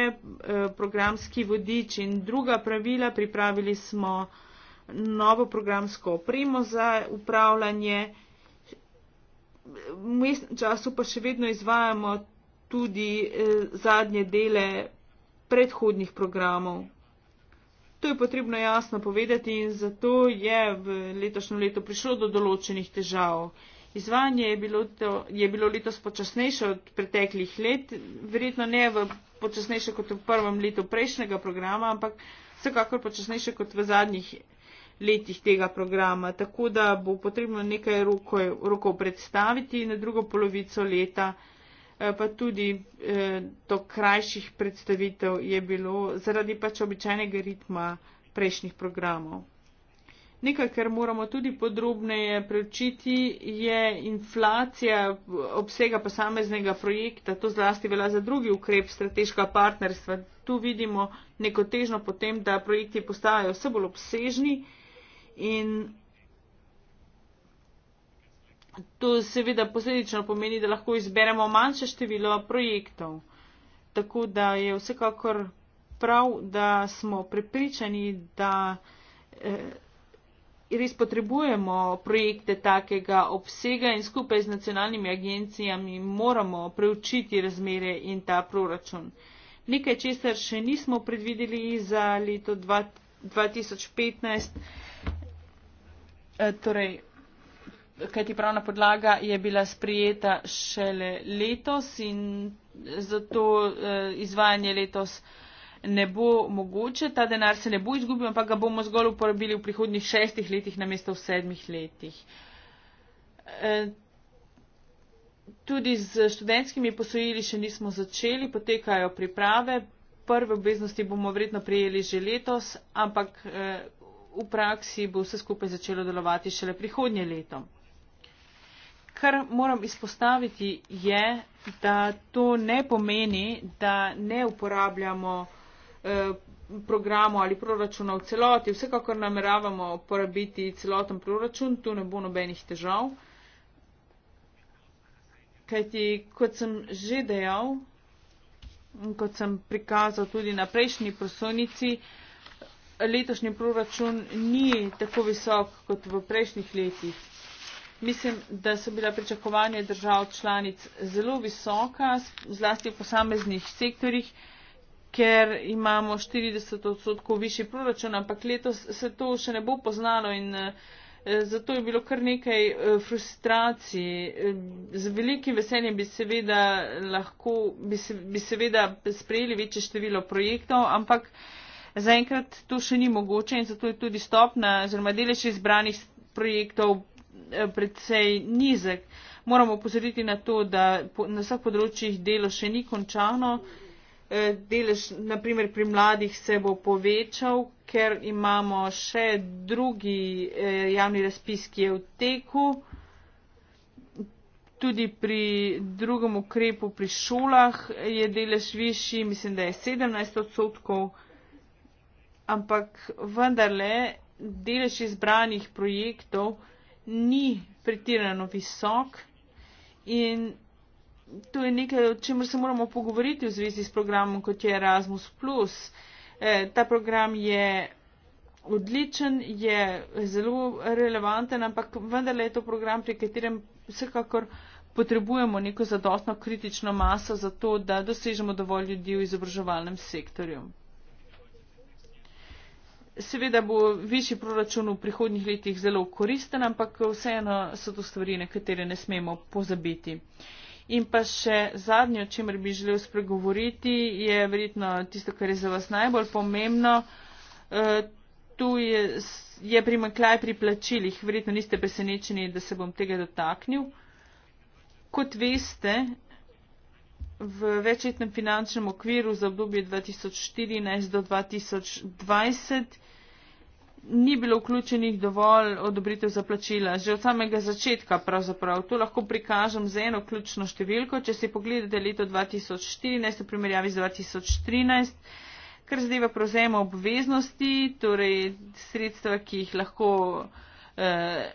programski vodič in druga pravila, pripravili smo novo programsko opremo za upravljanje. V mestnem času pa še vedno izvajamo tudi eh, zadnje dele predhodnih programov. To je potrebno jasno povedati in zato je v letošnjem letu prišlo do določenih težav. Izvajanje je bilo, to, je bilo letos počasnejše od preteklih let, verjetno ne v počasnejše kot v prvem letu prejšnjega programa, ampak vsekakor počasnejše kot v zadnjih letih tega programa, tako da bo potrebno nekaj rokov, rokov predstaviti na drugo polovico leta, eh, pa tudi eh, do krajših predstavitev je bilo zaradi pač običajnega ritma prejšnjih programov. Nekaj, kar moramo tudi podrobneje preučiti, je inflacija obsega posameznega projekta, to zlasti vela za drugi ukrep strateškega partnerstva. Tu vidimo neko težno potem, da projekti postajajo vse bolj obsežni in to seveda posledično pomeni, da lahko izberemo manjše število projektov. Tako da je vsekakor prav, da smo prepričani, da eh, res potrebujemo projekte takega obsega in skupaj z nacionalnimi agencijami moramo preučiti razmere in ta proračun. Nekaj, česar še nismo predvideli za leto 2015, Eh, torej, kajti pravna podlaga je bila sprijeta šele letos in zato eh, izvajanje letos ne bo mogoče, ta denar se ne bo izgubil, ampak ga bomo zgolj uporabili v prihodnjih šestih letih namesto v sedmih letih. Eh, tudi z študentskimi posojili še nismo začeli, potekajo priprave. Prve obveznosti bomo vredno prijeli že letos, ampak v praksi bo vse skupaj začelo delovati šele prihodnje leto. Kar moram izpostaviti je, da to ne pomeni, da ne uporabljamo eh, programu ali proračuna v celoti. Vsekakor nameravamo uporabiti celoten proračun, tu ne bo nobenih težav. Kajti, kot sem že dejal, kot sem prikazal tudi na prejšnji prosonici, letošnji proračun ni tako visok kot v prejšnjih letih. Mislim, da so bila pričakovanja držav članic zelo visoka, zlasti v posameznih sektorjih, ker imamo 40 odstotkov višji proračun, ampak letos se to še ne bo poznalo in eh, zato je bilo kar nekaj eh, frustracij. Eh, z velikim veseljem bi seveda, lahko, bi se, bi seveda sprejeli večje število projektov, ampak zaenkrat to še ni mogoče in zato je tudi stopna oziroma delež izbranih projektov eh, predvsej nizek. Moramo pozoriti na to, da na vseh področjih delo še ni končano. Eh, delež, naprimer, pri mladih se bo povečal, ker imamo še drugi eh, javni razpis, ki je v teku. Tudi pri drugem ukrepu pri šolah je delež višji, mislim, da je 17 odstotkov ampak vendarle delež izbranih projektov ni pretirano visok in to je nekaj, o čemer se moramo pogovoriti v zvezi s programom, kot je Erasmus. E, ta program je odličen, je zelo relevanten, ampak vendarle je to program, pri katerem vsekakor potrebujemo neko zadostno kritično maso za to, da dosežemo dovolj ljudi v izobraževalnem sektorju. Seveda bo višji proračun v prihodnjih letih zelo koristen, ampak vseeno so to stvari, na katere ne smemo pozabiti. In pa še zadnje, o čemer bi želel spregovoriti, je verjetno tisto, kar je za vas najbolj pomembno. E, tu je, je primanklaj pri plačilih. Verjetno niste presenečeni, da se bom tega dotaknil. Kot veste, v večletnem finančnem okviru za obdobje 2014 do 2020 ni bilo vključenih dovolj odobritev za plačila. Že od samega začetka pravzaprav. Tu lahko prikažem z eno ključno številko. Če si pogledate leto 2014 v primerjavi z 2013, kar zadeva prevzema obveznosti, torej sredstva, ki jih lahko eh,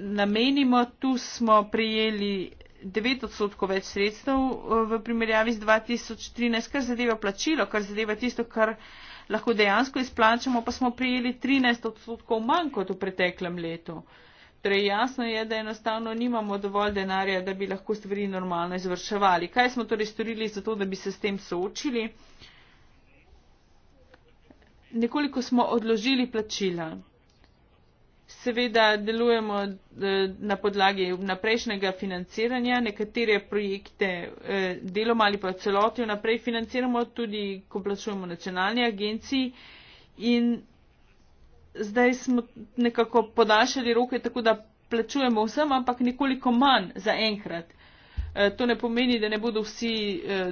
namenimo, tu smo prijeli 9 odstotkov več sredstev eh, v primerjavi z 2013, kar zadeva plačilo, kar zadeva tisto, kar lahko dejansko izplačamo, pa smo prijeli 13 odstotkov manj kot v preteklem letu. Torej jasno je, da enostavno nimamo dovolj denarja, da bi lahko stvari normalno izvrševali. Kaj smo torej storili za to, da bi se s tem soočili? Nekoliko smo odložili plačila seveda delujemo eh, na podlagi naprejšnjega financiranja, nekatere projekte eh, deloma ali pa celoti vnaprej financiramo, tudi ko plačujemo nacionalni agenciji in zdaj smo nekako podaljšali roke, tako da plačujemo vsem, ampak nekoliko manj za enkrat. Eh, to ne pomeni, da ne bodo vsi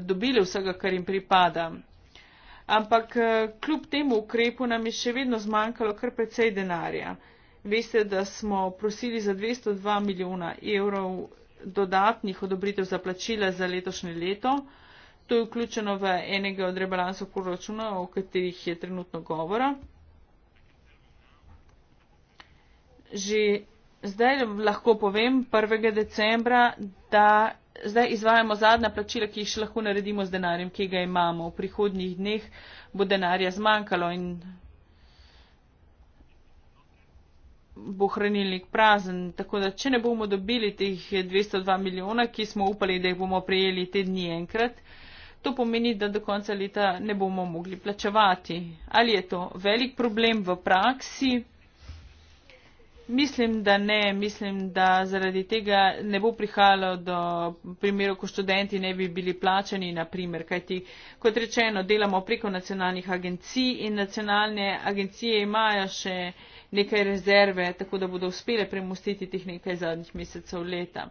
dobili vsega, kar jim pripada. Ampak kljub temu ukrepu nam je še vedno zmanjkalo kar precej denarja veste, da smo prosili za 202 milijona evrov dodatnih odobritev za plačila za letošnje leto. To je vključeno v enega od rebalansov proračuna, o katerih je trenutno govora. Že zdaj lahko povem 1. decembra, da zdaj izvajamo zadnja plačila, ki jih še lahko naredimo z denarjem, ki ga imamo. V prihodnjih dneh bo denarja zmanjkalo in bo hranilnik prazen. Tako da, če ne bomo dobili teh 202 milijona, ki smo upali, da jih bomo prejeli te dni enkrat, to pomeni, da do konca leta ne bomo mogli plačevati. Ali je to velik problem v praksi? Mislim, da ne. Mislim, da zaradi tega ne bo prihajalo do primerov, ko študenti ne bi bili plačani, naprimer. Kajti, kot rečeno, delamo preko nacionalnih agencij in nacionalne agencije imajo še nekaj rezerve, tako da bodo uspele premustiti teh nekaj zadnjih mesecev leta.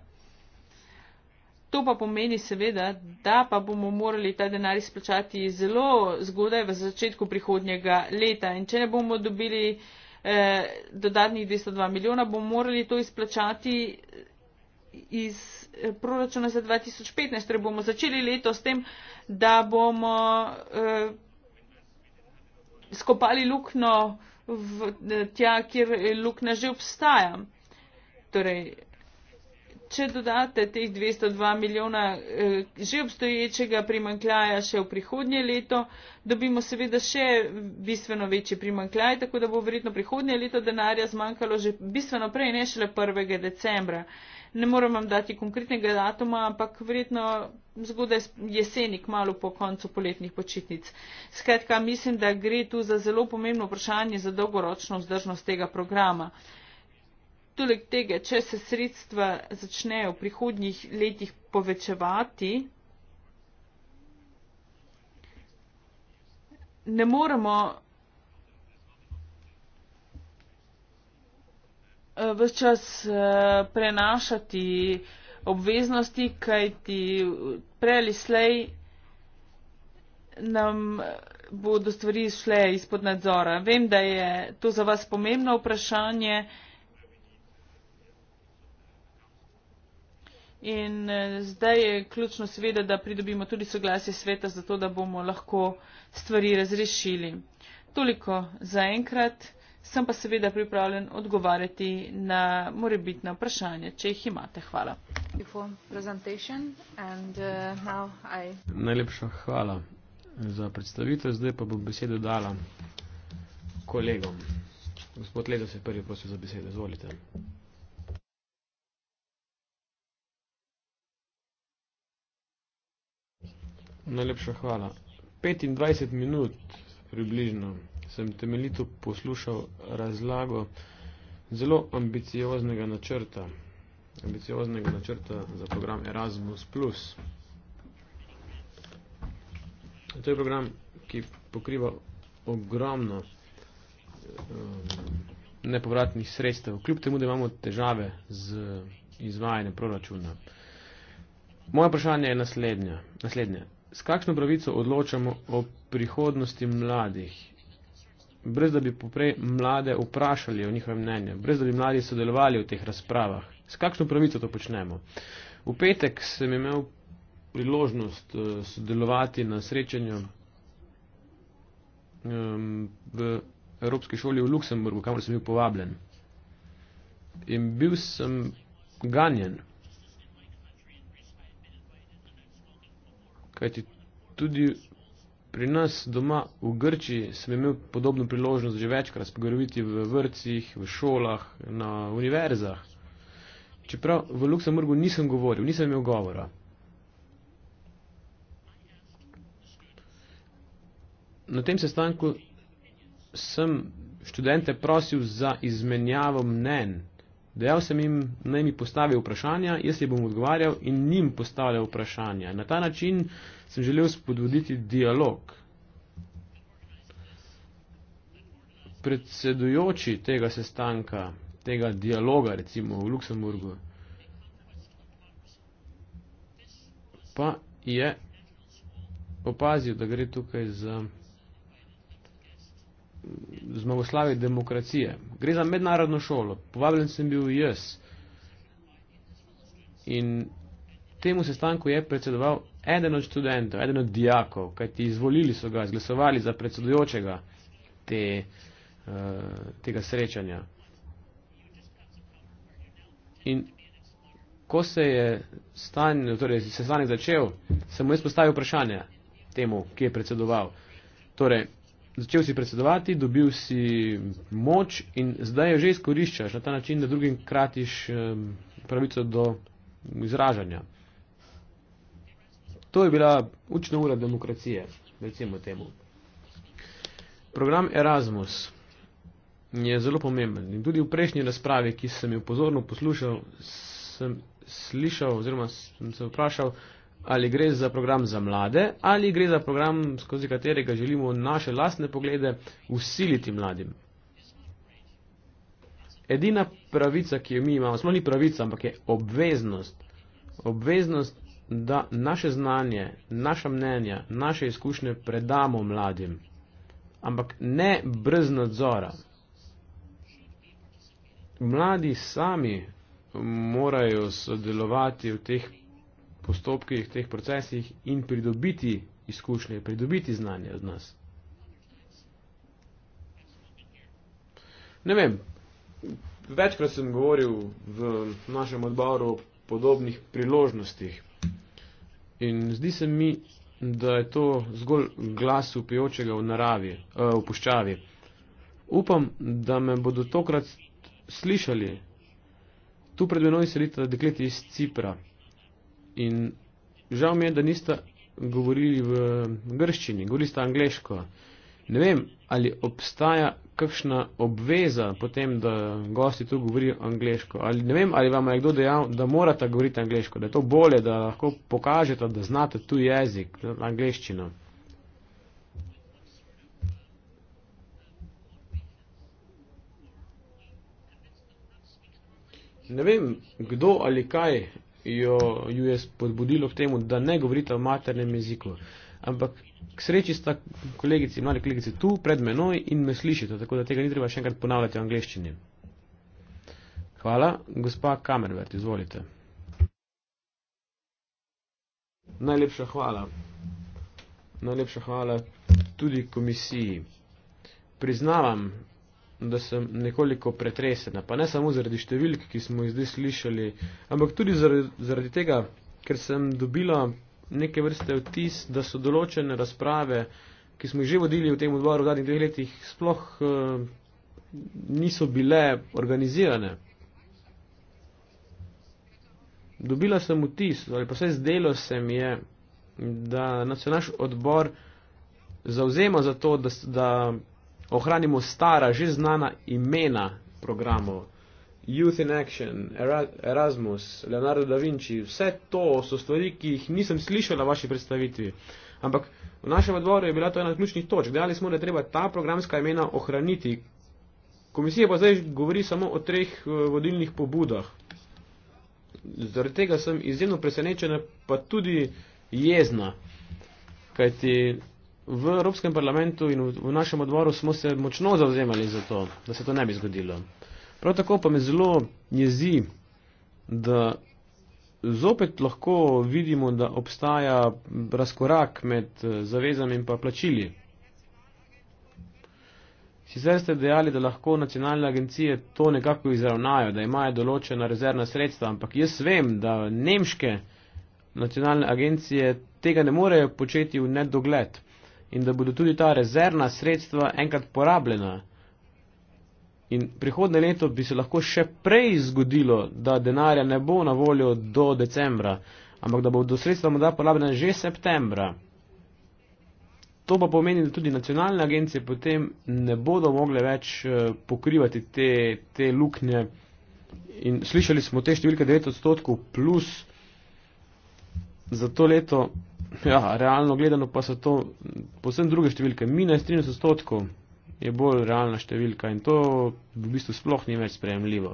To pa pomeni seveda, da pa bomo morali ta denar izplačati zelo zgodaj v začetku prihodnjega leta. In če ne bomo dobili eh, dodatnih 202 milijona, bomo morali to izplačati iz eh, proračuna za 2015, torej bomo začeli leto s tem, da bomo eh, skopali lukno v, eh, tja, kjer eh, luknja že obstaja. Torej, če dodate teh 202 milijona eh, že obstoječega primankljaja še v prihodnje leto, dobimo seveda še bistveno večji primankljaj, tako da bo verjetno prihodnje leto denarja zmanjkalo že bistveno prej, ne šele 1. decembra ne morem vam dati konkretnega datuma, ampak verjetno zgodaj jeseni, kmalo po koncu poletnih počitnic. Skratka, mislim, da gre tu za zelo pomembno vprašanje za dolgoročno vzdržnost tega programa. Tolik tega, če se sredstva začnejo v prihodnjih letih povečevati, ne moremo Eh, vse čas eh, prenašati obveznosti, kaj ti prej ali slej nam bodo stvari šle izpod nadzora. Vem, da je to za vas pomembno vprašanje in eh, zdaj je ključno seveda, da pridobimo tudi soglasje sveta, zato da bomo lahko stvari razrešili. Toliko za enkrat sem pa seveda pripravljen odgovarjati na morebitna vprašanja, če jih imate. Hvala. And, uh, I... Najlepša hvala za predstavitev, zdaj pa bom besedo dala kolegom. Gospod Leda se prvi prosil za besedo, izvolite. Najlepša hvala. 25 minut približno sem temeljito poslušal razlago zelo ambicioznega načrta, ambicioznega načrta za program Erasmus+. To je program, ki pokriva ogromno um, nepovratnih sredstev, kljub temu, da imamo težave z izvajanjem proračuna. Moje vprašanje je naslednje. naslednje. S kakšno pravico odločamo o prihodnosti mladih? brez da bi poprej mlade vprašali o njihovem mnenju, brez da bi mladi sodelovali v teh razpravah. S kakšno pravico to počnemo? V petek sem imel priložnost eh, sodelovati na srečanju v Evropski šoli v Luksemburgu, kamor sem bil povabljen. In bil sem ganjen. Kajti tudi Pri nas doma v Grčiji sem imel podobno priložnost že večkrat spogledati v vrcih, v šolah, na univerzah. Čeprav v Luksemburgu nisem govoril, nisem imel govora. Na tem sestanku sem študente prosil za izmenjavo mnen Dejal sem jim, naj mi postavijo vprašanja, jaz jih bom odgovarjal in njim postavljal vprašanja. Na ta način sem želel spodbuditi dialog. Predsedujoči tega sestanka, tega dialoga, recimo v Luksemburgu, pa je opazil, da gre tukaj za zmagoslavje demokracije. Gre za mednarodno šolo. Povabljen sem bil jaz. In temu sestanku je predsedoval eden od študentov, eden od dijakov, kajti izvolili so ga, izglasovali za predsedujočega te, uh, tega srečanja. In ko se je stan, torej, sestanek začel, sem mu jaz postavil vprašanje temu, ki je predsedoval. Torej, začel si predsedovati, dobil si moč in zdaj jo že izkoriščaš na ta način, da drugim kratiš pravico do izražanja. To je bila učna ura demokracije, recimo temu. Program Erasmus je zelo pomemben in tudi v prejšnji razpravi, ki sem jo pozorno poslušal, sem slišal oziroma sem se vprašal, ali gre za program za mlade, ali gre za program, skozi katerega želimo naše lastne poglede usiliti mladim. Edina pravica, ki jo mi imamo, sploh ni pravica, ampak je obveznost. Obveznost, da naše znanje, naša mnenja, naše izkušnje predamo mladim. Ampak ne brez nadzora. Mladi sami morajo sodelovati v teh postopkih, teh procesih in pridobiti izkušnje, pridobiti znanje od nas. Ne vem, večkrat sem govoril v našem odboru o podobnih priložnostih in zdi se mi, da je to zgolj glas upijočega v naravi, eh, v puščavi. Upam, da me bodo tokrat slišali. Tu pred menoj se lita dekleti iz Cipra. In žal mi je, da nista govorili v grščini, govorili sta angliško. Ne vem, ali obstaja kakšna obveza potem, da gosti tu govorijo angliško. Ali ne vem, ali vam je kdo dejal, da morate govoriti angliško, da je to bolje, da lahko pokažete, da znate tu jezik, angliščino. Ne vem, kdo ali kaj jo, jo je spodbudilo k temu, da ne govorite o maternem jeziku. Ampak k sreči sta kolegici, mlade kolegice tu pred menoj in me slišite, tako da tega ni treba še enkrat ponavljati v angleščini. Hvala, gospa Kamervert, izvolite. Najlepša hvala. Najlepša hvala tudi komisiji. Priznavam, da sem nekoliko pretresena. Pa ne samo zaradi številk, ki smo jih zdaj slišali, ampak tudi zaradi, zaradi tega, ker sem dobila neke vrste vtis, da so določene razprave, ki smo jih že vodili v tem odboru v zadnjih dveh letih, sploh uh, niso bile organizirane. Dobila sem vtis, ali pa vse zdelo se mi je, da nas je naš odbor zauzema za to, da, da ohranimo stara, že znana imena programov. Youth in Action, Erasmus, Leonardo da Vinci, vse to so stvari, ki jih nisem slišal na vaši predstavitvi. Ampak v našem odboru je bila to ena od ključnih točk. Dejali smo, da treba ta programska imena ohraniti. Komisija pa zdaj govori samo o treh eh, vodilnih pobudah. Zaradi tega sem izjemno presenečena, pa tudi jezna. Kajti v Evropskem parlamentu in v našem odboru smo se močno zauzemali za to, da se to ne bi zgodilo. Prav tako pa me zelo jezi, da zopet lahko vidimo, da obstaja razkorak med eh, zavezami in pa plačili. Sicer ste dejali, da lahko nacionalne agencije to nekako izravnajo, da imajo določena rezervna sredstva, ampak jaz vem, da nemške nacionalne agencije tega ne morejo početi v nedogled in da bodo tudi ta rezervna sredstva enkrat porabljena. In prihodne leto bi se lahko še prej zgodilo, da denarja ne bo na voljo do decembra, ampak da bodo sredstva morda porabljena že septembra. To pa pomeni, da tudi nacionalne agencije potem ne bodo mogle več eh, pokrivati te, te luknje. In slišali smo te številke 9 odstotkov plus za to leto, Ja, realno gledano pa so to posebno druge številke. Minus 13 odstotkov je bolj realna številka in to v bistvu sploh ni več sprejemljivo.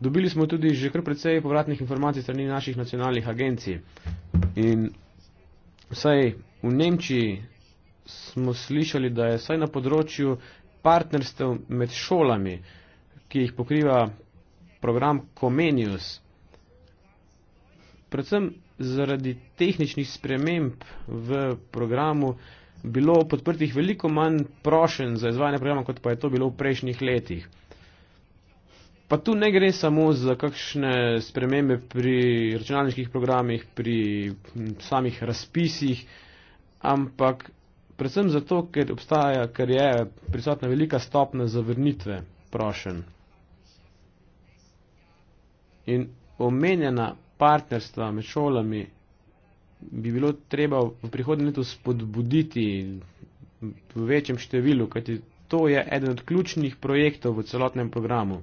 Dobili smo tudi že kar precej povratnih informacij strani naših nacionalnih agencij. In vsaj v Nemčiji smo slišali, da je vsaj na področju partnerstev med šolami, ki jih pokriva program Comenius, predvsem zaradi tehničnih sprememb v programu bilo podprtih veliko manj prošen za izvajanje programa, kot pa je to bilo v prejšnjih letih. Pa tu ne gre samo za kakšne spremembe pri računalniških programih, pri samih razpisih, ampak predvsem zato, ker obstaja, ker je prisotna velika stopna zavrnitve prošen. In omenjena partnerstva med šolami bi bilo treba v prihodnje leto spodbuditi v večjem številu, kajti to je eden od ključnih projektov v celotnem programu.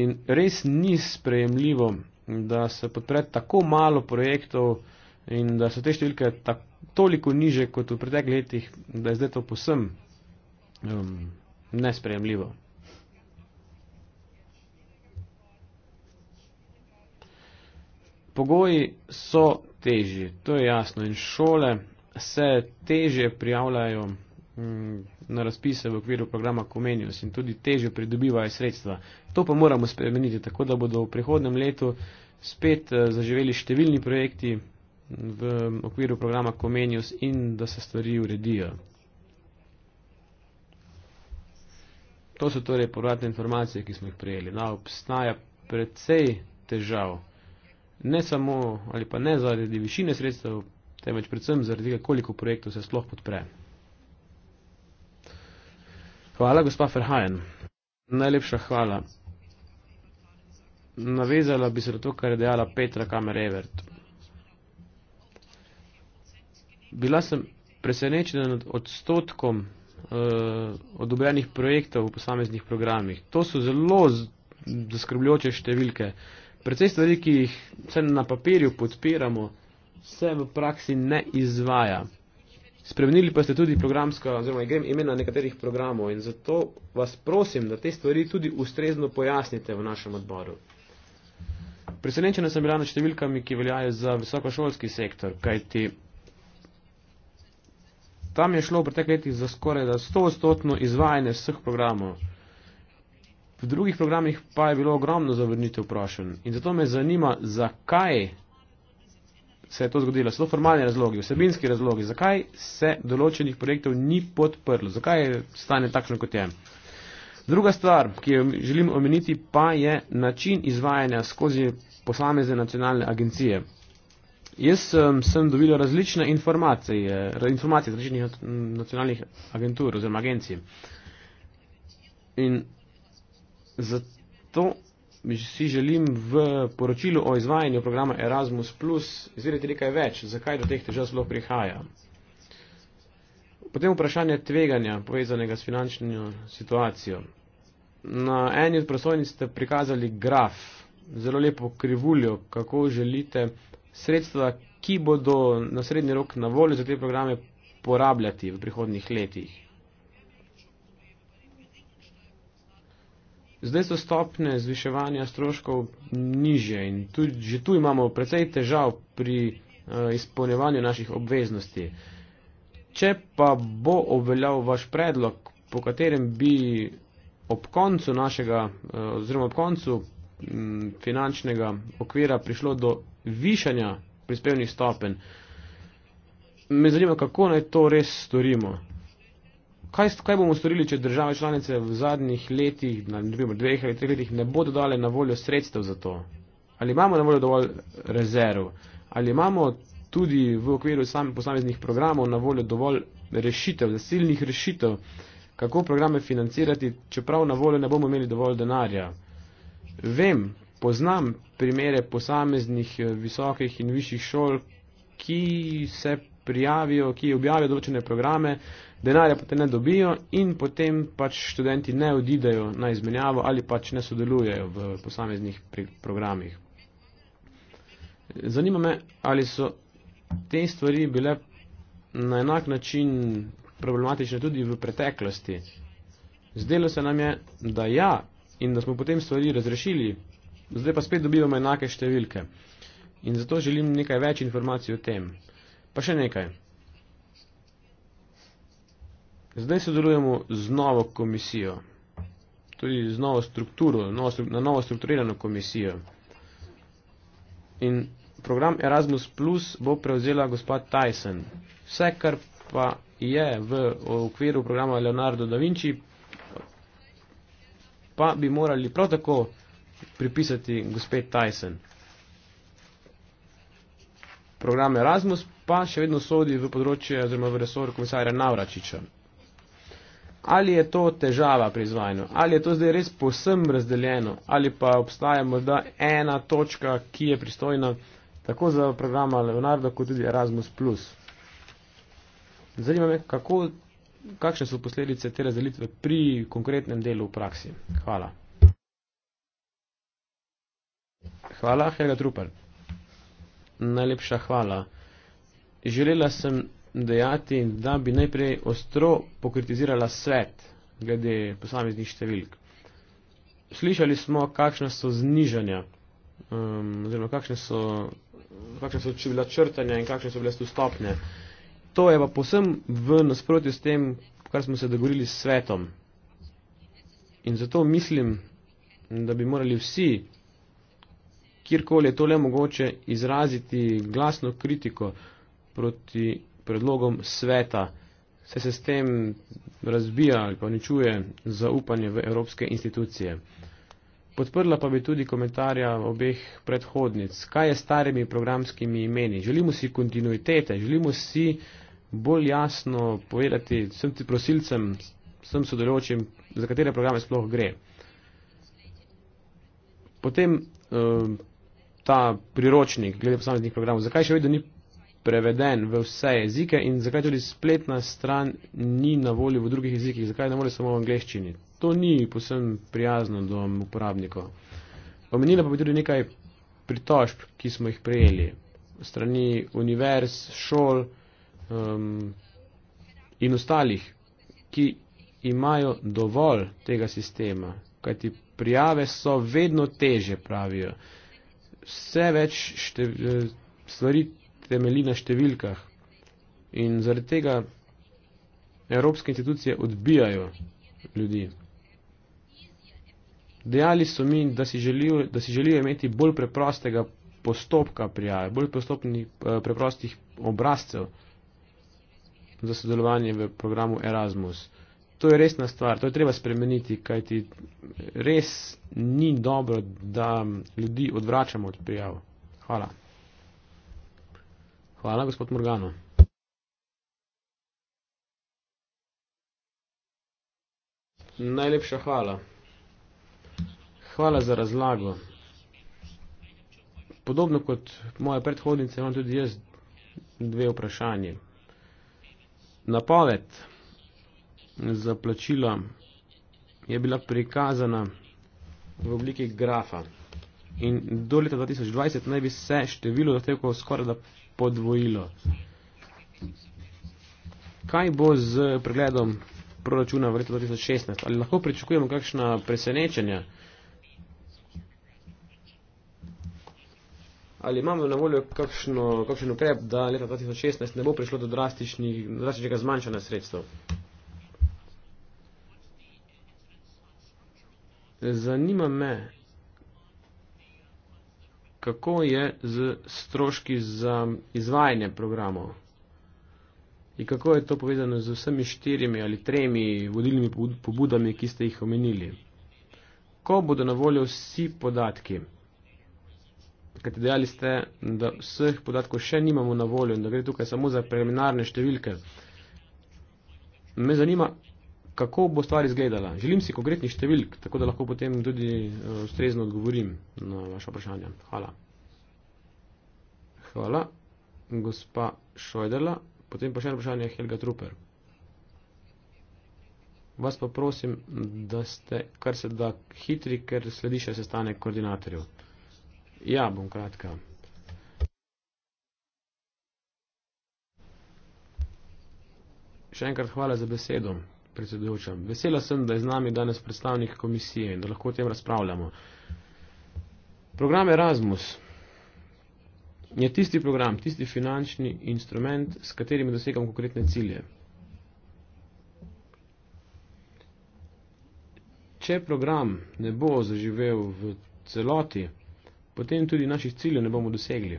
In res ni sprejemljivo, da se podpre tako malo projektov in da so te številke tak, toliko niže kot v preteklih letih, da je zdaj to posem um, nesprejemljivo. Pogoji so težji, to je jasno, in šole se težje prijavljajo mm, na razpise v okviru programa Comenius in tudi težje pridobivajo sredstva. To pa moramo spremeniti, tako da bodo v prihodnem letu spet eh, zaživeli številni projekti mm, v mm, okviru programa Comenius in da se stvari uredijo. To so torej povratne informacije, ki smo jih prejeli. Na no, obstaja precej težav ne samo ali pa ne zaradi višine sredstev, temveč predvsem zaradi tega, koliko projektov se sploh podpre. Hvala, gospa Ferhajen. Najlepša hvala. Navezala bi se na to, kar je dejala Petra Kamerevert. Bila sem presenečena nad odstotkom uh, odobrenih projektov v posameznih programih. To so zelo zaskrbljujoče številke. Uh, precej stvari, ki jih vse na papirju podpiramo, se v praksi ne izvaja. Spremenili pa ste tudi programsko, oziroma grem imena nekaterih programov in zato vas prosim, da te stvari tudi ustrezno pojasnite v našem odboru. Presenečena sem bila nad številkami, ki veljajo za visokošolski sektor, kajti tam je šlo v preteklih letih za skoraj 100-stotno izvajanje vseh programov. V drugih programih pa je bilo ogromno zavrnitev prošen. In zato me zanima, zakaj se je to zgodilo. So to formalni razlogi, vsebinski razlogi, zakaj se določenih projektov ni podprlo, zakaj je stanje takšno, kot je. Druga stvar, ki jo želim omeniti, pa je način izvajanja skozi posamezne nacionalne agencije. Jaz um, sem dobil različne informacije, informacije različnih nacionalnih agentur oziroma agencij. In Zato si želim v poročilu o izvajanju programa Erasmus Plus izvedeti nekaj več, zakaj do teh težav sploh prihaja. Potem vprašanje tveganja, povezanega s finančno situacijo. Na eni od prosojnic ste prikazali graf, zelo lepo krivuljo, kako želite sredstva, ki bodo na srednji rok na voljo za te programe porabljati v prihodnih letih. Zdaj so stopne zviševanja stroškov niže in tudi, že tu imamo precej težav pri uh, izpolnjevanju naših obveznosti. Če pa bo obveljal vaš predlog, po katerem bi ob koncu našega uh, oziroma ob koncu um, finančnega okvira prišlo do višanja prispevnih stopen, me zanima, kako naj to res storimo kaj, kaj bomo storili, če države članice v zadnjih letih, na primer dveh ali treh letih, ne bodo dale na voljo sredstev za to? Ali imamo na voljo dovolj rezerv? Ali imamo tudi v okviru same, posameznih programov na voljo dovolj rešitev, zasilnih rešitev, kako programe financirati, čeprav na voljo ne bomo imeli dovolj denarja? Vem, poznam primere posameznih eh, visokih in višjih šol, ki se prijavijo, ki objavijo določene programe, denarja potem ne dobijo in potem pač študenti ne odidejo na izmenjavo ali pač ne sodelujejo v posameznih programih. Zanima me, ali so te stvari bile na enak način problematične tudi v preteklosti. Zdelo se nam je, da ja in da smo potem stvari razrešili, zdaj pa spet dobivamo enake številke. In zato želim nekaj več informacij o tem. Pa še nekaj. Zdaj sodelujemo z novo komisijo, tudi z novo strukturo, novo, na novo strukturirano komisijo. In program Erasmus Plus bo prevzela gospod Tyson. Vse, kar pa je v okviru programa Leonardo da Vinci, pa bi morali prav tako pripisati gospod Tyson. Program Erasmus pa še vedno sodi v področje oziroma v resor komisarja Navračiča ali je to težava pri izvajanju, ali je to zdaj res posem razdeljeno, ali pa obstaja morda ena točka, ki je pristojna tako za programa Leonardo kot tudi Erasmus. Zanima me, kako, kakšne so posledice te razdelitve pri konkretnem delu v praksi. Hvala. Hvala, Helga Trupel. Najlepša hvala. Želela sem dejati, da bi najprej ostro pokritizirala svet glede posameznih številk. Slišali smo, kakšna so znižanja, um, oziroma kakšne so, kakšne so bila črtanja in kakšne so bile stopnje. To je pa posem v nasprotju s tem, kar smo se dogovorili s svetom. In zato mislim, da bi morali vsi, kjerkoli je to le mogoče, izraziti glasno kritiko proti predlogom sveta, se se s tem razbija ali pa ničuje zaupanje v evropske institucije. Podprla pa bi tudi komentarja obeh predhodnic. Kaj je starimi programskimi imeni? Želimo si kontinuitete, želimo si bolj jasno povedati vsem ti prosilcem, vsem sodelujočim, za katere programe sploh gre. Potem eh, ta priročnik glede posameznih programov. Zakaj še vedno ni preveden v vse jezike in zakaj tudi spletna stran ni na voljo v drugih jezikih, zakaj je na voljo samo v angleščini. To ni posebno prijazno do uporabnikov. Omenila pa bi tudi nekaj pritožb, ki smo jih prejeli strani univerz, šol um, in ostalih, ki imajo dovolj tega sistema, kajti prijave so vedno teže, pravijo. Vse več eh, stvari temeli na številkah. In zaradi tega evropske institucije odbijajo ljudi. Dejali so mi, da si želijo, da si želijo imeti bolj preprostega postopka prijave, bolj postopnih, eh, preprostih obrazcev za sodelovanje v programu Erasmus. To je resna stvar, to je treba spremeniti, kajti res ni dobro, da ljudi odvračamo od prijav. Hvala. Hvala, gospod Morgano. Najlepša hvala. Hvala za razlago. Podobno kot moje predhodnice, imam tudi jaz dve vprašanje. Napoved za plačilo je bila prikazana v obliki grafa. In do leta 2020 naj bi se število zahtevkov skoraj da podvojilo. Kaj bo z pregledom proračuna v letu 2016? Ali lahko pričakujemo kakšna presenečenja? Ali imamo na voljo kakšno, kakšen ukrep, da leta 2016 ne bo prišlo do drastičnega zmanjšanja sredstev? Zanima me, kako je z stroški za izvajanje programov in kako je to povezano z vsemi štirimi ali tremi vodilnimi pobudami, ki ste jih omenili. Ko bodo na voljo vsi podatki, kajte dejali ste, da vseh podatkov še nimamo na voljo in da gre tukaj samo za preliminarne številke, me zanima, kako bo stvar izgledala. Želim si konkretnih številk, tako da lahko potem tudi eh, ustrezno odgovorim na vaše vprašanje. Hvala. Hvala, gospa Šojderla. Potem pa še eno vprašanje Helga Truper. Vas pa prosim, da ste kar se da hitri, ker sledi še sestanek koordinatorjev. Ja, bom kratka. Še enkrat hvala za besedo predsedujoča. Vesela sem, da je z nami danes predstavnik komisije in da lahko o tem razpravljamo. Program Erasmus je tisti program, tisti finančni instrument, s katerimi dosegam konkretne cilje. Če program ne bo zaživel v celoti, potem tudi naših ciljev ne bomo dosegli.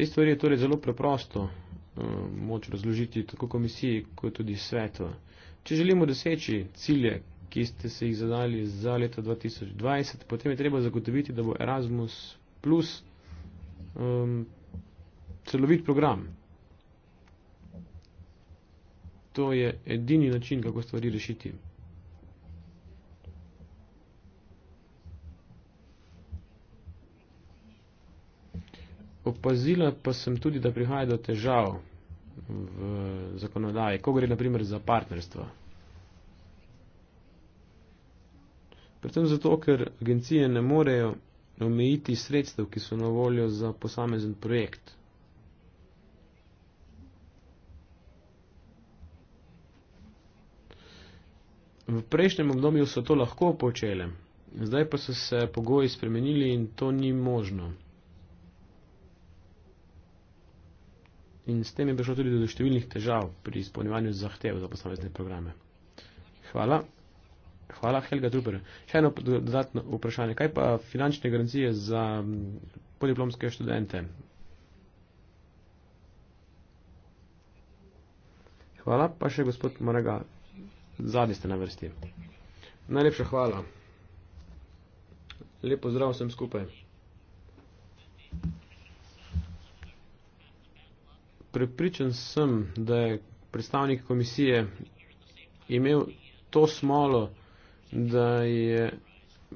Te stvari je torej zelo preprosto uh, moč razložiti tako komisiji, kot tudi svetu. Če želimo doseči cilje, ki ste se jih zadali za leto 2020, potem je treba zagotoviti, da bo Erasmus plus um, celovit program. To je edini način, kako stvari rešiti. Opazila pa sem tudi, da prihaja do težav v zakonodaji, ko gre naprimer za partnerstva. Predvsem zato, ker agencije ne morejo omejiti sredstev, ki so na voljo za posamezen projekt. V prejšnjem obdobju so to lahko počele, zdaj pa so se pogoji spremenili in to ni možno. in s tem je prišlo tudi do številnih težav pri izpolnjevanju zahtev za posamezne programe. Hvala. Hvala, Helga Truper. Še eno dodatno vprašanje. Kaj pa finančne garancije za podiplomske študente? Hvala, pa še gospod Maraga. Zadnji ste na vrsti. Najlepša hvala. Lep pozdrav vsem skupaj prepričan sem, da je predstavnik komisije imel to smolo, da je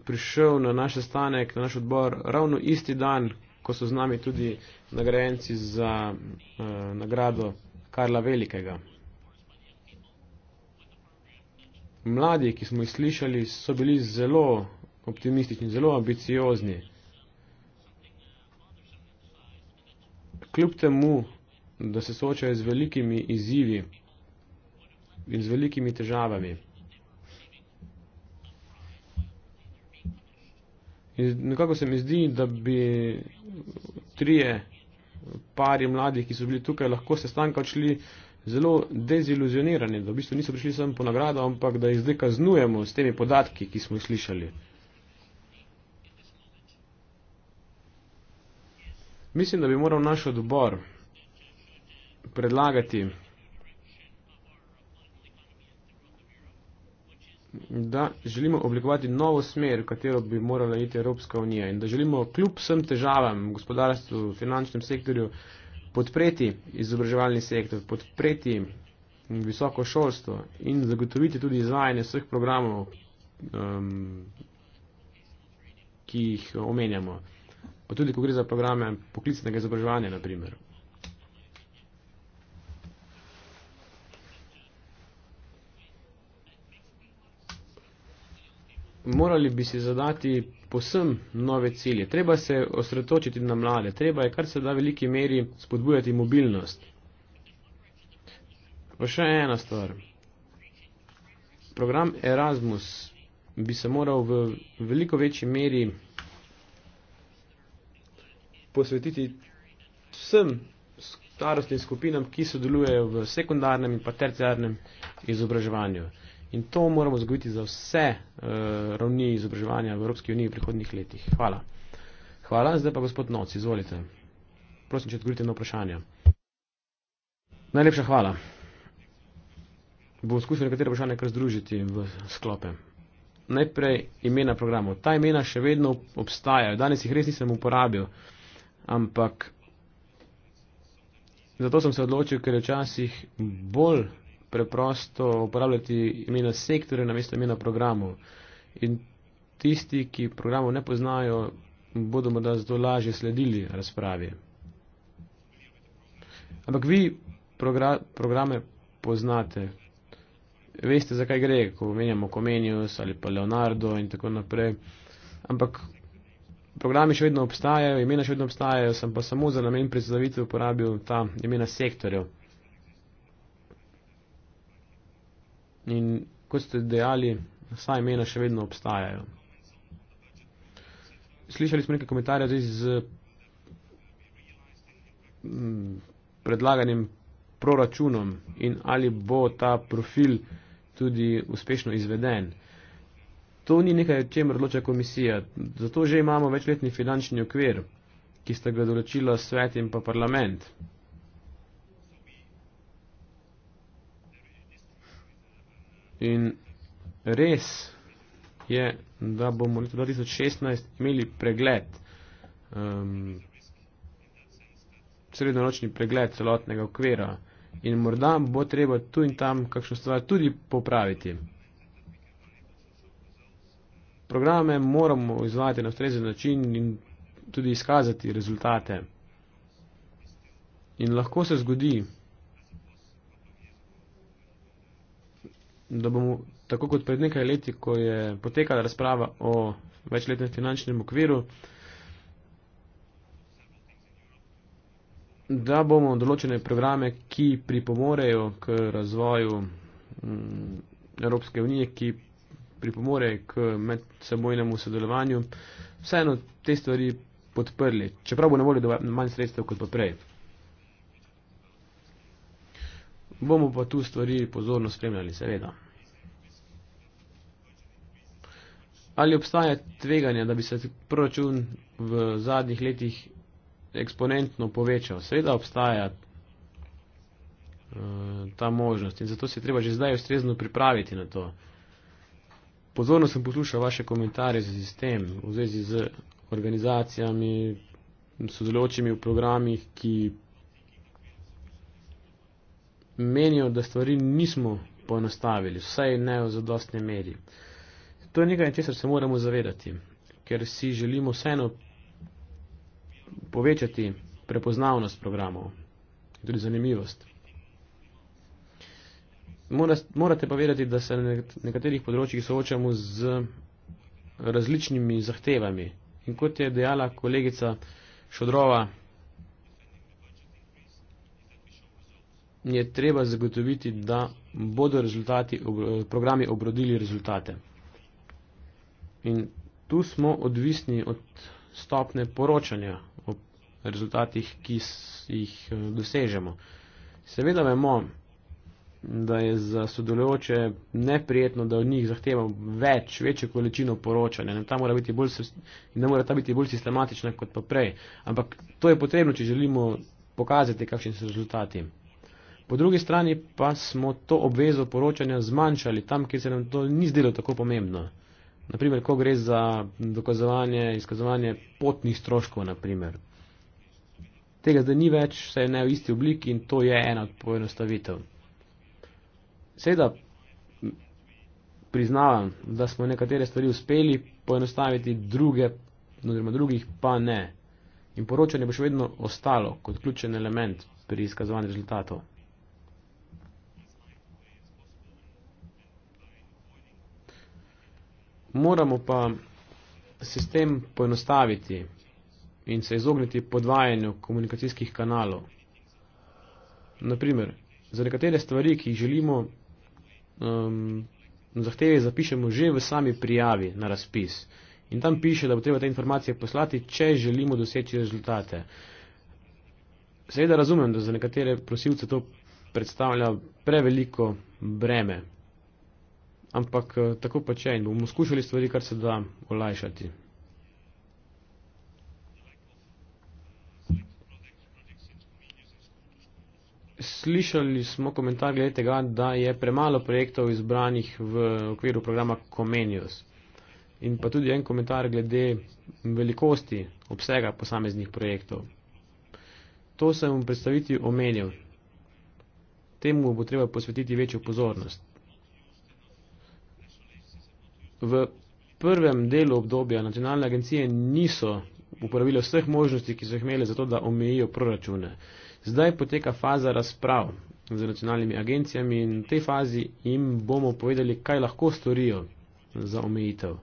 prišel na naš stanek, na naš odbor ravno isti dan, ko so z nami tudi nagrajenci za uh, nagrado Karla Velikega. Mladi, ki smo jih slišali, so bili zelo optimistični, zelo ambiciozni. Kljub temu, da se soočajo z velikimi izzivi in z velikimi težavami. In nekako se mi zdi, da bi trije pari mladih, ki so bili tukaj, lahko sestanka odšli zelo deziluzionirani, da v bistvu niso prišli sem po nagrado, ampak da jih zdaj kaznujemo s temi podatki, ki smo jih slišali. Mislim, da bi moral naš odbor predlagati, da želimo oblikovati novo smer, v katero bi morala iti Evropska unija in da želimo kljub vsem težavam v gospodarstvu, v finančnem sektorju podpreti izobraževalni sektor, podpreti visoko šolstvo in zagotoviti tudi izvajanje vseh programov, um, ki jih omenjamo. Pa tudi, ko gre za programe poklicnega izobraževanja, naprimer, morali bi si zadati posem nove cilje. Treba se osredotočiti na mlade, treba je kar se da veliki meri spodbujati mobilnost. Pa še ena stvar. Program Erasmus bi se moral v veliko večji meri posvetiti vsem starostnim skupinam, ki sodelujejo v sekundarnem in pa terciarnem izobraževanju. In to moramo zagotoviti za vse uh, ravni izobraževanja v Evropski uniji v prihodnih letih. Hvala. Hvala, zdaj pa gospod Noc, izvolite. Prosim, če odgovorite na vprašanje. Najlepša hvala. Bom skušal nekatere vprašanja kar združiti v sklope. Najprej imena programov. Ta imena še vedno obstajajo. Danes jih res nisem uporabil, ampak zato sem se odločil, ker je včasih bolj preprosto uporabljati imena sektorja namesto imena programov. In tisti, ki programov ne poznajo, bodo morda zato lažje sledili razpravi. Ampak vi progra programe poznate. Veste, zakaj gre, ko omenjamo Comenius ali pa Leonardo in tako naprej. Ampak programi še vedno obstajajo, imena še vedno obstajajo, sem pa samo za namen predstavitve uporabil ta imena sektorjev. In kot ste dejali, vsa imena še vedno obstajajo. Slišali smo nekaj komentarjev zdaj z mm, predlaganim proračunom in ali bo ta profil tudi uspešno izveden. To ni nekaj, o čem odloča komisija. Zato že imamo večletni finančni okvir, ki sta ga določila svet in pa parlament. In res je, da bomo leta 2016 imeli pregled, um, srednjeročni pregled celotnega okvira in morda bo treba tu in tam kakšno stvar tudi popraviti. Programe moramo izvajati na ustrezen način in tudi izkazati rezultate. In lahko se zgodi, da bomo, tako kot pred nekaj leti, ko je potekala razprava o večletnem finančnem okviru, da bomo določene programe, ki pripomorejo k razvoju mm, Evropske unije, ki pripomore k medsebojnemu sodelovanju, vseeno te stvari podprli, čeprav bo na voljo manj sredstev kot pa prej. Bomo pa tu stvari pozorno spremljali, seveda. Ali obstaja tveganje, da bi se proračun v zadnjih letih eksponentno povečal? Seveda obstaja uh, ta možnost in zato se treba že zdaj ustrezno pripraviti na to. Pozorno sem poslušal vaše komentarje z sistem v zvezi z organizacijami, sodelujočimi v programih, ki menijo, da stvari nismo poenostavili, vsaj ne v zadostni meri. To je nekaj, česar se moramo zavedati, ker si želimo vseeno povečati prepoznavnost programov, tudi zanimivost. Morate pa vedeti, da se na nekaterih področjih soočamo z različnimi zahtevami. In kot je dejala kolegica Šodrova, je treba zagotoviti, da bodo rezultati, eh, programi obrodili rezultate. In tu smo odvisni od stopne poročanja o rezultatih, ki jih eh, dosežemo. Seveda vemo, da je za sodelujoče neprijetno, da od njih zahtevamo več, večjo količino poročanja. In ta mora biti bolj, ne mora ta biti bolj sistematična kot pa prej. Ampak to je potrebno, če želimo pokazati, kakšni so rezultati. Po drugi strani pa smo to obvezo poročanja zmanjšali tam, kjer se nam to ni zdelo tako pomembno. Naprimer, ko gre za dokazovanje, izkazovanje potnih stroškov, naprimer. Tega zdaj ni več, vse je ne v isti obliki in to je ena od poenostavitev. Seveda priznavam, da smo nekatere stvari uspeli poenostaviti, druge, oziroma drugih pa ne. In poročanje bo še vedno ostalo kot ključen element pri izkazovanju rezultatov. Moramo pa sistem poenostaviti in se izogniti podvajanju komunikacijskih kanalov. Naprimer, za nekatere stvari, ki jih želimo, um, zahteve zapišemo že v sami prijavi na razpis. In tam piše, da bo treba te informacije poslati, če želimo doseči rezultate. Seveda razumem, da za nekatere prosilce to predstavlja preveliko breme, ampak eh, tako počaj in bomo skušali stvari, kar se da olajšati. Slišali smo komentar glede tega, da je premalo projektov izbranih v okviru programa Comenius. In pa tudi en komentar glede velikosti obsega posameznih projektov. To sem v predstaviti omenil. Temu bo treba posvetiti večjo pozornost v prvem delu obdobja nacionalne agencije niso uporabile vseh možnosti, ki so jih imele za to, da omejijo proračune. Zdaj poteka faza razprav z nacionalnimi agencijami in v tej fazi jim bomo povedali, kaj lahko storijo za omejitev.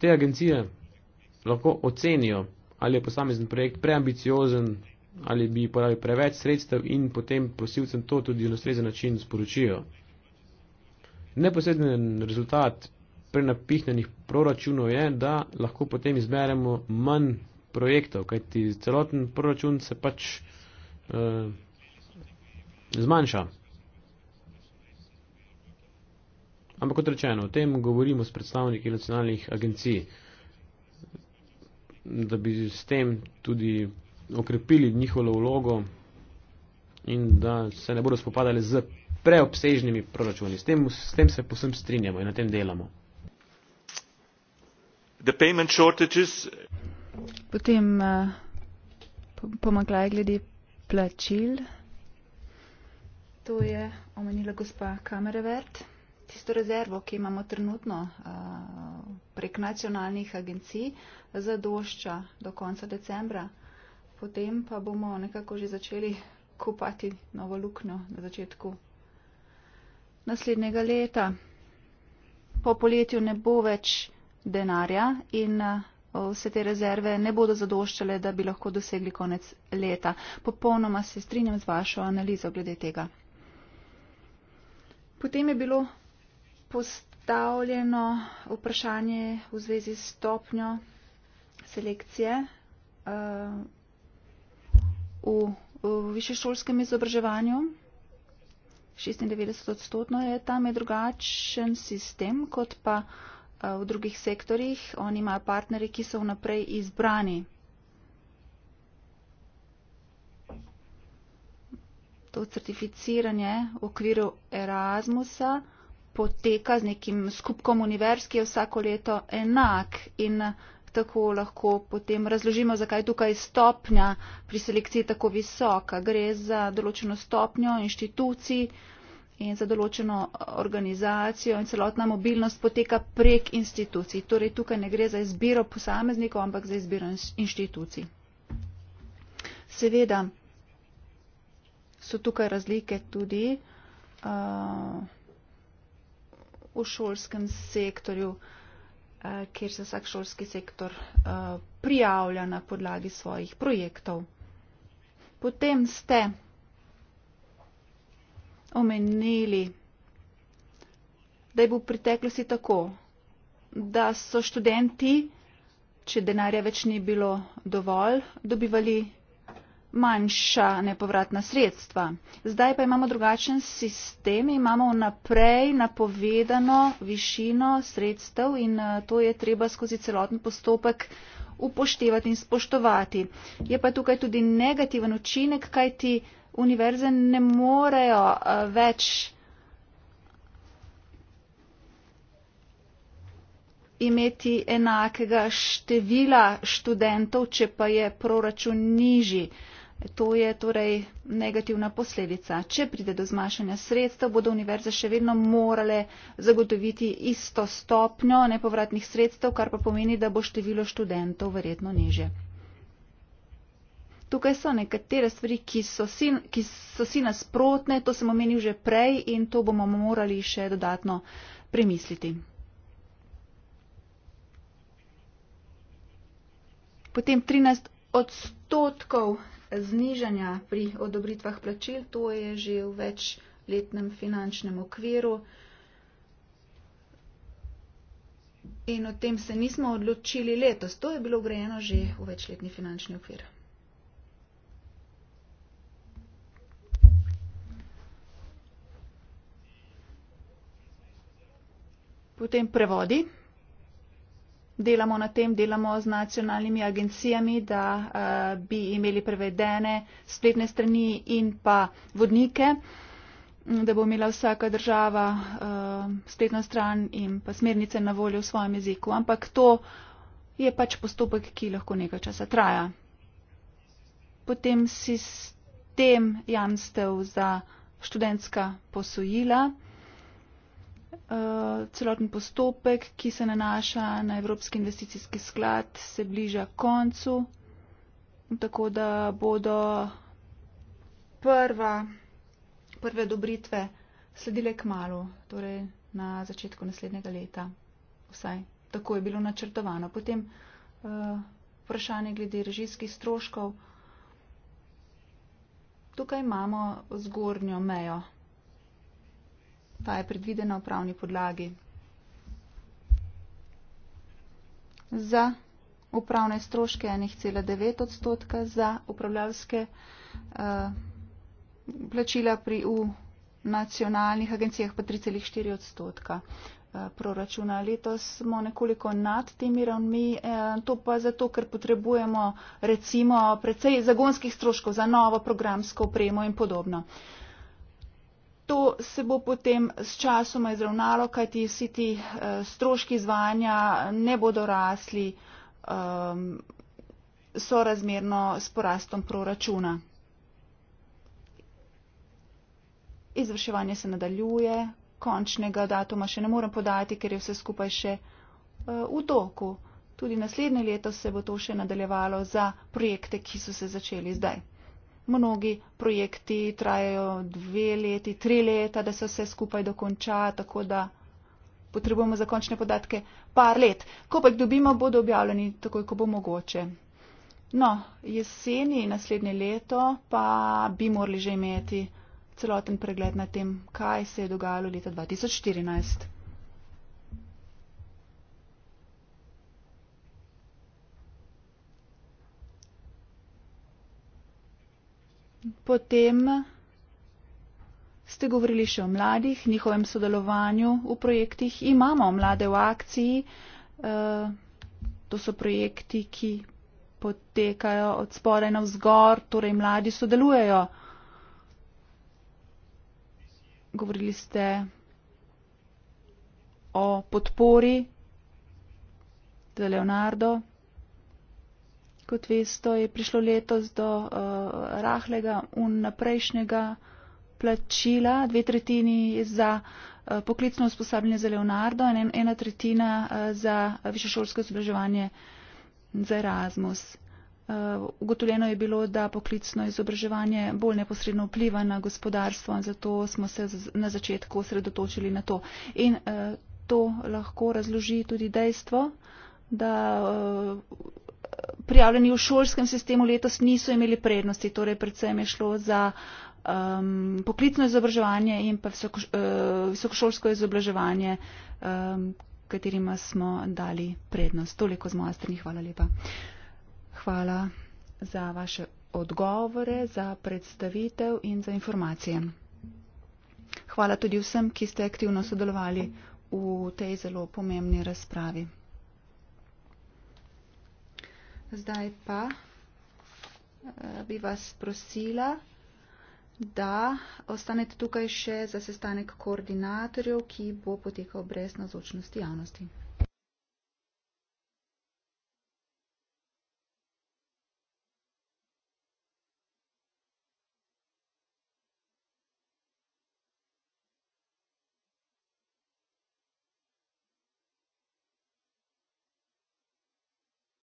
Te agencije lahko ocenijo, ali je posamezen projekt preambiciozen, ali bi porabil preveč sredstev in potem posilcem to tudi na ustrezen način sporočijo. Neposreden rezultat prenapihnjenih proračunov je, da lahko potem izberemo manj projektov, kajti celoten proračun se pač eh, zmanjša. Ampak kot rečeno, o tem govorimo s predstavniki nacionalnih agencij, da bi s tem tudi okrepili njihovo vlogo in da se ne bodo spopadali z preobsežnimi proračuni. S tem, s tem se posem strinjamo in na tem delamo potem eh, pomanjkljaj glede plačil to je omenila gospa kamerevert tisto rezervo ki imamo trenutno eh, prek nacionalnih agencij zadošča do konca decembra potem pa bomo nekako že začeli kopati novo luknjo na začetku naslednjega leta po poletju ne bo več denarja in eh, vse te rezerve ne bodo zadoščale, da bi lahko dosegli konec leta. Popolnoma se strinjam z vašo analizo glede tega. Potem je bilo postavljeno vprašanje v zvezi s stopnjo selekcije eh, v, v višešolskem izobraževanju. 96 odstotno je tam je drugačen sistem kot pa Eh, v drugih sektorjih, oni imajo partnerje, ki so vnaprej izbrani. To certificiranje v okviru Erasmusa poteka z nekim skupkom univerz, ki je vsako leto enak in tako lahko potem razložimo, zakaj tukaj stopnja pri selekciji tako visoka. Gre za določeno stopnjo inštitucij, in za določeno organizacijo in celotna mobilnost poteka prek institucij. Torej tukaj ne gre za izbiro posameznikov, ampak za izbiro inštitucij. Seveda so tukaj razlike tudi uh, v šolskem sektorju, uh, kjer se vsak šolski sektor uh, prijavlja na podlagi svojih projektov. Potem ste omenili, da je bil v preteklosti tako, da so študenti, če denarja več ni bilo dovolj, dobivali manjša nepovratna sredstva. Zdaj pa imamo drugačen sistem, imamo naprej napovedano višino sredstev in eh, to je treba skozi celoten postopek upoštevati in spoštovati. Je pa tukaj tudi negativen učinek, kaj ti univerze ne morejo eh, več imeti enakega števila študentov, če pa je proračun nižji. To je torej negativna posledica. Če pride do zmanjšanja sredstev, bodo univerze še vedno morale zagotoviti isto stopnjo nepovratnih sredstev, kar pa pomeni, da bo število študentov verjetno nižje tukaj so nekatere stvari, ki so si, ki so si nasprotne, to sem omenil že prej in to bomo morali še dodatno premisliti. Potem 13 odstotkov znižanja pri odobritvah plačil, to je že v večletnem finančnem okviru. In o tem se nismo odločili letos, to je bilo grejeno že v večletni finančni okvir. Potem prevodi. Delamo na tem, delamo z nacionalnimi agencijami, da uh, bi imeli prevedene spletne strani in pa vodnike, mm, da bo imela vsaka država uh, spletno stran in pa smernice na voljo v svojem jeziku. Ampak to je pač postopek, ki lahko nekaj časa traja. Potem sistem jamstev za študentska posojila. Eh, celoten postopek, ki se nanaša na Evropski investicijski sklad, se bliža koncu, tako da bodo prva, prve odobritve sledile k malu, torej na začetku naslednjega leta. Vsaj tako je bilo načrtovano. Potem uh, vprašanje glede režijskih stroškov. Tukaj imamo zgornjo mejo Ta je predvidena v pravni podlagi. Za upravne stroške 1,9 odstotka, za upravljalske uh, eh, plačila pri U nacionalnih agencijah pa 3,4 odstotka eh, proračuna. Letos smo nekoliko nad temi ravnmi, eh, to pa zato, ker potrebujemo recimo precej zagonskih stroškov za novo programsko opremo in podobno. Uh, To se bo potem s časoma izravnalo, kajti vsi ti eh, stroški izvajanja ne bodo rasli um, sorazmerno s porastom proračuna. Izvrševanje se nadaljuje, končnega datuma še ne morem podati, ker je vse skupaj še uh, v toku. Tudi naslednje leto se bo to še nadaljevalo za projekte, ki so se začeli zdaj mnogi projekti trajajo dve leti, tri leta, da se vse skupaj dokonča, tako da potrebujemo za končne podatke par let. Ko pa jih dobimo, bodo objavljeni takoj, ko bo mogoče. No, jeseni naslednje leto pa bi morali že imeti celoten pregled na tem, kaj se je dogajalo leta 2014. Potem ste govorili še o mladih, njihovem sodelovanju v projektih. Imamo mlade v akciji. Eh, to so projekti, ki potekajo od spodaj na vzgor, torej mladi sodelujejo. Govorili ste o podpori za Leonardo kot veste, je prišlo letos do uh, rahlega unaprejšnjega plačila, dve tretjini za uh, poklicno usposabljanje za Leonardo in ena tretjina uh, za višešolsko izobraževanje za Erasmus. Uh, ugotovljeno je bilo, da poklicno izobraževanje bolj neposredno vpliva na gospodarstvo in zato smo se z, na začetku osredotočili na to. In uh, to lahko razloži tudi dejstvo, da uh, prijavljeni v šolskem sistemu letos niso imeli prednosti, torej predvsem je šlo za um, poklicno izobraževanje in pa visoko, uh, visokošolsko izobraževanje, um, katerima smo dali prednost. Toliko z moje strani, hvala lepa. Hvala za vaše odgovore, za predstavitev in za informacije. Hvala tudi vsem, ki ste aktivno sodelovali v tej zelo pomembni razpravi. Zdaj pa eh, bi vas prosila, da ostanete tukaj še za sestanek koordinatorjev, ki bo potekal brez nazočnosti javnosti.